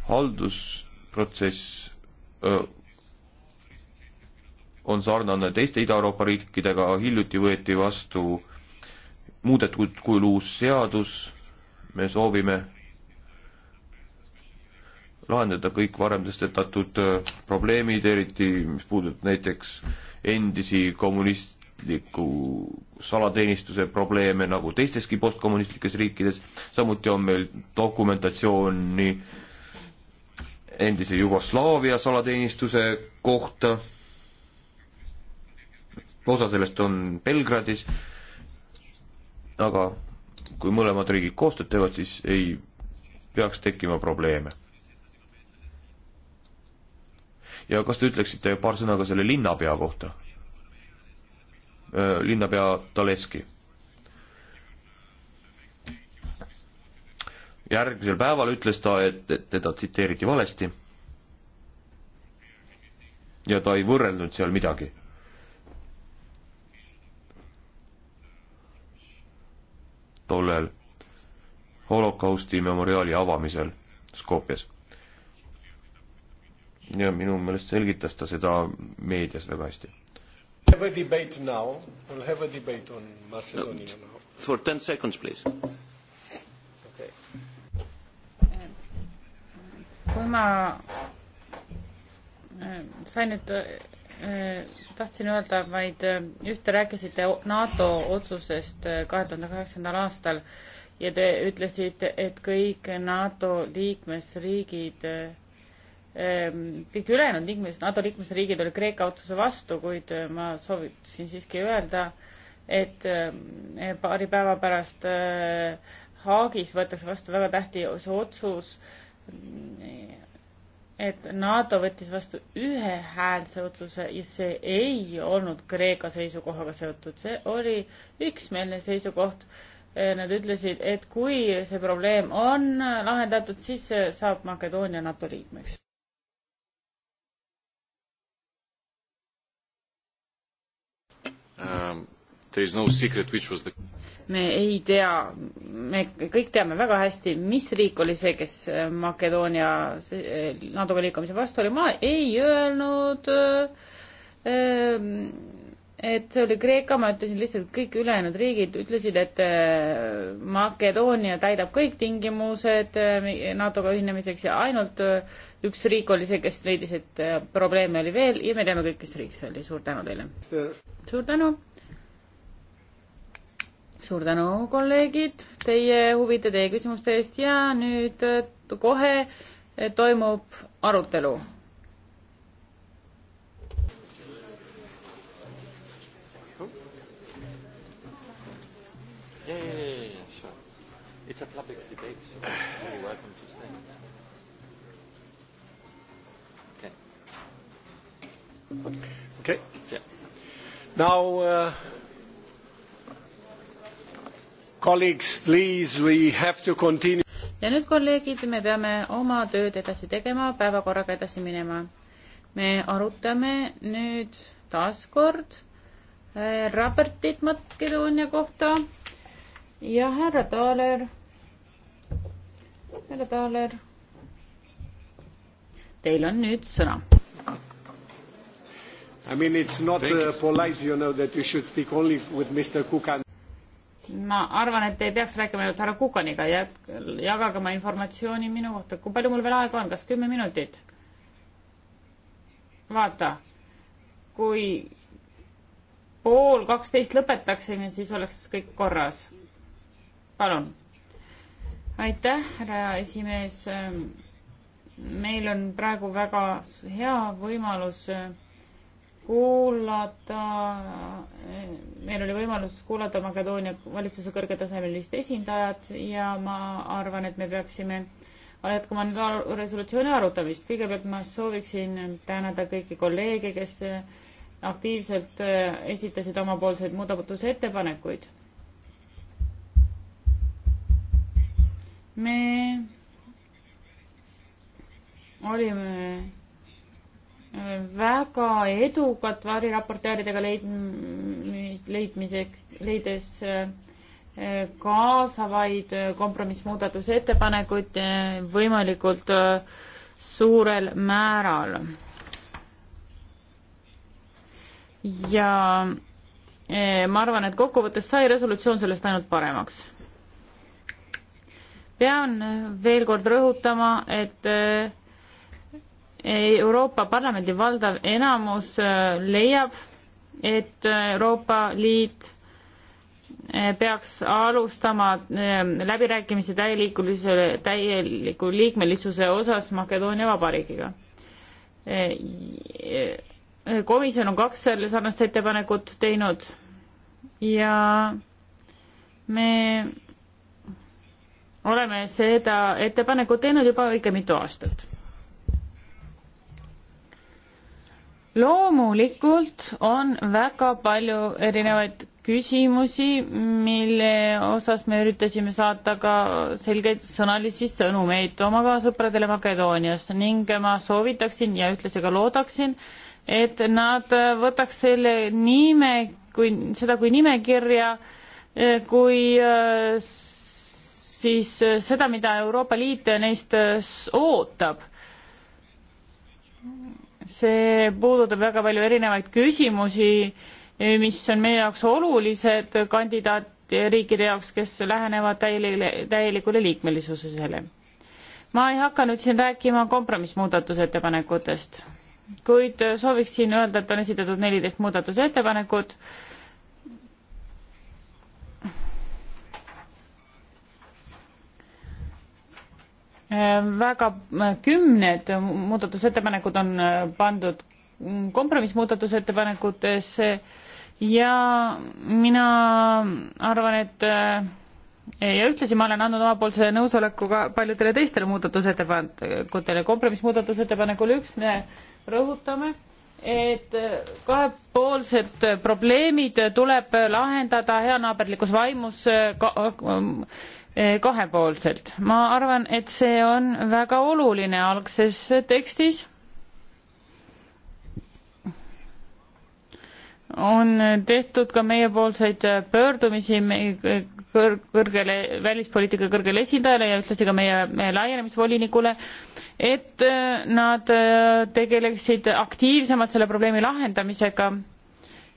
haldusprotsess on sarnane teiste Ida-Euroopa riikidega, hiljuti võeti vastu muudetud kujul uus seadus, me soovime lahendada kõik varem tõstetatud probleemid, eriti mis puudutab näiteks endisi kommunistliku salateenistuse probleeme, nagu teisteski postkommunistlikes riikides, samuti on meil dokumentatsiooni äh, endise Jugoslaavia salateenistuse kohta. osa sellest on Belgradis. aga kui mõlemad riigid koostööd teevad, siis ei peaks tekkima probleeme. ja kas te ütleksite paar sõna ka selle linnapea kohta? Äh, linnapea Taleski järgmisel päeval ütles ta, et, et teda tsiteeriti valesti. ja ta ei võrrelnud seal midagi. tollel holokausti memoriaali avamisel Skopjas. ja minu meelest selgitas ta seda meedias väga hästi. Have a debate now, we will have a debate on Macedonia no, now. For ten seconds please. kui ma äh, sain nüüd, äh, tahtsin öelda vaid äh, ühte, rääkisite NATO otsusest kahe tuhande kaheksandal aastal ja te ütlesite, et kõik NATO liikmesriigid, ähm, kõik ülejäänud liikmes, NATO liikmesriigid olid Kreeka otsuse vastu, kuid ma soovitasin siiski öelda, et paari päeva pärast Haagis võetakse vastu väga tähtis otsus, et NATO võttis vastu ühehäälse otsuse ja see ei olnud Kreeka seisukohaga seotud, see oli üksmeelne seisukoht. Eh, nad ütlesid, et kui see probleem on lahendatud, siis saab Makedoonia NATO liikmeks. Um, No the... me ei tea, me kõik teame väga hästi, mis riik oli see, kes äh, Makedoonia äh, NATO-ga liikumise vastu oli, ma ei öelnud, ähm, et see oli Kreeka, ma ütlesin lihtsalt, kõik ülejäänud riigid ütlesid, et äh, Makedoonia täidab kõik tingimused NATO-ga ühinemiseks ja ainult üks riik oli see, kes leidis, et probleeme oli veel ja me teame kõik, kes riik see oli, suur tänu teile. suur tänu suur tänu, kolleegid, teie huvide, teie küsimuste eest ja nüüd äh, kohe äh, toimub arutelu. Yeah, yeah, yeah, yeah, sure. It's a public debate, so you're welcome to stay. Okay. Okay. Yeah. Now uh, Colleagues, please, we have to continue. ja nüüd, kolleegid, me peame oma tööd edasi tegema, päevakorraga edasi minema. me arutame nüüd taas kord äh, raportit Makedoonia kohta ja härra Taaler, härra Taaler, teil on nüüd sõna i mean it's not uh, polite you know that you should speak only with mr kukan ma arvan, et ei peaks rääkima ainult härra Kukaniga, jagage oma informatsiooni minu kohta, kui palju mul veel aega on, kas kümme minutit? vaata, kui pool kaksteist lõpetaksime, siis oleks kõik korras. palun. aitäh, härra esimees. meil on praegu väga hea võimalus kuulata, meil oli võimalus kuulata Makedoonia valitsuse kõrgetasemelist esindajat ja ma arvan, et me peaksime jätkama nüüd resolutsiooni arutamist. kõigepealt ma sooviksin tänada kõiki kolleege, kes aktiivselt esitasid omapoolseid muudatusettepanekuid. me olime väga edukat variraportööridega leid-, leidmiseks, leides äh, kaasavaid äh, kompromissmuudatusettepanekuid äh, võimalikult suurel määral. ja ma arvan, et kokkuvõttes sai resolutsioon sellest ainult paremaks. pean veel kord rõhutama, et Euroopa Parlamendi valdav enamus äh, leiab, et äh, Euroopa Liit äh, peaks alustama läbirääkimisi täielikulise, täieliku liikmelisuse osas Makedoonia Vabariigiga. komisjon on kaks selle sarnast ettepanekut teinud ja me oleme seda ettepanekut teinud juba õige mitu aastat loomulikult on väga palju erinevaid küsimusi, mille osas me üritasime saata ka selgeid sõnalisi sõnumeid oma sõpradele Makedoonias ning ma soovitaksin ja ühtlasi ka loodaksin, et nad võtaks selle nime, kui seda kui nimekirja, eh, kui eh, siis eh, seda, mida Euroopa Liit neist ootab see puudutab väga palju erinevaid küsimusi, mis on meie jaoks olulised kandidaatriikide jaoks, kes lähenevad täielikule, täielikule liikmelisusele. ma ei hakka nüüd siin rääkima kompromissmuudatusettepanekutest, kuid sooviksin öelda, et on esitatud neliteist muudatusettepanekut Äh, väga äh, kümned muudatusettepanekud on äh, pandud kompromissmuudatusettepanekutesse ja mina arvan, et ja ühtlasi ma olen andnud omapoolse nõusoleku ka paljudele teistele muudatusettepanekutele. kompromissmuudatusettepanekule üks me rõhutame, et kahepoolsed probleemid tuleb lahendada heanaaberlikus vaimus ka, Eh, kahepoolselt. ma arvan, et see on väga oluline algses tekstis. on tehtud ka meiepoolseid pöördumisi kõr-, kõrgele, välispoliitika kõrgele esindajale ja ühtlasi ka meie, meie laienemisvolinikule, et eh, nad eh, tegeleksid aktiivsemalt selle probleemi lahendamisega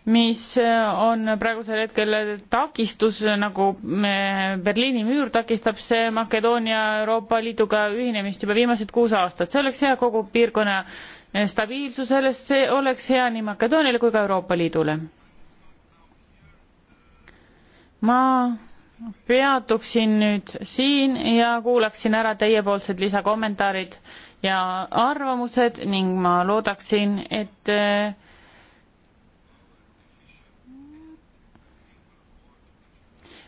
mis äh, on praegusel hetkel takistus, nagu äh, Berliini müür takistab see Makedoonia Euroopa Liiduga ühinemist juba viimased kuus aastat. see oleks hea kogu piirkonna äh, stabiilsusele, see oleks hea nii Makedooniale kui ka Euroopa Liidule. ma peatuksin nüüd siin ja kuulaksin ära teiepoolsed lisakommentaarid ja arvamused ning ma loodaksin, et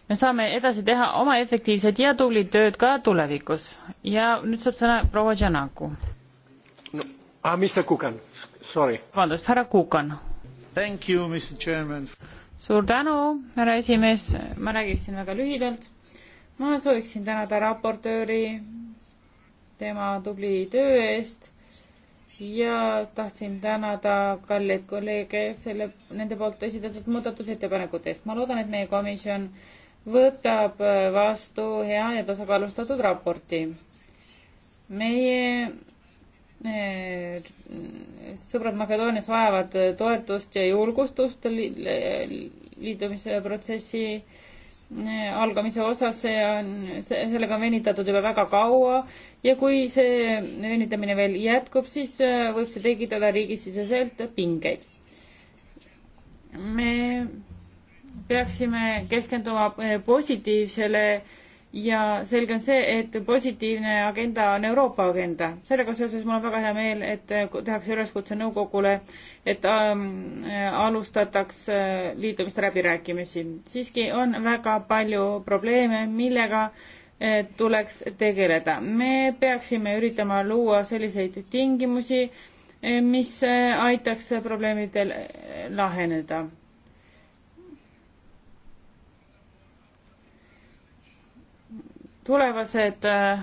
me saame edasi teha oma efektiivsed ja tublid tööd ka tulevikus. ja nüüd saab sõna proua Janaku no,. Ah, Mr Kukan, sorry. vabandust, härra Kukan. Thank you, Mr Chairman. suur tänu, härra esimees, ma räägiksin väga lühidalt. ma sooviksin tänada raportööri tema tubli töö eest ja tahtsin tänada kalleid kolleege selle, nende poolt esitatud muudatusettepanekute eest. ma loodan, et meie komisjon äh, võtab äh, vastu hea ja tasakaalustatud raporti. meie äh, sõbrad Makedoonias vajavad toetust ja julgustust liitumise protsessi äh, algamise osas, see on, sellega on venitatud juba väga kaua ja kui see venitamine veel jätkub, siis võib see tekitada riigisiseselt pingeid. me peaksime keskenduma eh, positiivsele ja selge on see, et positiivne agenda on Euroopa agenda. sellega seoses mul on väga hea meel, et eh, tehakse üleskutse nõukogule, et ähm, eh, alustataks liitumisläbirääkimisi. siiski on väga palju probleeme, millega tuleks tegeleda. me peaksime üritama luua selliseid tingimusi, mis aitaks probleemidel laheneda. tulevased äh,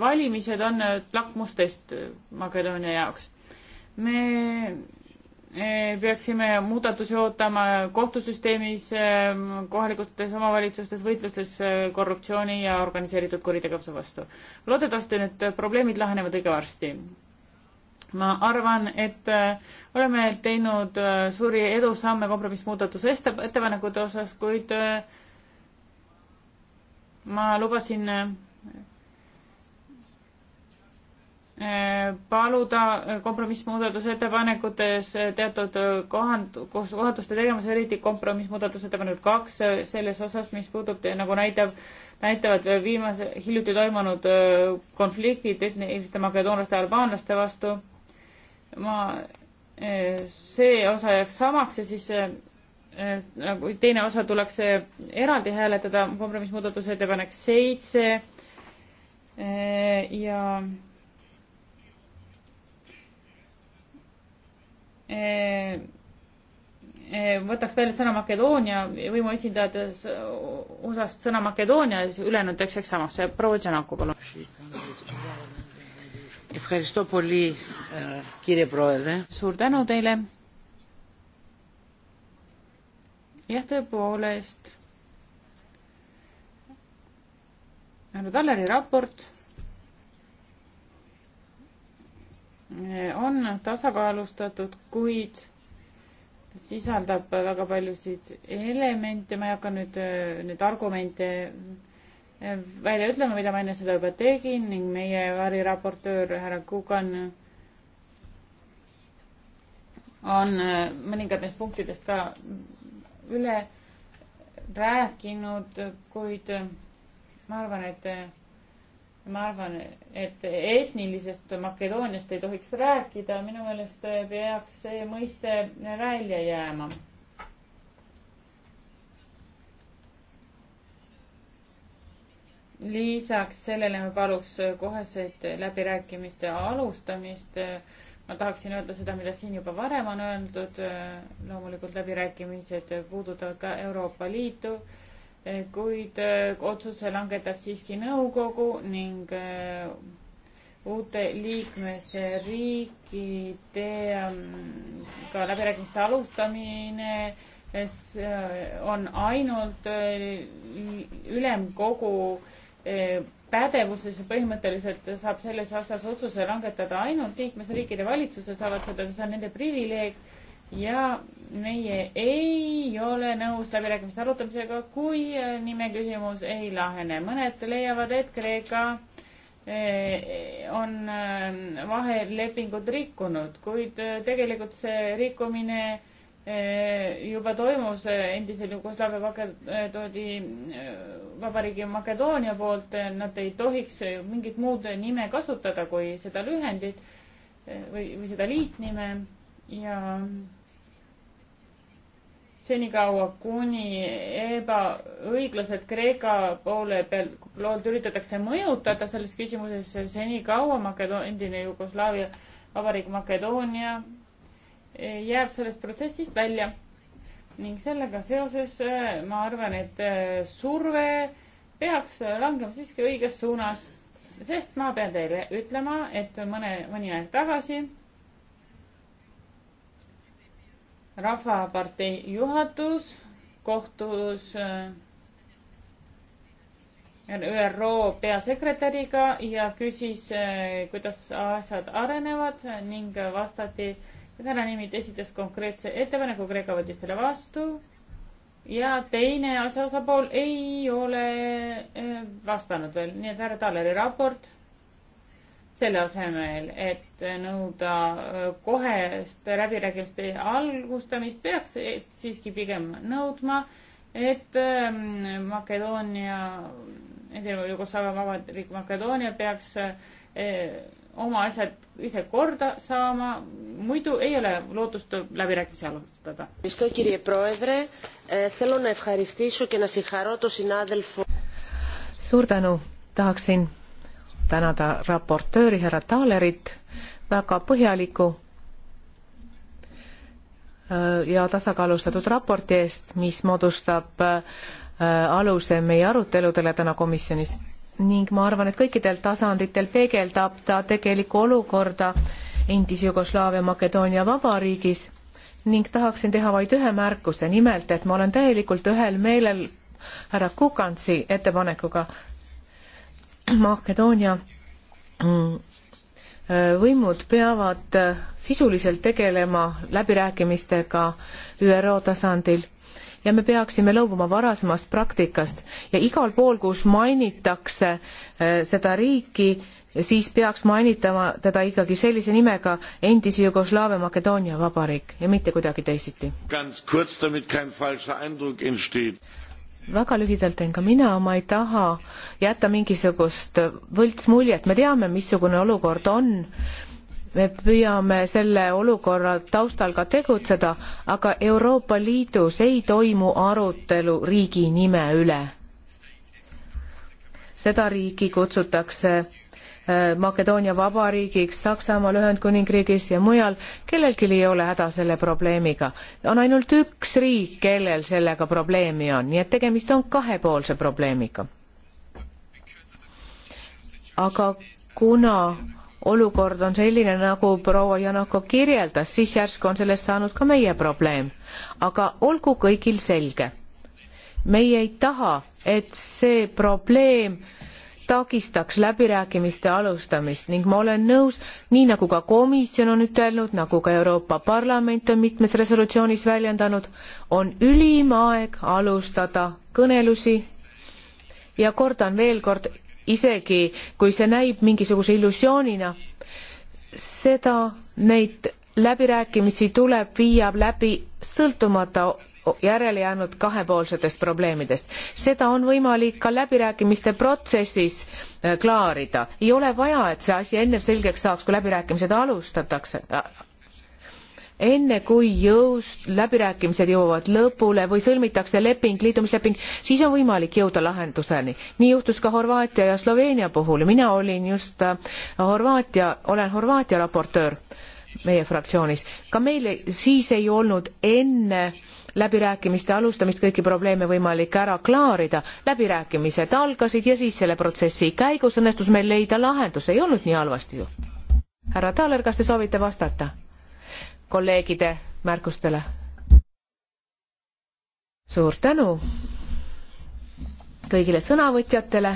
valimised on äh, lakmustest Makedoonia jaoks. me peaksime muudatusi ootama kohtusüsteemis, äh, kohalikutes omavalitsustes, võitluses korruptsiooni ja organiseeritud kuritegevuse vastu. loodetavasti need probleemid lahenevad õige varsti. ma arvan, et oleme teinud suuri edusamme kompromissmuudatuse ettepanekute osas, kuid ma lubasin äh, äh, paluda kompromissmuudatusettepanekutes äh, teatud kohand-, kohanduste tegemas, eriti kompromissmuudatusettepanekud kaks selles osas, mis puudutab, nagu näitab, näitavad viimase, hiljuti toimunud konfliktid etniliste makedoonlaste ja albaanlaste vastu. ma, see osa jääks samaks ja siis Äh, nagu teine osa tuleks äh, eraldi hääletada, kompromissmuudatuse ettepanek seitse äh, ja võtaks välja sõna Makedoonia võimuesindajate osast sõna Makedoonia ja siis ülejäänud teeks eks samasse. proua Tšanaku, palun. suur tänu teile. jah, tõepoolest. härra Talleri raport on tasakaalustatud, kuid sisaldab väga paljusid elemente, ma ei hakka nüüd neid argumente välja ütlema, mida ma enne seda juba tegin ning meie variraportöör härra Kukan on mõningad neist punktidest ka üle rääkinud, kuid ma arvan, et ma arvan, et etnilisest Makedooniast ei tohiks rääkida, minu meelest peaks see mõiste välja jääma. lisaks sellele ma paluks koheseid läbirääkimiste alustamist ma tahaksin öelda seda, mida siin juba varem on öeldud, äh, loomulikult läbirääkimised puudutavad ka Euroopa Liitu, äh, kuid äh, otsuse langetab siiski nõukogu ning uute liikmesriikidega mm, läbirääkimiste alustamine on ainult ülemkogu pädevuses ja põhimõtteliselt saab selles osas otsuse langetada ainult liikmesriikide valitsused saavad seda, see on nende privileeg ja meie ei ole nõus läbirääkimiste arutamisega, kui äh, nime küsimus ei lahene. mõned leiavad, et Kreeka äh, on äh, vahelepingut rikkunud, kuid tegelikult see rikkumine Eh, juba toimus eh, endisel Jugoslaavia Makedooni eh, vabariigi Makedoonia poolt, nad ei tohiks mingit muud nime kasutada kui seda lühendit või, või seda liitnime ja senikaua, kuni ebaõiglased Kreeka poole peal poolt üritatakse mõjutada selles küsimuses, senikaua Makedoon, endine Jugoslaavia vabariik Makedoonia jääb sellest protsessist välja ning sellega seoses äh, ma arvan, et äh, surve peaks langema siiski õiges suunas, sest ma pean teile ütlema, et mõne, mõni aeg tagasi Rahvapartei juhatus kohtus äh, ÜRO peasekretäriga ja küsis, kuidas asjad arenevad ning vastati, Kananimid esitas konkreetse ettepaneku, Kreeka võttis selle vastu ja teine asjaosapool ei ole eh, vastanud veel, nii et härra Talleri raport selle asemel, et nõuda eh, kohest läbirääkimiste algustamist, peaks siiski pigem nõudma, et ehm, Makedoonia, Jugoslaavia vabariik Makedoonia peaks eh, oma asjad ise korda saama, muidu ei ole lootust läbirääkimisi alustada. suur tänu, tahaksin tänada raportööri härra Taalerit väga põhjaliku äh, ja tasakaalustatud raporti eest, mis moodustab äh, aluse meie aruteludele täna komisjonis ning ma arvan, et kõikidel tasanditel peegeldab ta tegelikku olukorda endis Jugoslaavia Makedoonia vabariigis ning tahaksin teha vaid ühe märkuse, nimelt et ma olen täielikult ühel meelel härra Kukansi ettepanekuga Makedoonia mm, äh, võimud peavad sisuliselt tegelema läbirääkimistega ÜRO tasandil ja me peaksime lõubuma varasemast praktikast ja igal pool, kus mainitakse äh, seda riiki, siis peaks mainitama teda ikkagi sellise nimega endise Jugoslaavia Makedoonia Vabariik ja mitte kuidagi teisiti. väga lühidalt teen ka mina, ma ei taha jätta mingisugust võltsmuljet, me teame, missugune olukord on me püüame selle olukorra taustal ka tegutseda, aga Euroopa Liidus ei toimu arutelu riigi nime üle. seda riiki kutsutakse äh, Makedoonia Vabariigiks, Saksamaal, Ühendkuningriigis ja mujal, kellelgi ei ole häda selle probleemiga. on ainult üks riik, kellel sellega probleemi on, nii et tegemist on kahepoolse probleemiga. aga kuna olukord on selline, nagu proua Janoko kirjeldas, siis järsku on sellest saanud ka meie probleem. aga olgu kõigil selge, meie ei taha, et see probleem takistaks läbirääkimiste alustamist ning ma olen nõus, nii nagu ka komisjon on ütelnud, nagu ka Euroopa Parlament on mitmes resolutsioonis väljendanud, on ülim aeg alustada kõnelusi ja kordan veel kord, isegi kui see näib mingisuguse illusioonina, seda, neid läbirääkimisi tuleb viia läbi sõltumata järele jäänud kahepoolsetest probleemidest. seda on võimalik ka läbirääkimiste protsessis äh, klaarida. ei ole vaja, et see asi ennem selgeks saaks, kui läbirääkimised alustatakse, äh, enne kui jõust, läbirääkimised jõuavad lõpule või sõlmitakse leping, liitumisleping, siis on võimalik jõuda lahenduseni. nii juhtus ka Horvaatia ja Sloveenia puhul. mina olin just äh, Horvaatia, olen Horvaatia raportöör meie fraktsioonis. ka meil siis ei olnud enne läbirääkimiste alustamist kõiki probleeme võimalik ära klaarida. läbirääkimised algasid ja siis selle protsessi käigus õnnestus meil leida lahendus, ei olnud nii halvasti ju. härra Taaler, kas te soovite vastata? kolleegide märkustele. suur tänu kõigile sõnavõtjatele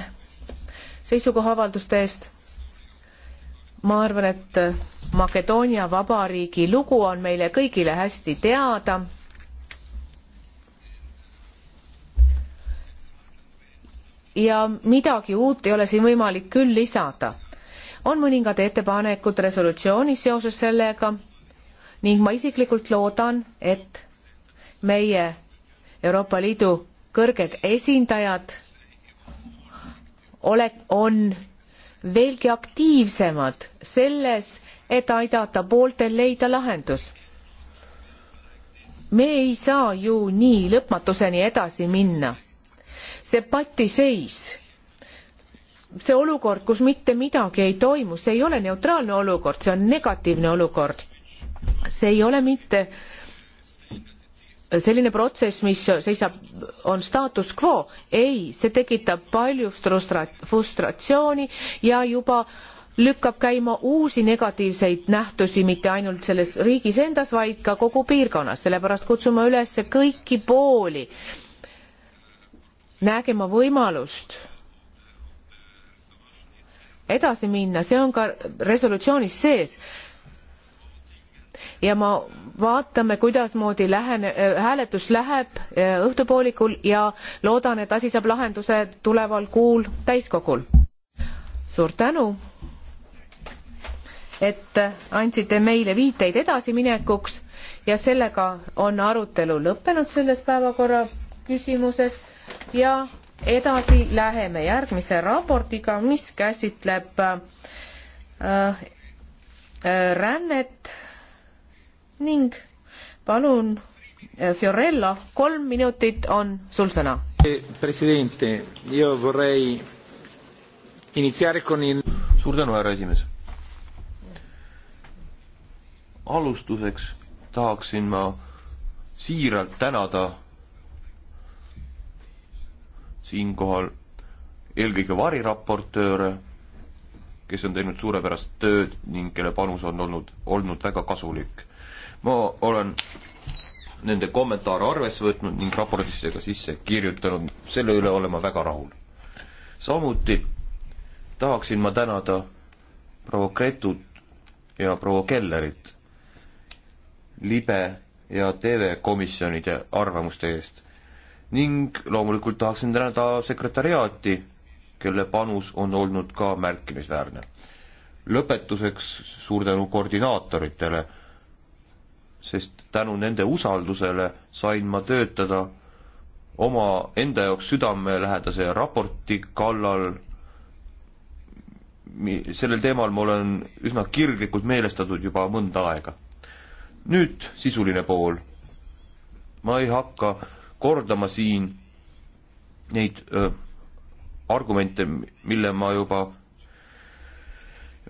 seisukohaavalduste eest. ma arvan, et Makedoonia Vabariigi lugu on meile kõigile hästi teada. ja midagi uut ei ole siin võimalik küll lisada. on mõningad ettepanekud resolutsioonis seoses sellega ning ma isiklikult loodan, et meie Euroopa Liidu kõrged esindajad ole, on veelgi aktiivsemad selles, et aidata pooltel leida lahendus. me ei saa ju nii lõpmatuseni edasi minna. see patiseis, see olukord, kus mitte midagi ei toimu, see ei ole neutraalne olukord, see on negatiivne olukord see ei ole mitte selline protsess, mis seisab, on staatus quo, ei, see tekitab palju frustratsiooni ja juba lükkab käima uusi negatiivseid nähtusi mitte ainult selles riigis endas, vaid ka kogu piirkonnas, sellepärast kutsume üles kõiki pooli nägema võimalust edasi minna, see on ka resolutsioonis sees ja ma vaatame, kuidasmoodi lähene äh,, hääletus läheb äh, õhtupoolikul ja loodan, et asi saab lahenduse tuleval kuul täiskogul. suur tänu, et äh, andsite meile viiteid edasiminekuks ja sellega on arutelu lõppenud selles päevakorra küsimuses ja edasi läheme järgmise raportiga, mis käsitleb äh, äh, rännet ning palun, eh, Fiorello, kolm minutit on sul sõna. president, io vorrei iniziare con il suur tänu, härra esimees. alustuseks tahaksin ma siiralt tänada siinkohal eelkõige variraportööre, kes on teinud suurepärast tööd ning kelle panus on olnud, olnud väga kasulik ma olen nende kommentaare arvesse võtnud ning raportisse ka sisse kirjutanud, selle üle olen ma väga rahul. samuti tahaksin ma tänada proua Gretut ja proua Kellerit libe ja TV-komisjonide arvamuste eest ning loomulikult tahaksin tänada sekretariaati, kelle panus on olnud ka märkimisväärne. lõpetuseks suur tänu koordinaatoritele sest tänu nende usaldusele sain ma töötada oma enda jaoks südamelähedase raporti kallal. sellel teemal ma olen üsna kirglikult meelestatud juba mõnda aega. nüüd sisuline pool. ma ei hakka kordama siin neid öö, argumente, mille ma juba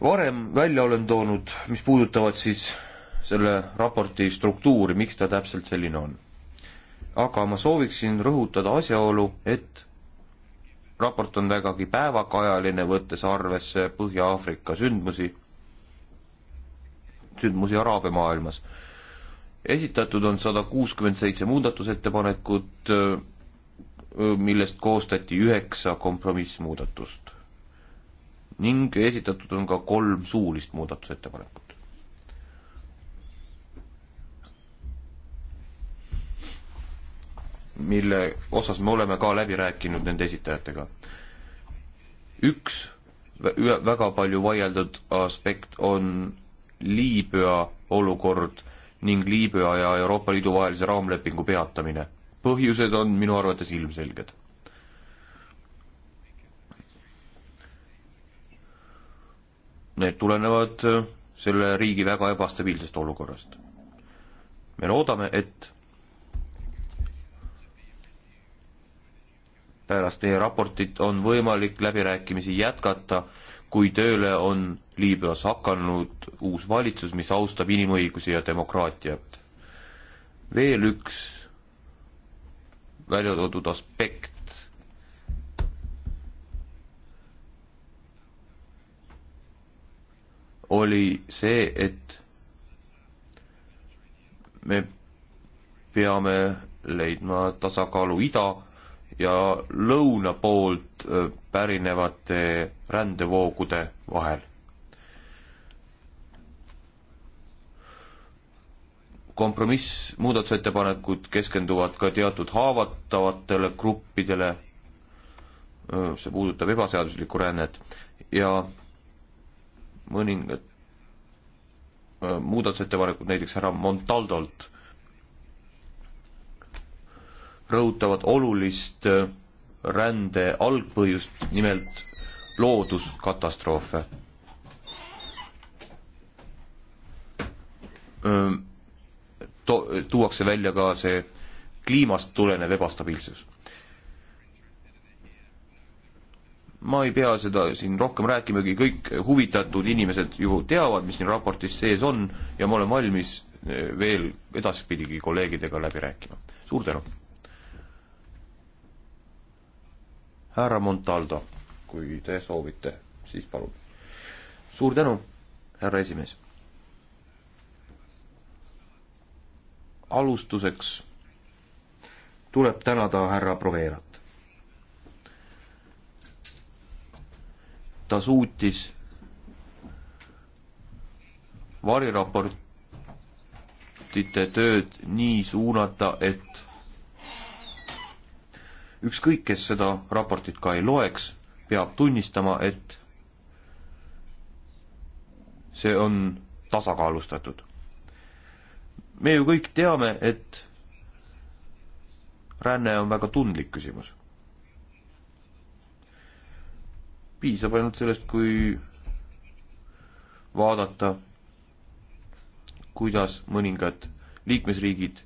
varem välja olen toonud, mis puudutavad siis selle raporti struktuuri, miks ta täpselt selline on. aga ma sooviksin rõhutada asjaolu, et raport on vägagi päevakajaline, võttes arvesse Põhja-Aafrika sündmusi, sündmusi Araabia maailmas. esitatud on sada kuuskümmend seitse muudatusettepanekut, millest koostati üheksa kompromissmuudatust. ning esitatud on ka kolm suulist muudatusettepanekut. mille osas me oleme ka läbi rääkinud nende esitajatega. üks väga palju vaieldud aspekt on Liibüa olukord ning Liibüa ja Euroopa Liidu vahelise raamlepingu peatamine. põhjused on minu arvates ilmselged. Need tulenevad selle riigi väga ebastabiilsest olukorrast. me loodame, et pärast teie raportit on võimalik läbirääkimisi jätkata, kui tööle on Liibüas hakanud uus valitsus, mis austab inimõigusi ja demokraatiat. veel üks välja toodud aspekt. oli see, et me peame leidma tasakaalu ida ja lõuna poolt pärinevate rändevoogude vahel. kompromiss, muudatusettepanekud keskenduvad ka teatud haavatavatele gruppidele, see puudutab ebaseaduslikku rännet, ja mõningad muudatusettepanekud näiteks härra Montaldolt rõhutavad olulist äh, rände algpõhjust, nimelt looduskatastroofe. To-, tuuakse välja ka see kliimast tulenev ebastabiilsus. ma ei pea seda siin rohkem rääkimagi, kõik huvitatud inimesed ju teavad, mis siin raportis sees on ja ma olen valmis äh, veel edaspidigi kolleegidega läbi rääkima. suur tänu! härra Montaldo, kui te soovite, siis palun. suur tänu, härra esimees. alustuseks tuleb tänada härra Proveerat. ta suutis variraportite tööd nii suunata, et ükskõik, kes seda raportit ka ei loeks, peab tunnistama, et see on tasakaalustatud. me ju kõik teame, et ränne on väga tundlik küsimus. piisab ainult sellest, kui vaadata, kuidas mõningad liikmesriigid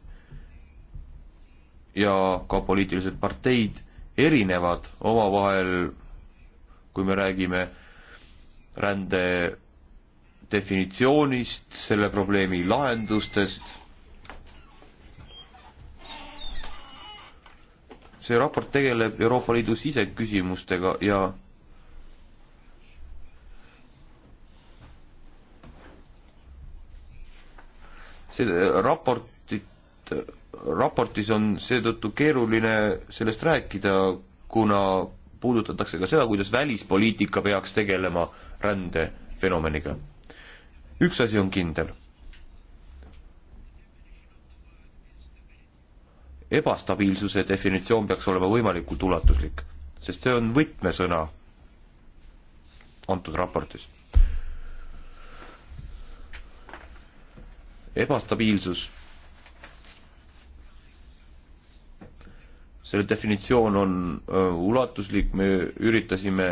ja ka poliitilised parteid erinevad omavahel, kui me räägime rände definitsioonist, selle probleemi lahendustest. see raport tegeleb Euroopa Liidu siseküsimustega ja see raportit raportis on seetõttu keeruline sellest rääkida, kuna puudutatakse ka seda, kuidas välispoliitika peaks tegelema rändefenomeniga. üks asi on kindel. ebastabiilsuse definitsioon peaks olema võimalikult ulatuslik, sest see on võtmesõna antud raportis. ebastabiilsus selle definitsioon on äh, ulatuslik, me üritasime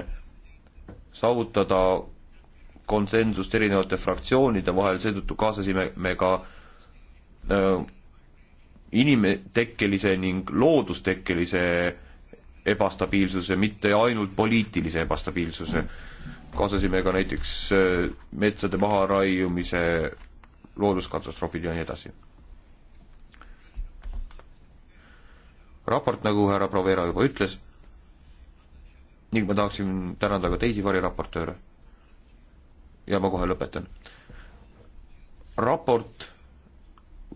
saavutada konsensust erinevate fraktsioonide vahel, seetõttu kaasasime me ka äh, inimtekkelise ning loodustekkelise ebastabiilsuse, mitte ainult poliitilise ebastabiilsuse. kaasasime ka näiteks äh, metsade maharaiumise, looduskatastroofid ja nii edasi raport, nagu härra Provera juba ütles, ning ma tahaksin tänada ka teisi variraportööre. ja ma kohe lõpetan. raport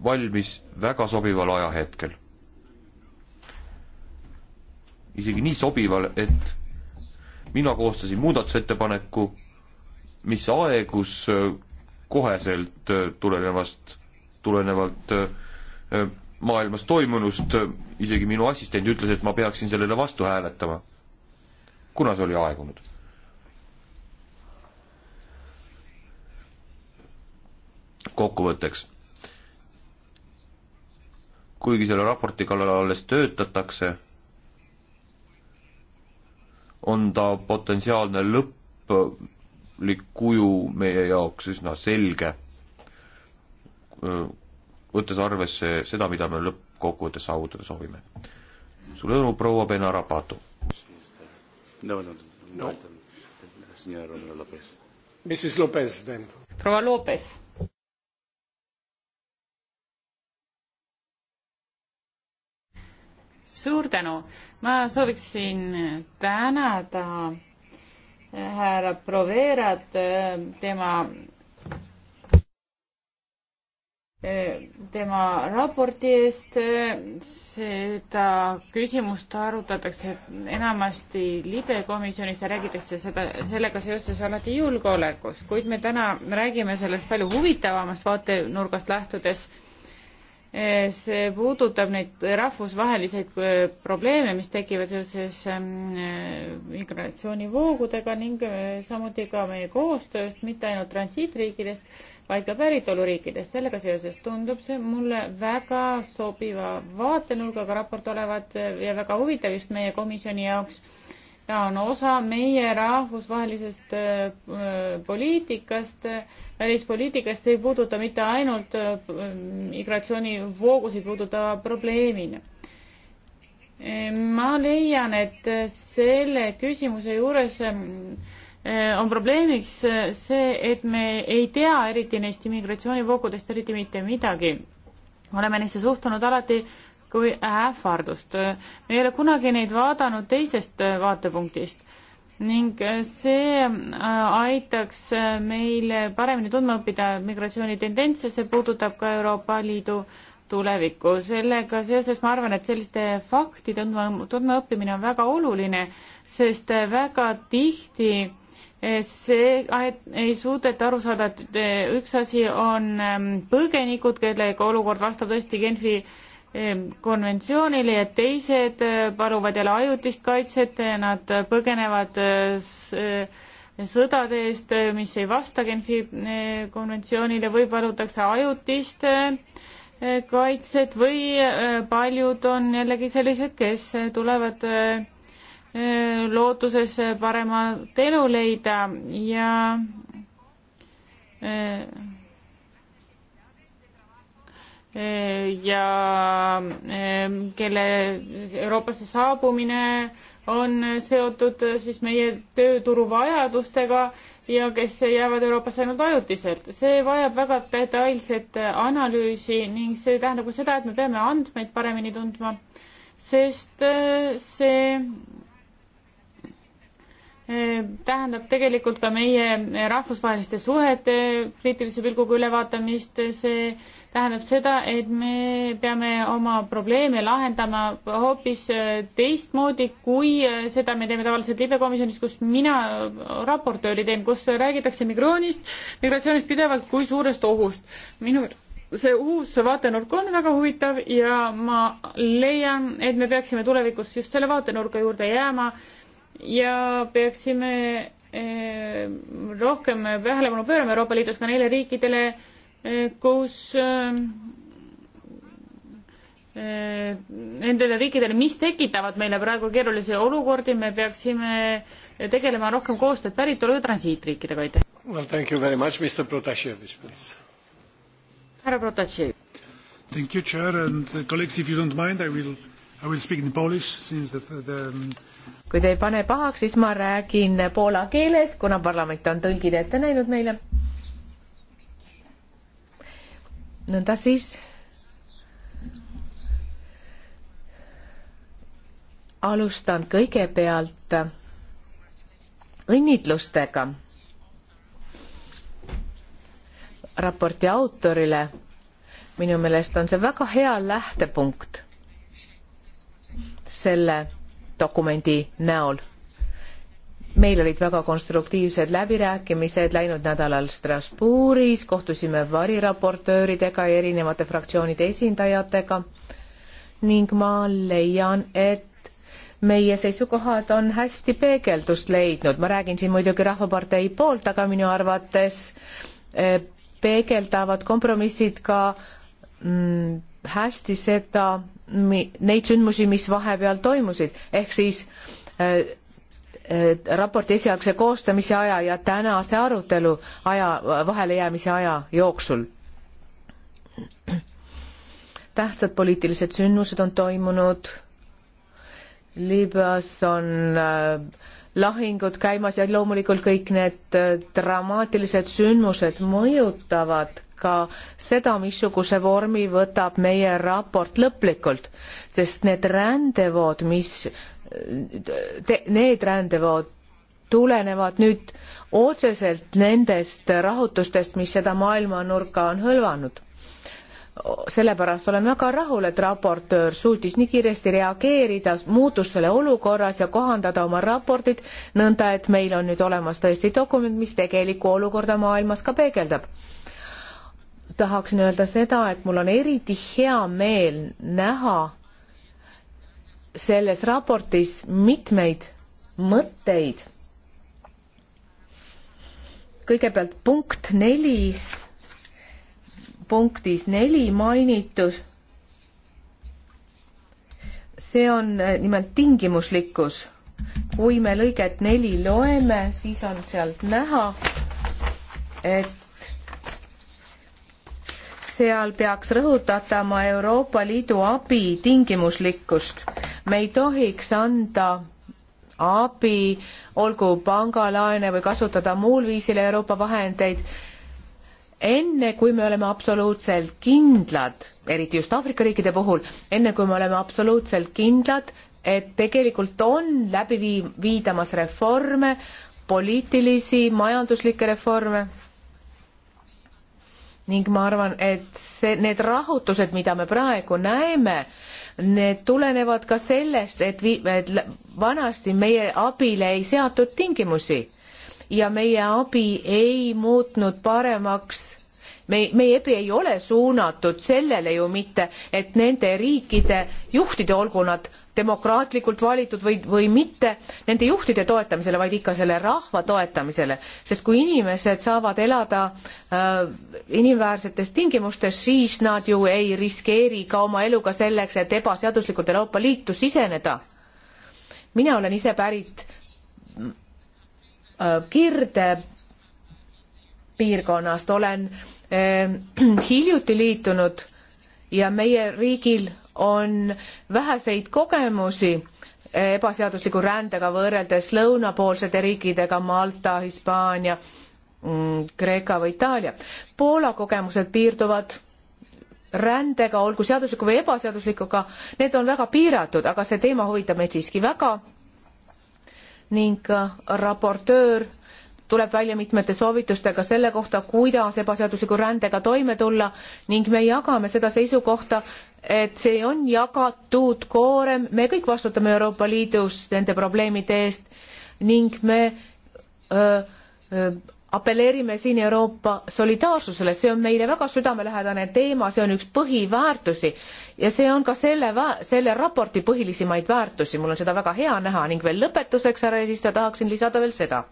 valmis väga sobival ajahetkel. isegi nii sobival, et mina koostasin muudatusettepaneku, mis aegus koheselt tulenevast, tulenevalt äh, maailmas toimunust, isegi minu assistent ütles, et ma peaksin sellele vastu hääletama. kuna see oli aegunud? kokkuvõtteks. kuigi selle raporti kallal alles töötatakse, on ta potentsiaalne lõplik kuju meie jaoks üsna selge võttes arvesse seda, mida me lõppkokkuvõttes saavutada soovime. suur tänu, proua Benarapato. no, no, no, no.. Mrs Lopez then. proua Lopez. suur tänu, ma sooviksin tänada eh, härra Proverat eh, tema tema raporti eest. seda küsimust arutatakse enamasti libe komisjonis ja räägitakse seda, sellega seoses alati julgeolekus, kuid me täna räägime sellest palju huvitavamast vaatenurgast lähtudes. see puudutab neid rahvusvaheliseid äh, probleeme, mis tekivad seoses ähm, äh, migratsioonivoogudega ning äh, samuti ka meie koostööst, mitte ainult transiitriikidest vaid ka päritoluriikidest. sellega seoses tundub see mulle väga sobiva vaatenurgaga raport olevat ja väga huvitav just meie komisjoni jaoks. ta on osa meie rahvusvahelisest äh, poliitikast, välispoliitikast, see ei puuduta mitte ainult äh, migratsioonivoogusid puudutava probleemina äh, ma leian, et selle küsimuse juures Äh, on probleemiks äh, see, et me ei tea eriti neist immigratsioonivoogudest eriti mitte midagi. oleme neisse suhtunud alati kui ähvardust. Äh, me ei ole kunagi neid vaadanud teisest vaatepunktist ning see aitaks meil paremini tundma õppida migratsioonitendentse, see puudutab ka Euroopa Liidu tulevikku. sellega seoses ma arvan, et selliste faktide tundma, tundma õppimine on väga oluline, sest väga tihti Eh, see, ei suudeta aru saada, et eh, üks asi on ehm, põgenikud, kellega olukord vastab tõesti Genfi ehm, konventsioonile ja teised eh, paluvad jälle ajutist kaitset, nad põgenevad sõdade eest, mis ei vasta Genfi konventsioonile või palutakse ajutist kaitset või paljud on jällegi sellised, kes tulevad lootuses paremat elu leida ja eh, ja eh, kelle Euroopasse saabumine on seotud siis meie tööturu vajadustega ja kes jäävad Euroopasse ainult ajutiselt. see vajab väga detailset analüüsi ning see tähendab ka seda, et me peame andmeid paremini tundma, sest eh, see tähendab tegelikult ka meie rahvusvaheliste suhete kriitilise pilguga ülevaatamist, see tähendab seda, et me peame oma probleeme lahendama hoopis teistmoodi, kui seda me teeme tavaliselt libekomisjonis, kus mina raportööri teen, kus räägitakse migroonist, migratsioonist pidevalt kui suurest ohust. minu see uus vaatenurk on väga huvitav ja ma leian, et me peaksime tulevikus just selle vaatenurga juurde jääma ja peaksime eh, rohkem tähelepanu pöörama Euroopa Liidus ka neile riikidele, eh, kus eh, nendele riikidele, mis tekitavad meile praegu keerulisi olukordi, me peaksime tegelema rohkem koostööd päritolu- ja transiitriikidega, aitäh! Well thank you very much, Mr Protasevich, please. härra Protasev. Thank you, chair and uh, colleagues, if you don't mind, I will, I will speak in polish since the, the um, kui te ei pane pahaks, siis ma räägin poola keeles, kuna parlament on tõlgid ette näinud meile. nõnda siis. alustan kõigepealt õnnitlustega raporti autorile. minu meelest on see väga hea lähtepunkt selle dokumendi näol. meil olid väga konstruktiivsed läbirääkimised läinud nädalal Strasbourgis, kohtusime variraportööridega ja erinevate fraktsioonide esindajatega ning ma leian, et meie seisukohad on hästi peegeldust leidnud, ma räägin siin muidugi Rahvapartei poolt, aga minu arvates eh, peegeldavad kompromissid ka mm, hästi seda, neid sündmusi, mis vahepeal toimusid, ehk siis äh, äh, raporti esialgse koostamise aja ja tänase arutelu aja, vahelejäämise aja jooksul. tähtsad poliitilised sündmused on toimunud, Liibüas on äh, lahingud käimas ja loomulikult kõik need äh, dramaatilised sündmused mõjutavad ka seda, missuguse vormi võtab meie raport lõplikult, sest need rändevood, mis, äh, need rändevood tulenevad nüüd otseselt nendest rahutustest, mis seda maailmanurka on hõlvanud sellepärast olen väga rahul, et raportöör suutis nii kiiresti reageerida muutustele olukorras ja kohandada oma raportit nõnda, et meil on nüüd olemas tõesti dokument, mis tegelikku olukorda maailmas ka peegeldab. tahaksin öelda seda, et mul on eriti hea meel näha selles raportis mitmeid mõtteid. kõigepealt punkt neli punktis neli mainitud. see on eh, nimelt tingimuslikkus. kui me lõiget neli loeme, siis on sealt näha, et seal peaks rõhutatama Euroopa Liidu abi tingimuslikkust. me ei tohiks anda abi, olgu pangalaene või kasutada muul viisil Euroopa vahendeid enne kui me oleme absoluutselt kindlad, eriti just Aafrika riikide puhul, enne kui me oleme absoluutselt kindlad, et tegelikult on läbi vii-, viidamas reforme, poliitilisi, majanduslikke reforme, ning ma arvan, et see, need rahutused, mida me praegu näeme, need tulenevad ka sellest, et, vi, et vanasti meie abile ei seatud tingimusi ja meie abi ei muutnud paremaks me, meie abi ei ole suunatud sellele ju mitte, et nende riikide juhtide, olgu nad demokraatlikult valitud või, või mitte, nende juhtide toetamisele, vaid ikka selle rahva toetamisele. sest kui inimesed saavad elada äh, inimväärsetes tingimustes, siis nad ju ei riskeeri ka oma eluga selleks, et ebaseaduslikult Euroopa Liitu siseneda. mina olen ise pärit Kirde piirkonnast olen hiljuti liitunud ja meie riigil on väheseid kogemusi ebaseadusliku rändega võrreldes lõunapoolsete riikidega Malta, Hispaania, mm, Kreeka või Itaalia. Poola kogemused piirduvad rändega, olgu seadusliku või ebaseaduslikuga, need on väga piiratud, aga see teema huvitab meid siiski väga ning äh, raportöör tuleb välja mitmete soovitustega selle kohta, kuidas ebaseadusliku rändega toime tulla ning me jagame seda seisukohta, et see on jagatud koorem, me kõik vastutame Euroopa Liidus nende probleemide eest ning me öö, äh, öö, äh, apelleerime siin Euroopa solidaarsusele, see on meile väga südamelähedane teema, see on üks põhiväärtusi ja see on ka selle, selle raporti põhilisemaid väärtusi, mul on seda väga hea näha ning veel lõpetuseks, härra eesistuja, tahaksin lisada veel seda.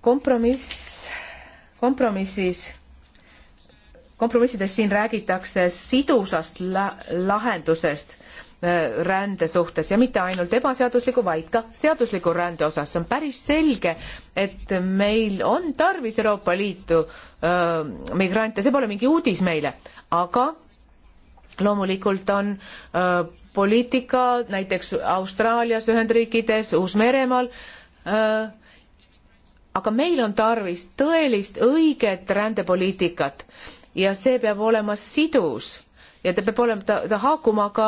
kompromiss, kompromissis, kompromissides siin räägitakse sidusast la lahendusest Äh, rände suhtes ja mitte ainult ebaseadusliku, vaid ka seadusliku rände osas. see on päris selge, et meil on tarvis Euroopa Liitu äh, migrante, see pole mingi uudis meile, aga loomulikult on äh, poliitika näiteks Austraalias, Ühendriikides, Uus-Meremaal äh, aga meil on tarvis tõelist õiget rändepoliitikat ja see peab olema sidus ja ta peab olema, ta, ta haakuma ka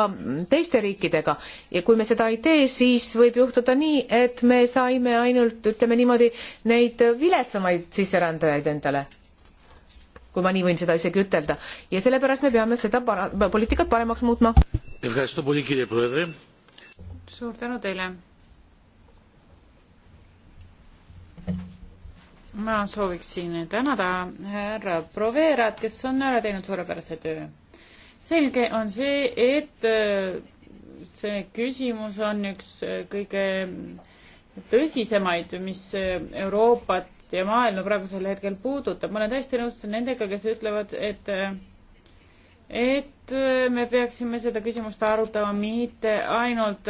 teiste riikidega ja kui me seda ei tee, siis võib juhtuda nii, et me saime ainult, ütleme niimoodi, neid viletsamaid sisserändajaid endale kui ma nii võin seda isegi ütelda ja sellepärast me peame seda para-, poliitikat paremaks muutma. suur tänu teile. ma sooviksin tänada härra Proverat, kes on ära teinud suurepärase töö selge on see, et äh, see küsimus on üks äh, kõige tõsisemaid, mis äh, Euroopat ja maailma praegusel hetkel puudutab. ma olen täiesti nõus nendega, kes ütlevad, et et me peaksime seda küsimust arutama mitte ainult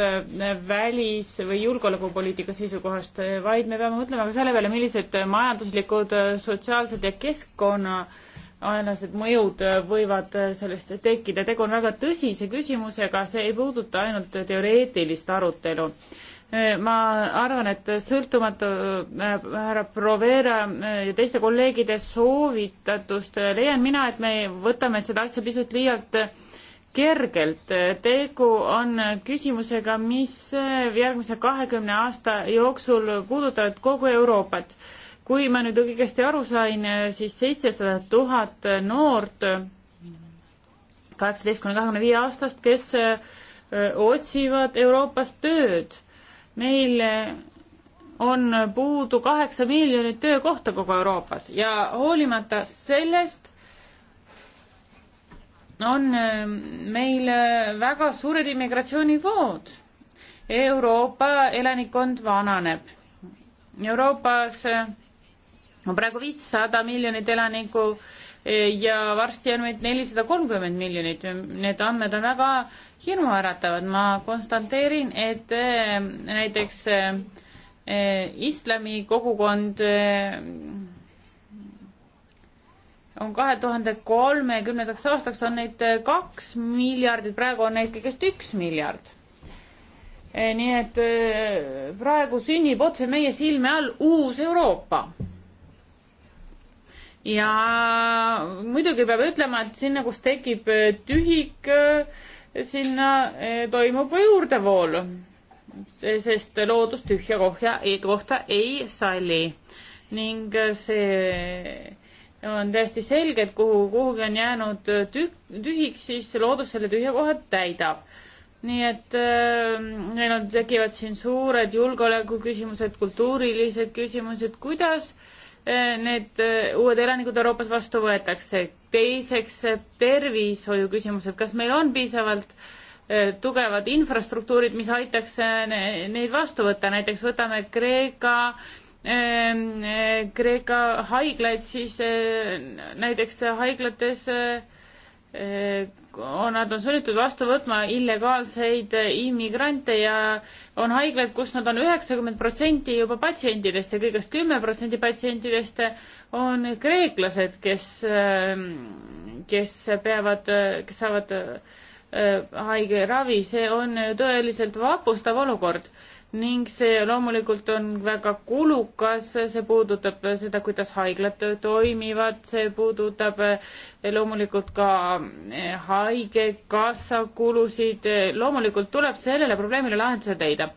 välis- või julgeolekupoliitika seisukohast, vaid me peame mõtlema ka selle peale, millised majanduslikud, sotsiaalsed ja keskkonna äh, ainased mõjud äh, võivad äh, sellest tekkida. tegu on väga tõsise küsimusega, see ei puuduta ainult teoreetilist arutelu. Äh, ma arvan, et sõltumatu härra Provera ja teiste kolleegide soovitatust leian mina, et me võtame seda asja pisut liialt kergelt. tegu on küsimusega, mis järgmise kahekümne aasta jooksul puudutavad kogu Euroopat kui ma nüüd õigesti aru sain, siis seitsesada tuhat noort, kaheksateist kuni kahekümne viie aastast, kes otsivad Euroopas tööd. meil on puudu kaheksa miljonit töökohta kogu Euroopas ja hoolimata sellest on meil väga suured immigratsioonivood. Euroopa elanikkond vananeb. Euroopas on praegu viissada miljonit elanikku ja varsti on meid nelisada kolmkümmend miljonit. Need andmed on väga hirmuäratavad. ma konstateerin, et eh, näiteks eh, islami kogukond eh, on kahe tuhande kolmekümnendaks aastaks on neid kaks miljardit, praegu on neid kõigest üks miljard. nii et praegu sünnib otse meie silme all uus Euroopa ja muidugi peab ütlema, et sinna, kus tekib äh, tühik, äh, sinna äh, toimub juurdevool, sest loodus tühja kohja, e-, kohta ei salli ning see on täiesti selge, et kuhu, kuhugi on jäänud tükk, tühiks, siis loodus selle tühja koha täidab. nii et äh, meil on, tekivad siin suured julgeolekuküsimused, kultuurilised küsimused, kuidas äh, Äh, need äh, uued elanikud Euroopas vastu võetakse. teiseks äh, tervishoiu küsimused, kas meil on piisavalt tugevad infrastruktuurid, mis aitaks neid vastu võtta, näiteks võtame Kreeka ähm, Kreeka haiglaid, siis näiteks haiglates on, nad on sunnitud vastu võtma illegaalseid immigrante ja äh, on haiglad, kus nad on üheksakümmend protsenti juba patsientidest ja kõigest kümme protsenti patsientidest on kreeklased, kes, ähm, kes peavad, kes saavad äh, haige ravi, see on tõeliselt vapustav olukord ning see loomulikult on väga kulukas, see puudutab seda, kuidas haiglad toimivad, see puudutab eh, loomulikult ka eh, haigekassa kulusid, eh, loomulikult tuleb sellele probleemile lahendused leida.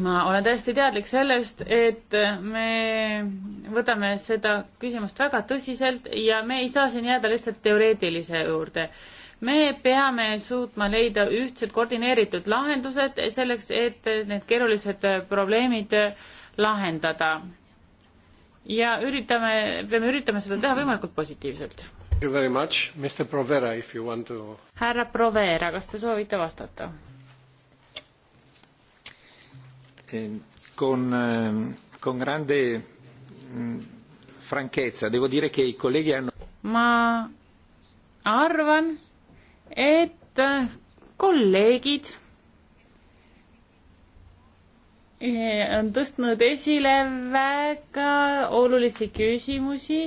ma olen täiesti teadlik sellest, et me võtame seda küsimust väga tõsiselt ja me ei saa siin jääda lihtsalt teoreetilise juurde me peame suutma leida ühtsed koordineeritud lahendused selleks, et need keerulised probleemid lahendada. ja üritame, peame üritama seda teha võimalikult positiivselt. To... härra Provera, kas te soovite vastata? Eh, con, eh, con grande mm, franchezza devo dire che i colleghi hanno ma arvan et kolleegid eh, on tõstnud esile väga olulisi küsimusi,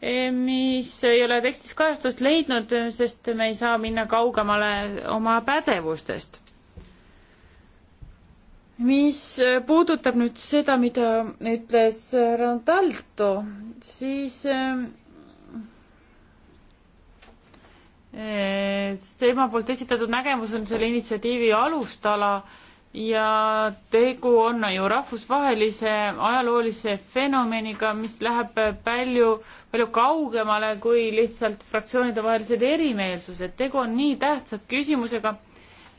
eh, mis ei ole tekstis kajastust leidnud, sest me ei saa minna kaugemale oma pädevustest. mis puudutab nüüd seda, mida ütles Randalto, siis eh, tema poolt esitatud nägemus on selle initsiatiivi alustala ja tegu on ju rahvusvahelise ajaloolise fenomeniga, mis läheb palju, palju kaugemale kui lihtsalt fraktsioonidevahelised erimeelsused. tegu on nii tähtsa küsimusega,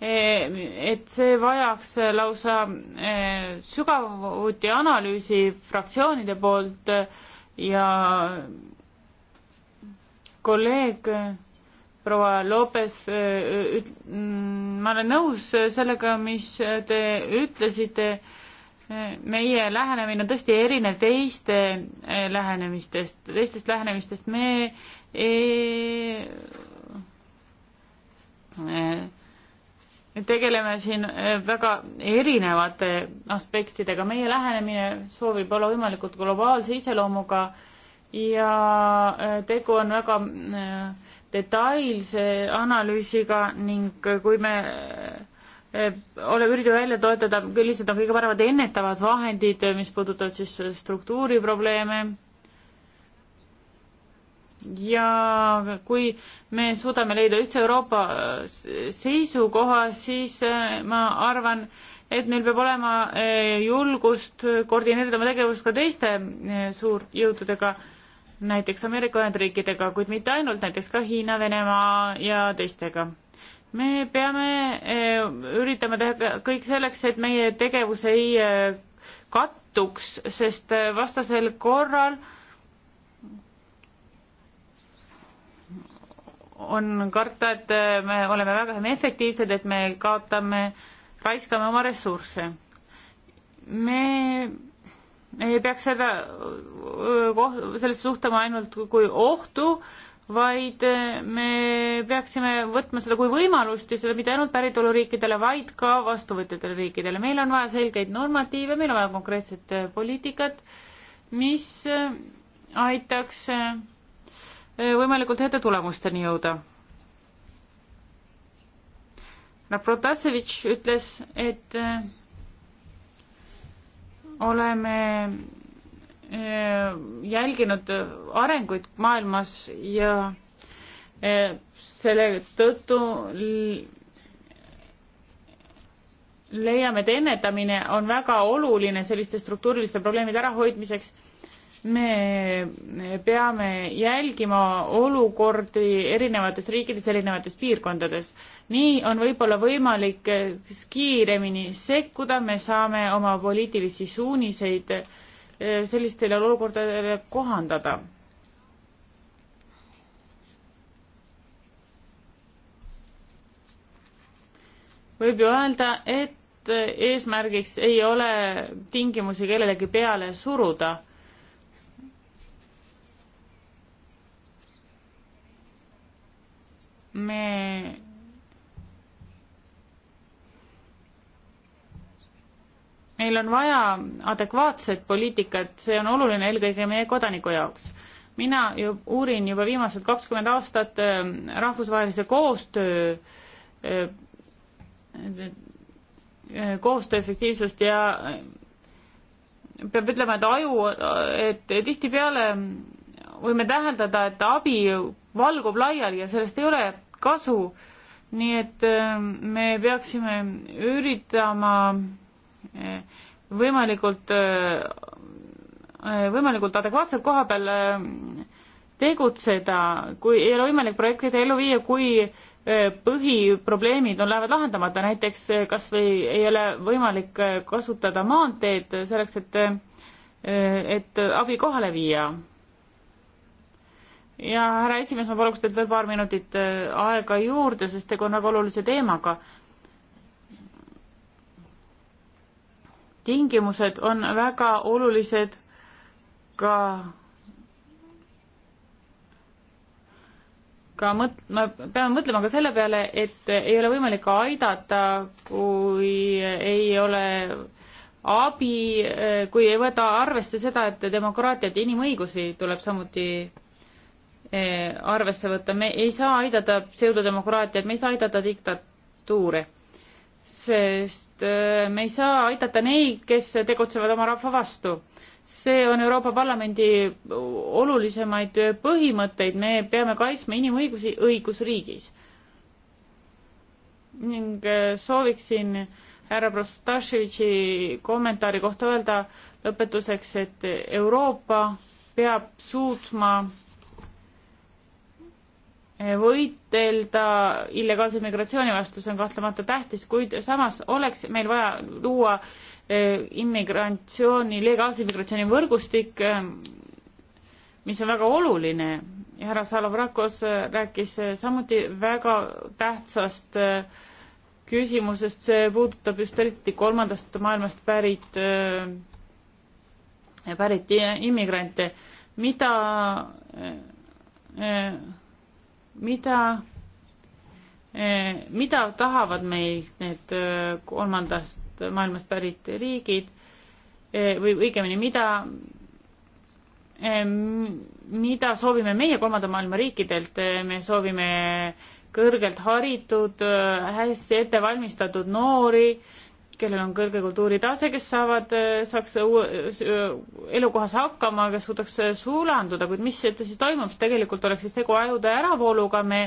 et see vajaks lausa eh, sügavuti analüüsi fraktsioonide poolt ja kolleeg proua Lopes, äh, äh, mm, ma olen nõus äh, sellega, mis te ütlesite. meie lähenemine on tõesti erinev teiste lähenemistest, teistest lähenemistest. me ei, me tegeleme siin väga erinevate aspektidega. meie lähenemine soovib olla võimalikult globaalse iseloomuga ja tegu on väga äh, detailse analüüsiga ning kui me eh, oleme üritanud välja toetada, millised on kõige paremad ennetavad vahendid, mis puudutavad siis struktuuriprobleeme. ja kui me suudame leida ühtse Euroopa seisukoha, siis eh, ma arvan, et meil peab olema eh, julgust koordineerida oma tegevust ka teiste suurjõududega näiteks Ameerika Ühendriikidega, kuid mitte ainult, näiteks ka Hiina, Venemaa ja teistega. me peame, eh, üritame teha kõik selleks, et meie tegevus ei eh, kattuks, sest eh, vastasel korral on karta, et me oleme väga efektiivsed, et me kaotame, raiskame oma ressursse. me ei peaks seda, sellesse suhtuma ainult kui ohtu, vaid me peaksime võtma seda kui võimalust ja seda mitte ainult päritoluriikidele, vaid ka vastuvõtjatele riikidele. meil on vaja selgeid normatiive, meil on vaja konkreetset poliitikat, mis aitaks võimalikult heade tulemusteni jõuda. Protasevitš ütles, et oleme eh, jälginud arenguid maailmas ja eh, selle tõttu leiame, et ennetamine on väga oluline selliste struktuuriliste probleemide ärahoidmiseks me peame jälgima olukordi erinevates riikides, erinevates piirkondades. nii on võib-olla võimalik kiiremini sekkuda, me saame oma poliitilisi suuniseid eh, sellistele olukordadele kohandada võib ju öelda, et eesmärgiks ei ole tingimusi kellelegi peale suruda. me meil on vaja adekvaatset poliitikat, see on oluline eelkõige meie kodaniku jaoks. mina ju uurin juba viimased kakskümmend aastat äh, rahvusvahelise koostöö, äh, äh, koostöö efektiivsust ja peab ütlema, et aju, et tihtipeale võime täheldada, et abi valgub laiali ja sellest ei ole kasu. nii et äh, me peaksime üritama äh, võimalikult, äh, võimalikult adekvaatselt koha peal tegutseda, kui ei ole võimalik projektide ellu viia, kui põhiprobleemid on, lähevad lahendamata, näiteks kas või ei ole võimalik kasutada maanteed selleks, et, et abi kohale viia ja härra esimees, ma paluks teilt veel paar minutit äh, aega juurde, sest tegu on väga olulise teemaga. tingimused on väga olulised ka, ka mõt-, me peame mõtlema ka selle peale, et ei ole võimalik aidata, kui ei ole abi, äh, kui ei võeta arvesse seda, et demokraatiat ja inimõigusi tuleb samuti Eh, arvesse võtta, me ei saa aidata pseudodemokraatiat, me ei saa aidata diktatuure, sest eh, me ei saa aidata neid, kes tegutsevad oma rahva vastu. see on Euroopa Parlamendi olulisemaid põhimõtteid, me peame kaitsma inimõigusi õigusriigis. ning eh, sooviksin härra Prostaševitši kommentaari kohta öelda lõpetuseks, et Euroopa peab suutma võitelda illegaalse migratsiooni vastu, see on kahtlemata tähtis, kuid samas oleks meil vaja luua eh, immigratsiooni, legaalse immigratsiooni võrgustik, eh, mis on väga oluline. härra Salovrakos eh, rääkis samuti väga tähtsast küsimusest, see puudutab just eriti kolmandast maailmast pärit, pärit immigrante. mida mida, eh, mida tahavad meilt need eh, kolmandast maailmast pärit riigid eh, või õigemini, mida, mida soovime meie kolmanda maailma riikidelt, me soovime kõrgelt haritud, hästi ettevalmistatud noori, kellel on kõrge kultuuritase, kes saavad, eh, saaks eh, uue, eh, elukohas hakkama, kes suudaks sulanduda, kuid mis siis toimub, siis tegelikult oleks siis tegu ajude äravooluga, me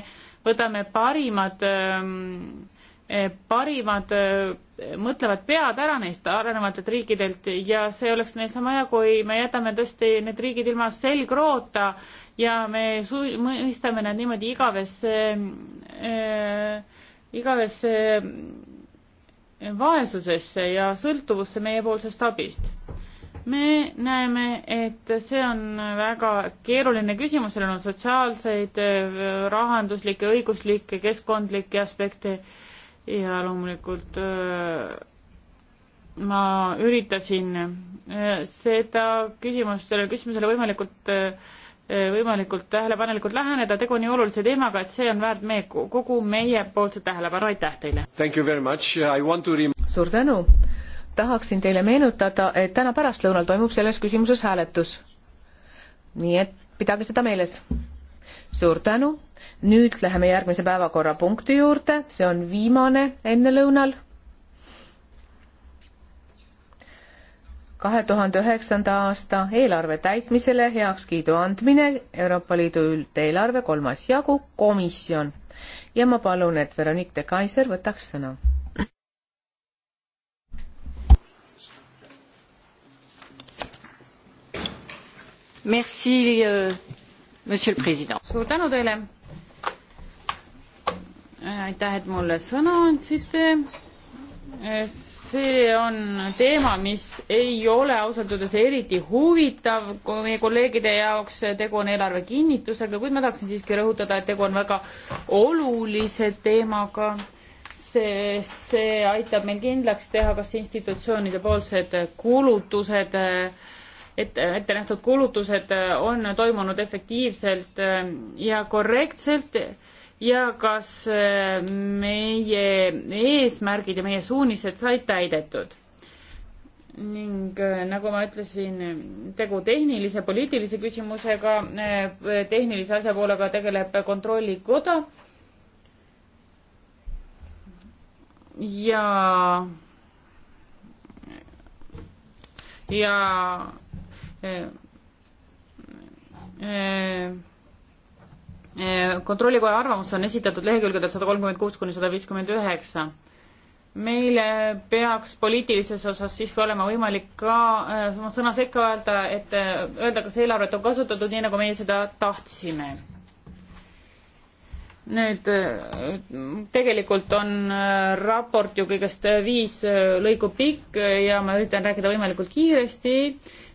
võtame parimad, ehm, parimad mõtlevad pead ära neist arenevatelt riikidelt ja see oleks neil sama hea, kui me jätame tõesti need riigid ilma selgroota ja me su-, mõistame nad niimoodi igavesse äh,, igavesse äh, vaesusesse ja sõltuvusse meiepoolsest abist. me näeme, et see on väga keeruline küsimus, sellel on sotsiaalseid, rahanduslikke, õiguslikke, keskkondlikke aspekte ja loomulikult ma üritasin äh, seda küsimust, sellele küsimusele võimalikult äh, võimalikult tähelepanelikult läheneda, tegu on nii olulise teemaga, et see on väärt meie, kogu meiepoolset tähelepanu, aitäh teile! suur tänu! tahaksin teile meenutada, et täna pärastlõunal toimub selles küsimuses hääletus. nii et pidage seda meeles. suur tänu! nüüd läheme järgmise päevakorrapunkti juurde, see on viimane enne lõunal kahe tuhande üheksanda aasta eelarve täitmisele heakskiidu andmine, Euroopa Liidu üldeelarve kolmas jagu, komisjon. ja ma palun, et Veronique de Kaiser võtaks sõna. Merci, euh, monsieur le president. suur tänu teile. Äh, aitäh, et mulle sõna andsite yes see on teema, mis ei ole ausalt öeldes eriti huvitav meie kolleegide jaoks, tegu on eelarve kinnitusega, kuid ma tahaksin siiski rõhutada, et tegu on väga olulise teemaga, sest see aitab meil kindlaks teha, kas institutsioonide poolsed kulutused, ette, ette nähtud kulutused on toimunud efektiivselt ja korrektselt ja kas äh, meie eesmärgid ja meie suunised said täidetud. ning äh, nagu ma ütlesin, tegu tehnilise poliitilise küsimusega, äh, tehnilise asja poolega tegeleb kontrollikoda ja ja äh, äh, Äh, kontrollikoja arvamus on esitatud lehekülgedel sada kolmkümmend kuus kuni sada viiskümmend üheksa. meile peaks poliitilises osas siiski olema võimalik ka äh, oma sõna sekka öelda, et äh, öelda, kas eelarvet on kasutatud nii, nagu meie seda tahtsime. nüüd tegelikult on raport ju kõigest viis lõiku pikk ja ma üritan rääkida võimalikult kiiresti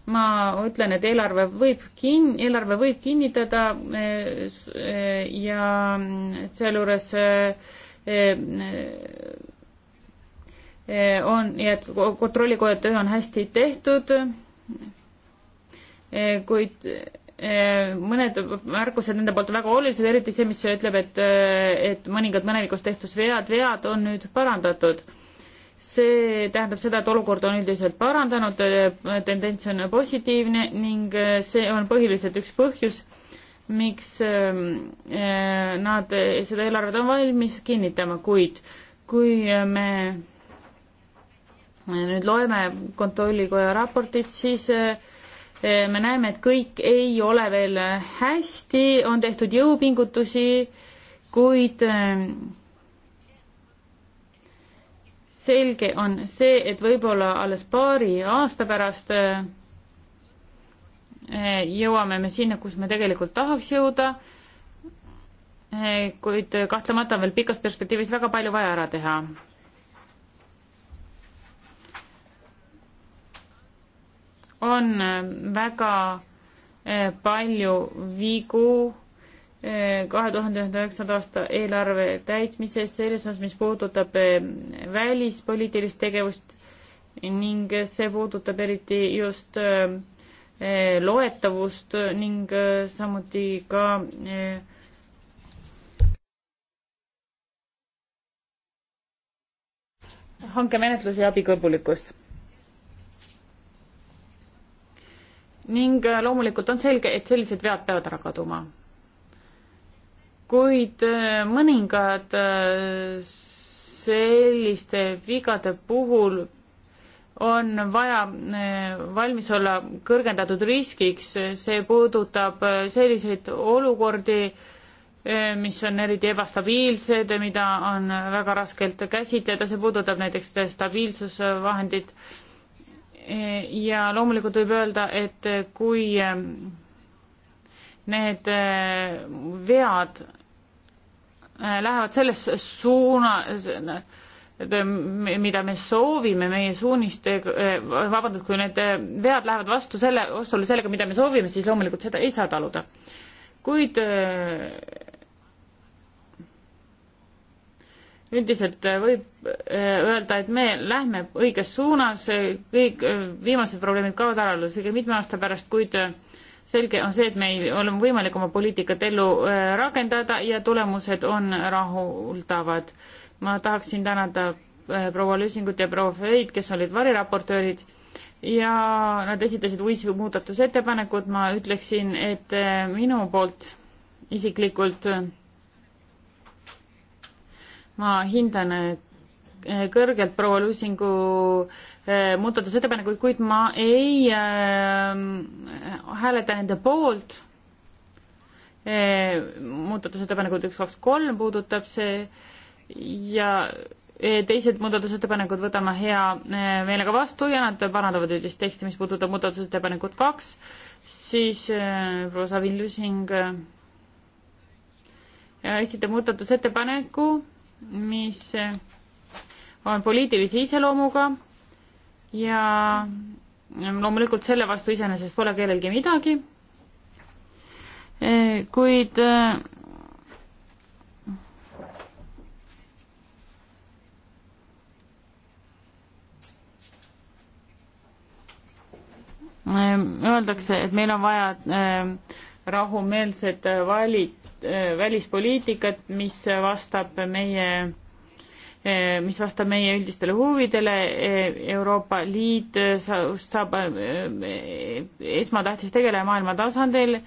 ma ütlen, et eelarve võib kin-, eelarve võib kinnitada eh, eh, ja sealjuures eh, on, nii et kontrollikoja töö on hästi tehtud, kuid mõned märkused nende poolt on väga olulised, eriti see, mis ütleb, et, et mõningad mõnevikus tehtud vead, vead on nüüd parandatud see tähendab seda, et olukord on üldiselt parandanud, tendents on positiivne ning äh, see on põhiliselt üks põhjus, miks ähm, äh, nad äh, seda eelarvet on valmis kinnitama, kuid kui me nüüd loeme kontrollikoja raportit, siis me näeme, et kõik ei ole veel hästi, on tehtud jõupingutusi, kuid ähm, selge on see, et võib-olla alles paari aasta pärast eh, jõuame me sinna, kus me tegelikult tahaks jõuda, eh, kuid kahtlemata on veel pikas perspektiivis väga palju vaja ära teha. on väga eh, palju vigu kahe tuhande üheksanda aasta eelarve täitmises, selles osas, mis puudutab eh, välispoliitilist tegevust ning see puudutab eriti just eh, loetavust ning eh, samuti ka hankemenetluse abikõlbulikkust. ning loomulikult on selge, et sellised vead peavad ära kaduma kuid äh, mõningad äh, selliste vigade puhul on vaja äh, valmis olla kõrgendatud riskiks, see puudutab selliseid olukordi, mis on eriti ebastabiilsed ja mida on väga raskelt käsitleda, see puudutab näiteks stabiilsusvahendit. ja loomulikult võib öelda, et kui need vead Äh, lähevad selles suunas, äh, mida me soovime meie suuniste, äh, vabandust, kui need vead lähevad vastu selle, vastuollu sellega, mida me soovime, siis loomulikult seda ei saa taluda. kuid üldiselt võib öelda, et me lähme õiges suunas, kõik viimased probleemid kaovad ära, isegi mitme aasta pärast, kuid selge on see, et meil on võimalik oma poliitikat ellu äh, rakendada ja tulemused on rahuldavad. ma tahaksin tänada äh, proua Lüsingut ja proua Feid, kes olid variraportöörid ja nad esitasid uusi muudatusettepanekud, ma ütleksin, et äh, minu poolt isiklikult ma hindan kõrgelt proua Lusingu eh, muudatusettepanekuid, kuid ma ei eh, hääleta nende poolt. Eh, muudatusettepanekud üks, kaks, kolm puudutab see ja teised muudatusettepanekud võtan ma hea meelega vastu ja nad parandavad üldist teksti, mis puudutab muudatusettepanekut kaks, siis proua Savin Lusing esitab muudatusettepaneku, mis on poliitilise iseloomuga ja loomulikult selle vastu iseenesest pole kellelgi midagi, kuid äh, öeldakse, et meil on vaja äh, rahumeelset äh, valit-, välispoliitikat, mis vastab meie Eh, mis vastab meie üldistele huvidele, eh, Euroopa Liit eh, saab esmatähtis tegeleja maailma tasandil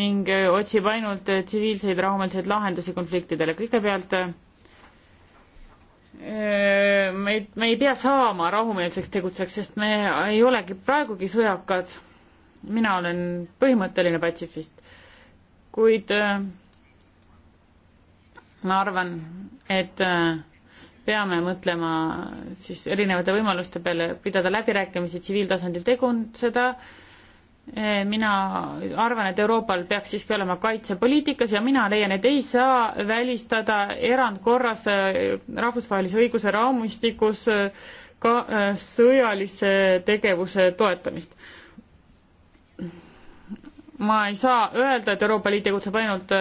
ning otsib ainult tsiviilseid rahumeelseid lahendusi konfliktidele. kõigepealt me ei, me ei pea saama rahumeelseks tegutseks, sest me ei olegi praegugi sõjakad. mina olen põhimõtteline patsifist, kuid ma arvan, et äh, peame mõtlema siis erinevate võimaluste peale pidada läbirääkimisi tsiviiltasandil tegutseda. Eh, mina arvan, et Euroopal peaks siiski olema kaitsepoliitikas ja mina leian, et ei saa välistada erandkorras eh, rahvusvahelise õiguse raamistikus eh, ka sõjalise tegevuse toetamist. ma ei saa öelda, et Euroopa Liit tegutseb ainult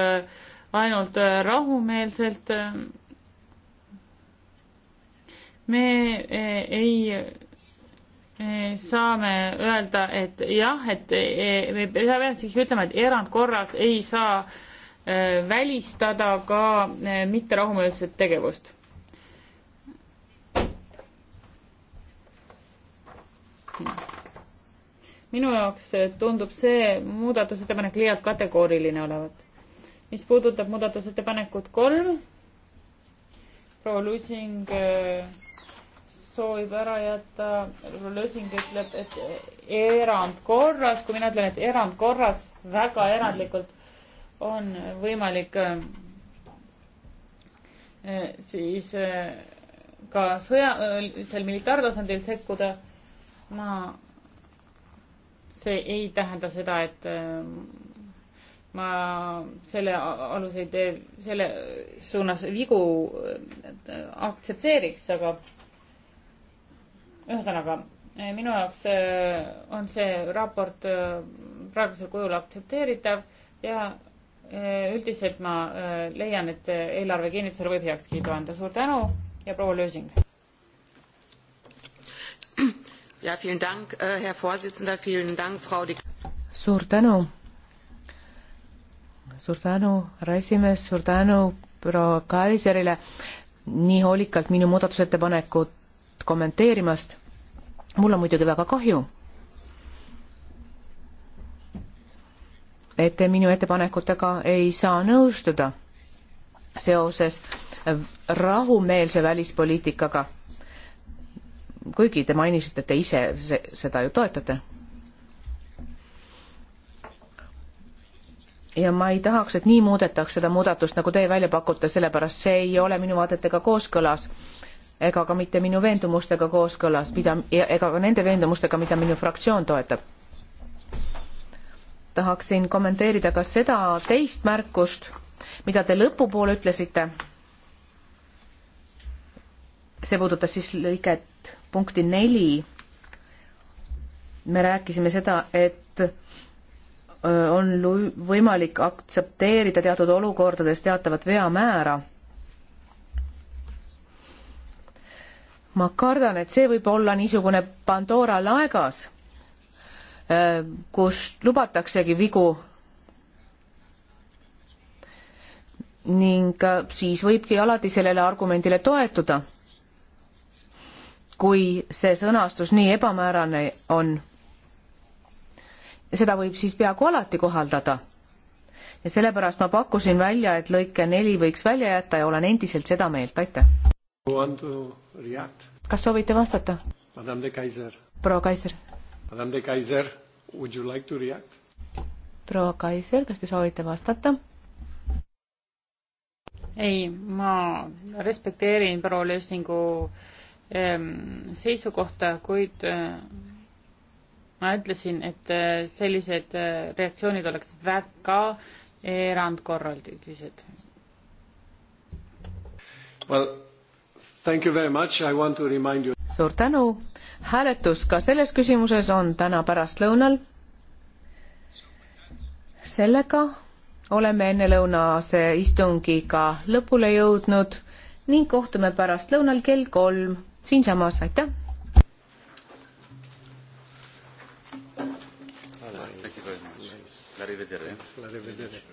ainult rahumeelselt me eh, ei eh, saame öelda, et jah, et eh, me peame siiski ütlema, et erandkorras ei saa välistada ka mitterahumeelset tegevust. minu jaoks tundub see muudatusettepanek liialt kategooriline olevat. mis puudutab muudatusettepanekut kolm, proua Lusing äh, soovib ära jätta, Lösing ütleb, et erandkorras, kui mina ütlen, et erandkorras, väga erandlikult on võimalik äh, äh, siis äh, ka sõja, seal militaartasandil sekkuda. ma, see ei tähenda seda, et ma selle aluseid, selle suunas vigu aktsepteeriks, aga ühesõnaga, eh, minu jaoks eh, on see raport eh, praegusel kujul aktsepteeritav ja üldiselt ma leian, et eelarve kinnitusele võib heakskiidu anda. suur tänu ja proua Lösing. ja, vielen Dank, äh, Herr Vorsitzender, vielen Dank, Frau Dik-. suur tänu. suur tänu, härra esimees, suur tänu proua Kaiserile nii hoolikalt minu muudatusettepanekut kommenteerimast. mul on muidugi väga kahju, et te minu ettepanekutega ei saa nõustuda seoses rahumeelse välispoliitikaga. kuigi te mainisite, et te ise seda ju toetate. ja ma ei tahaks, et nii muudetaks seda muudatust, nagu teie välja pakute, sellepärast see ei ole minu vaadetega kooskõlas ega ka mitte minu veendumustega kooskõlas, mida, ega ka nende veendumustega, mida minu fraktsioon toetab. tahaksin kommenteerida ka seda teist märkust, mida te lõpupoole ütlesite. see puudutas siis lõiget punkti neli. me rääkisime seda, et on võimalik aktsepteerida teatud olukordades teatavat veamäära ma kardan, et see võib olla niisugune Pandora laegas, äh, kus lubataksegi vigu. ning äh, siis võibki alati sellele argumendile toetuda. kui see sõnastus nii ebamäärane on. seda võib siis peaaegu alati kohaldada. ja sellepärast ma pakkusin välja, et lõike neli võiks välja jätta ja olen endiselt seda meelt, aitäh kas soovite vastata? proua Kaiser. proua Kaiser, kas te soovite vastata? ei, ma respekteerin proua Lösingu ähm, seisukohta, kuid äh, ma ütlesin, et äh, sellised äh, reaktsioonid oleks väga erandkorraldused. Well suur tänu. hääletus ka selles küsimuses on täna pärastlõunal. sellega oleme ennelõunase istungiga lõpule jõudnud ning kohtume pärastlõunal kell kolm siinsamas, aitäh! arrivederci. Arrivederci.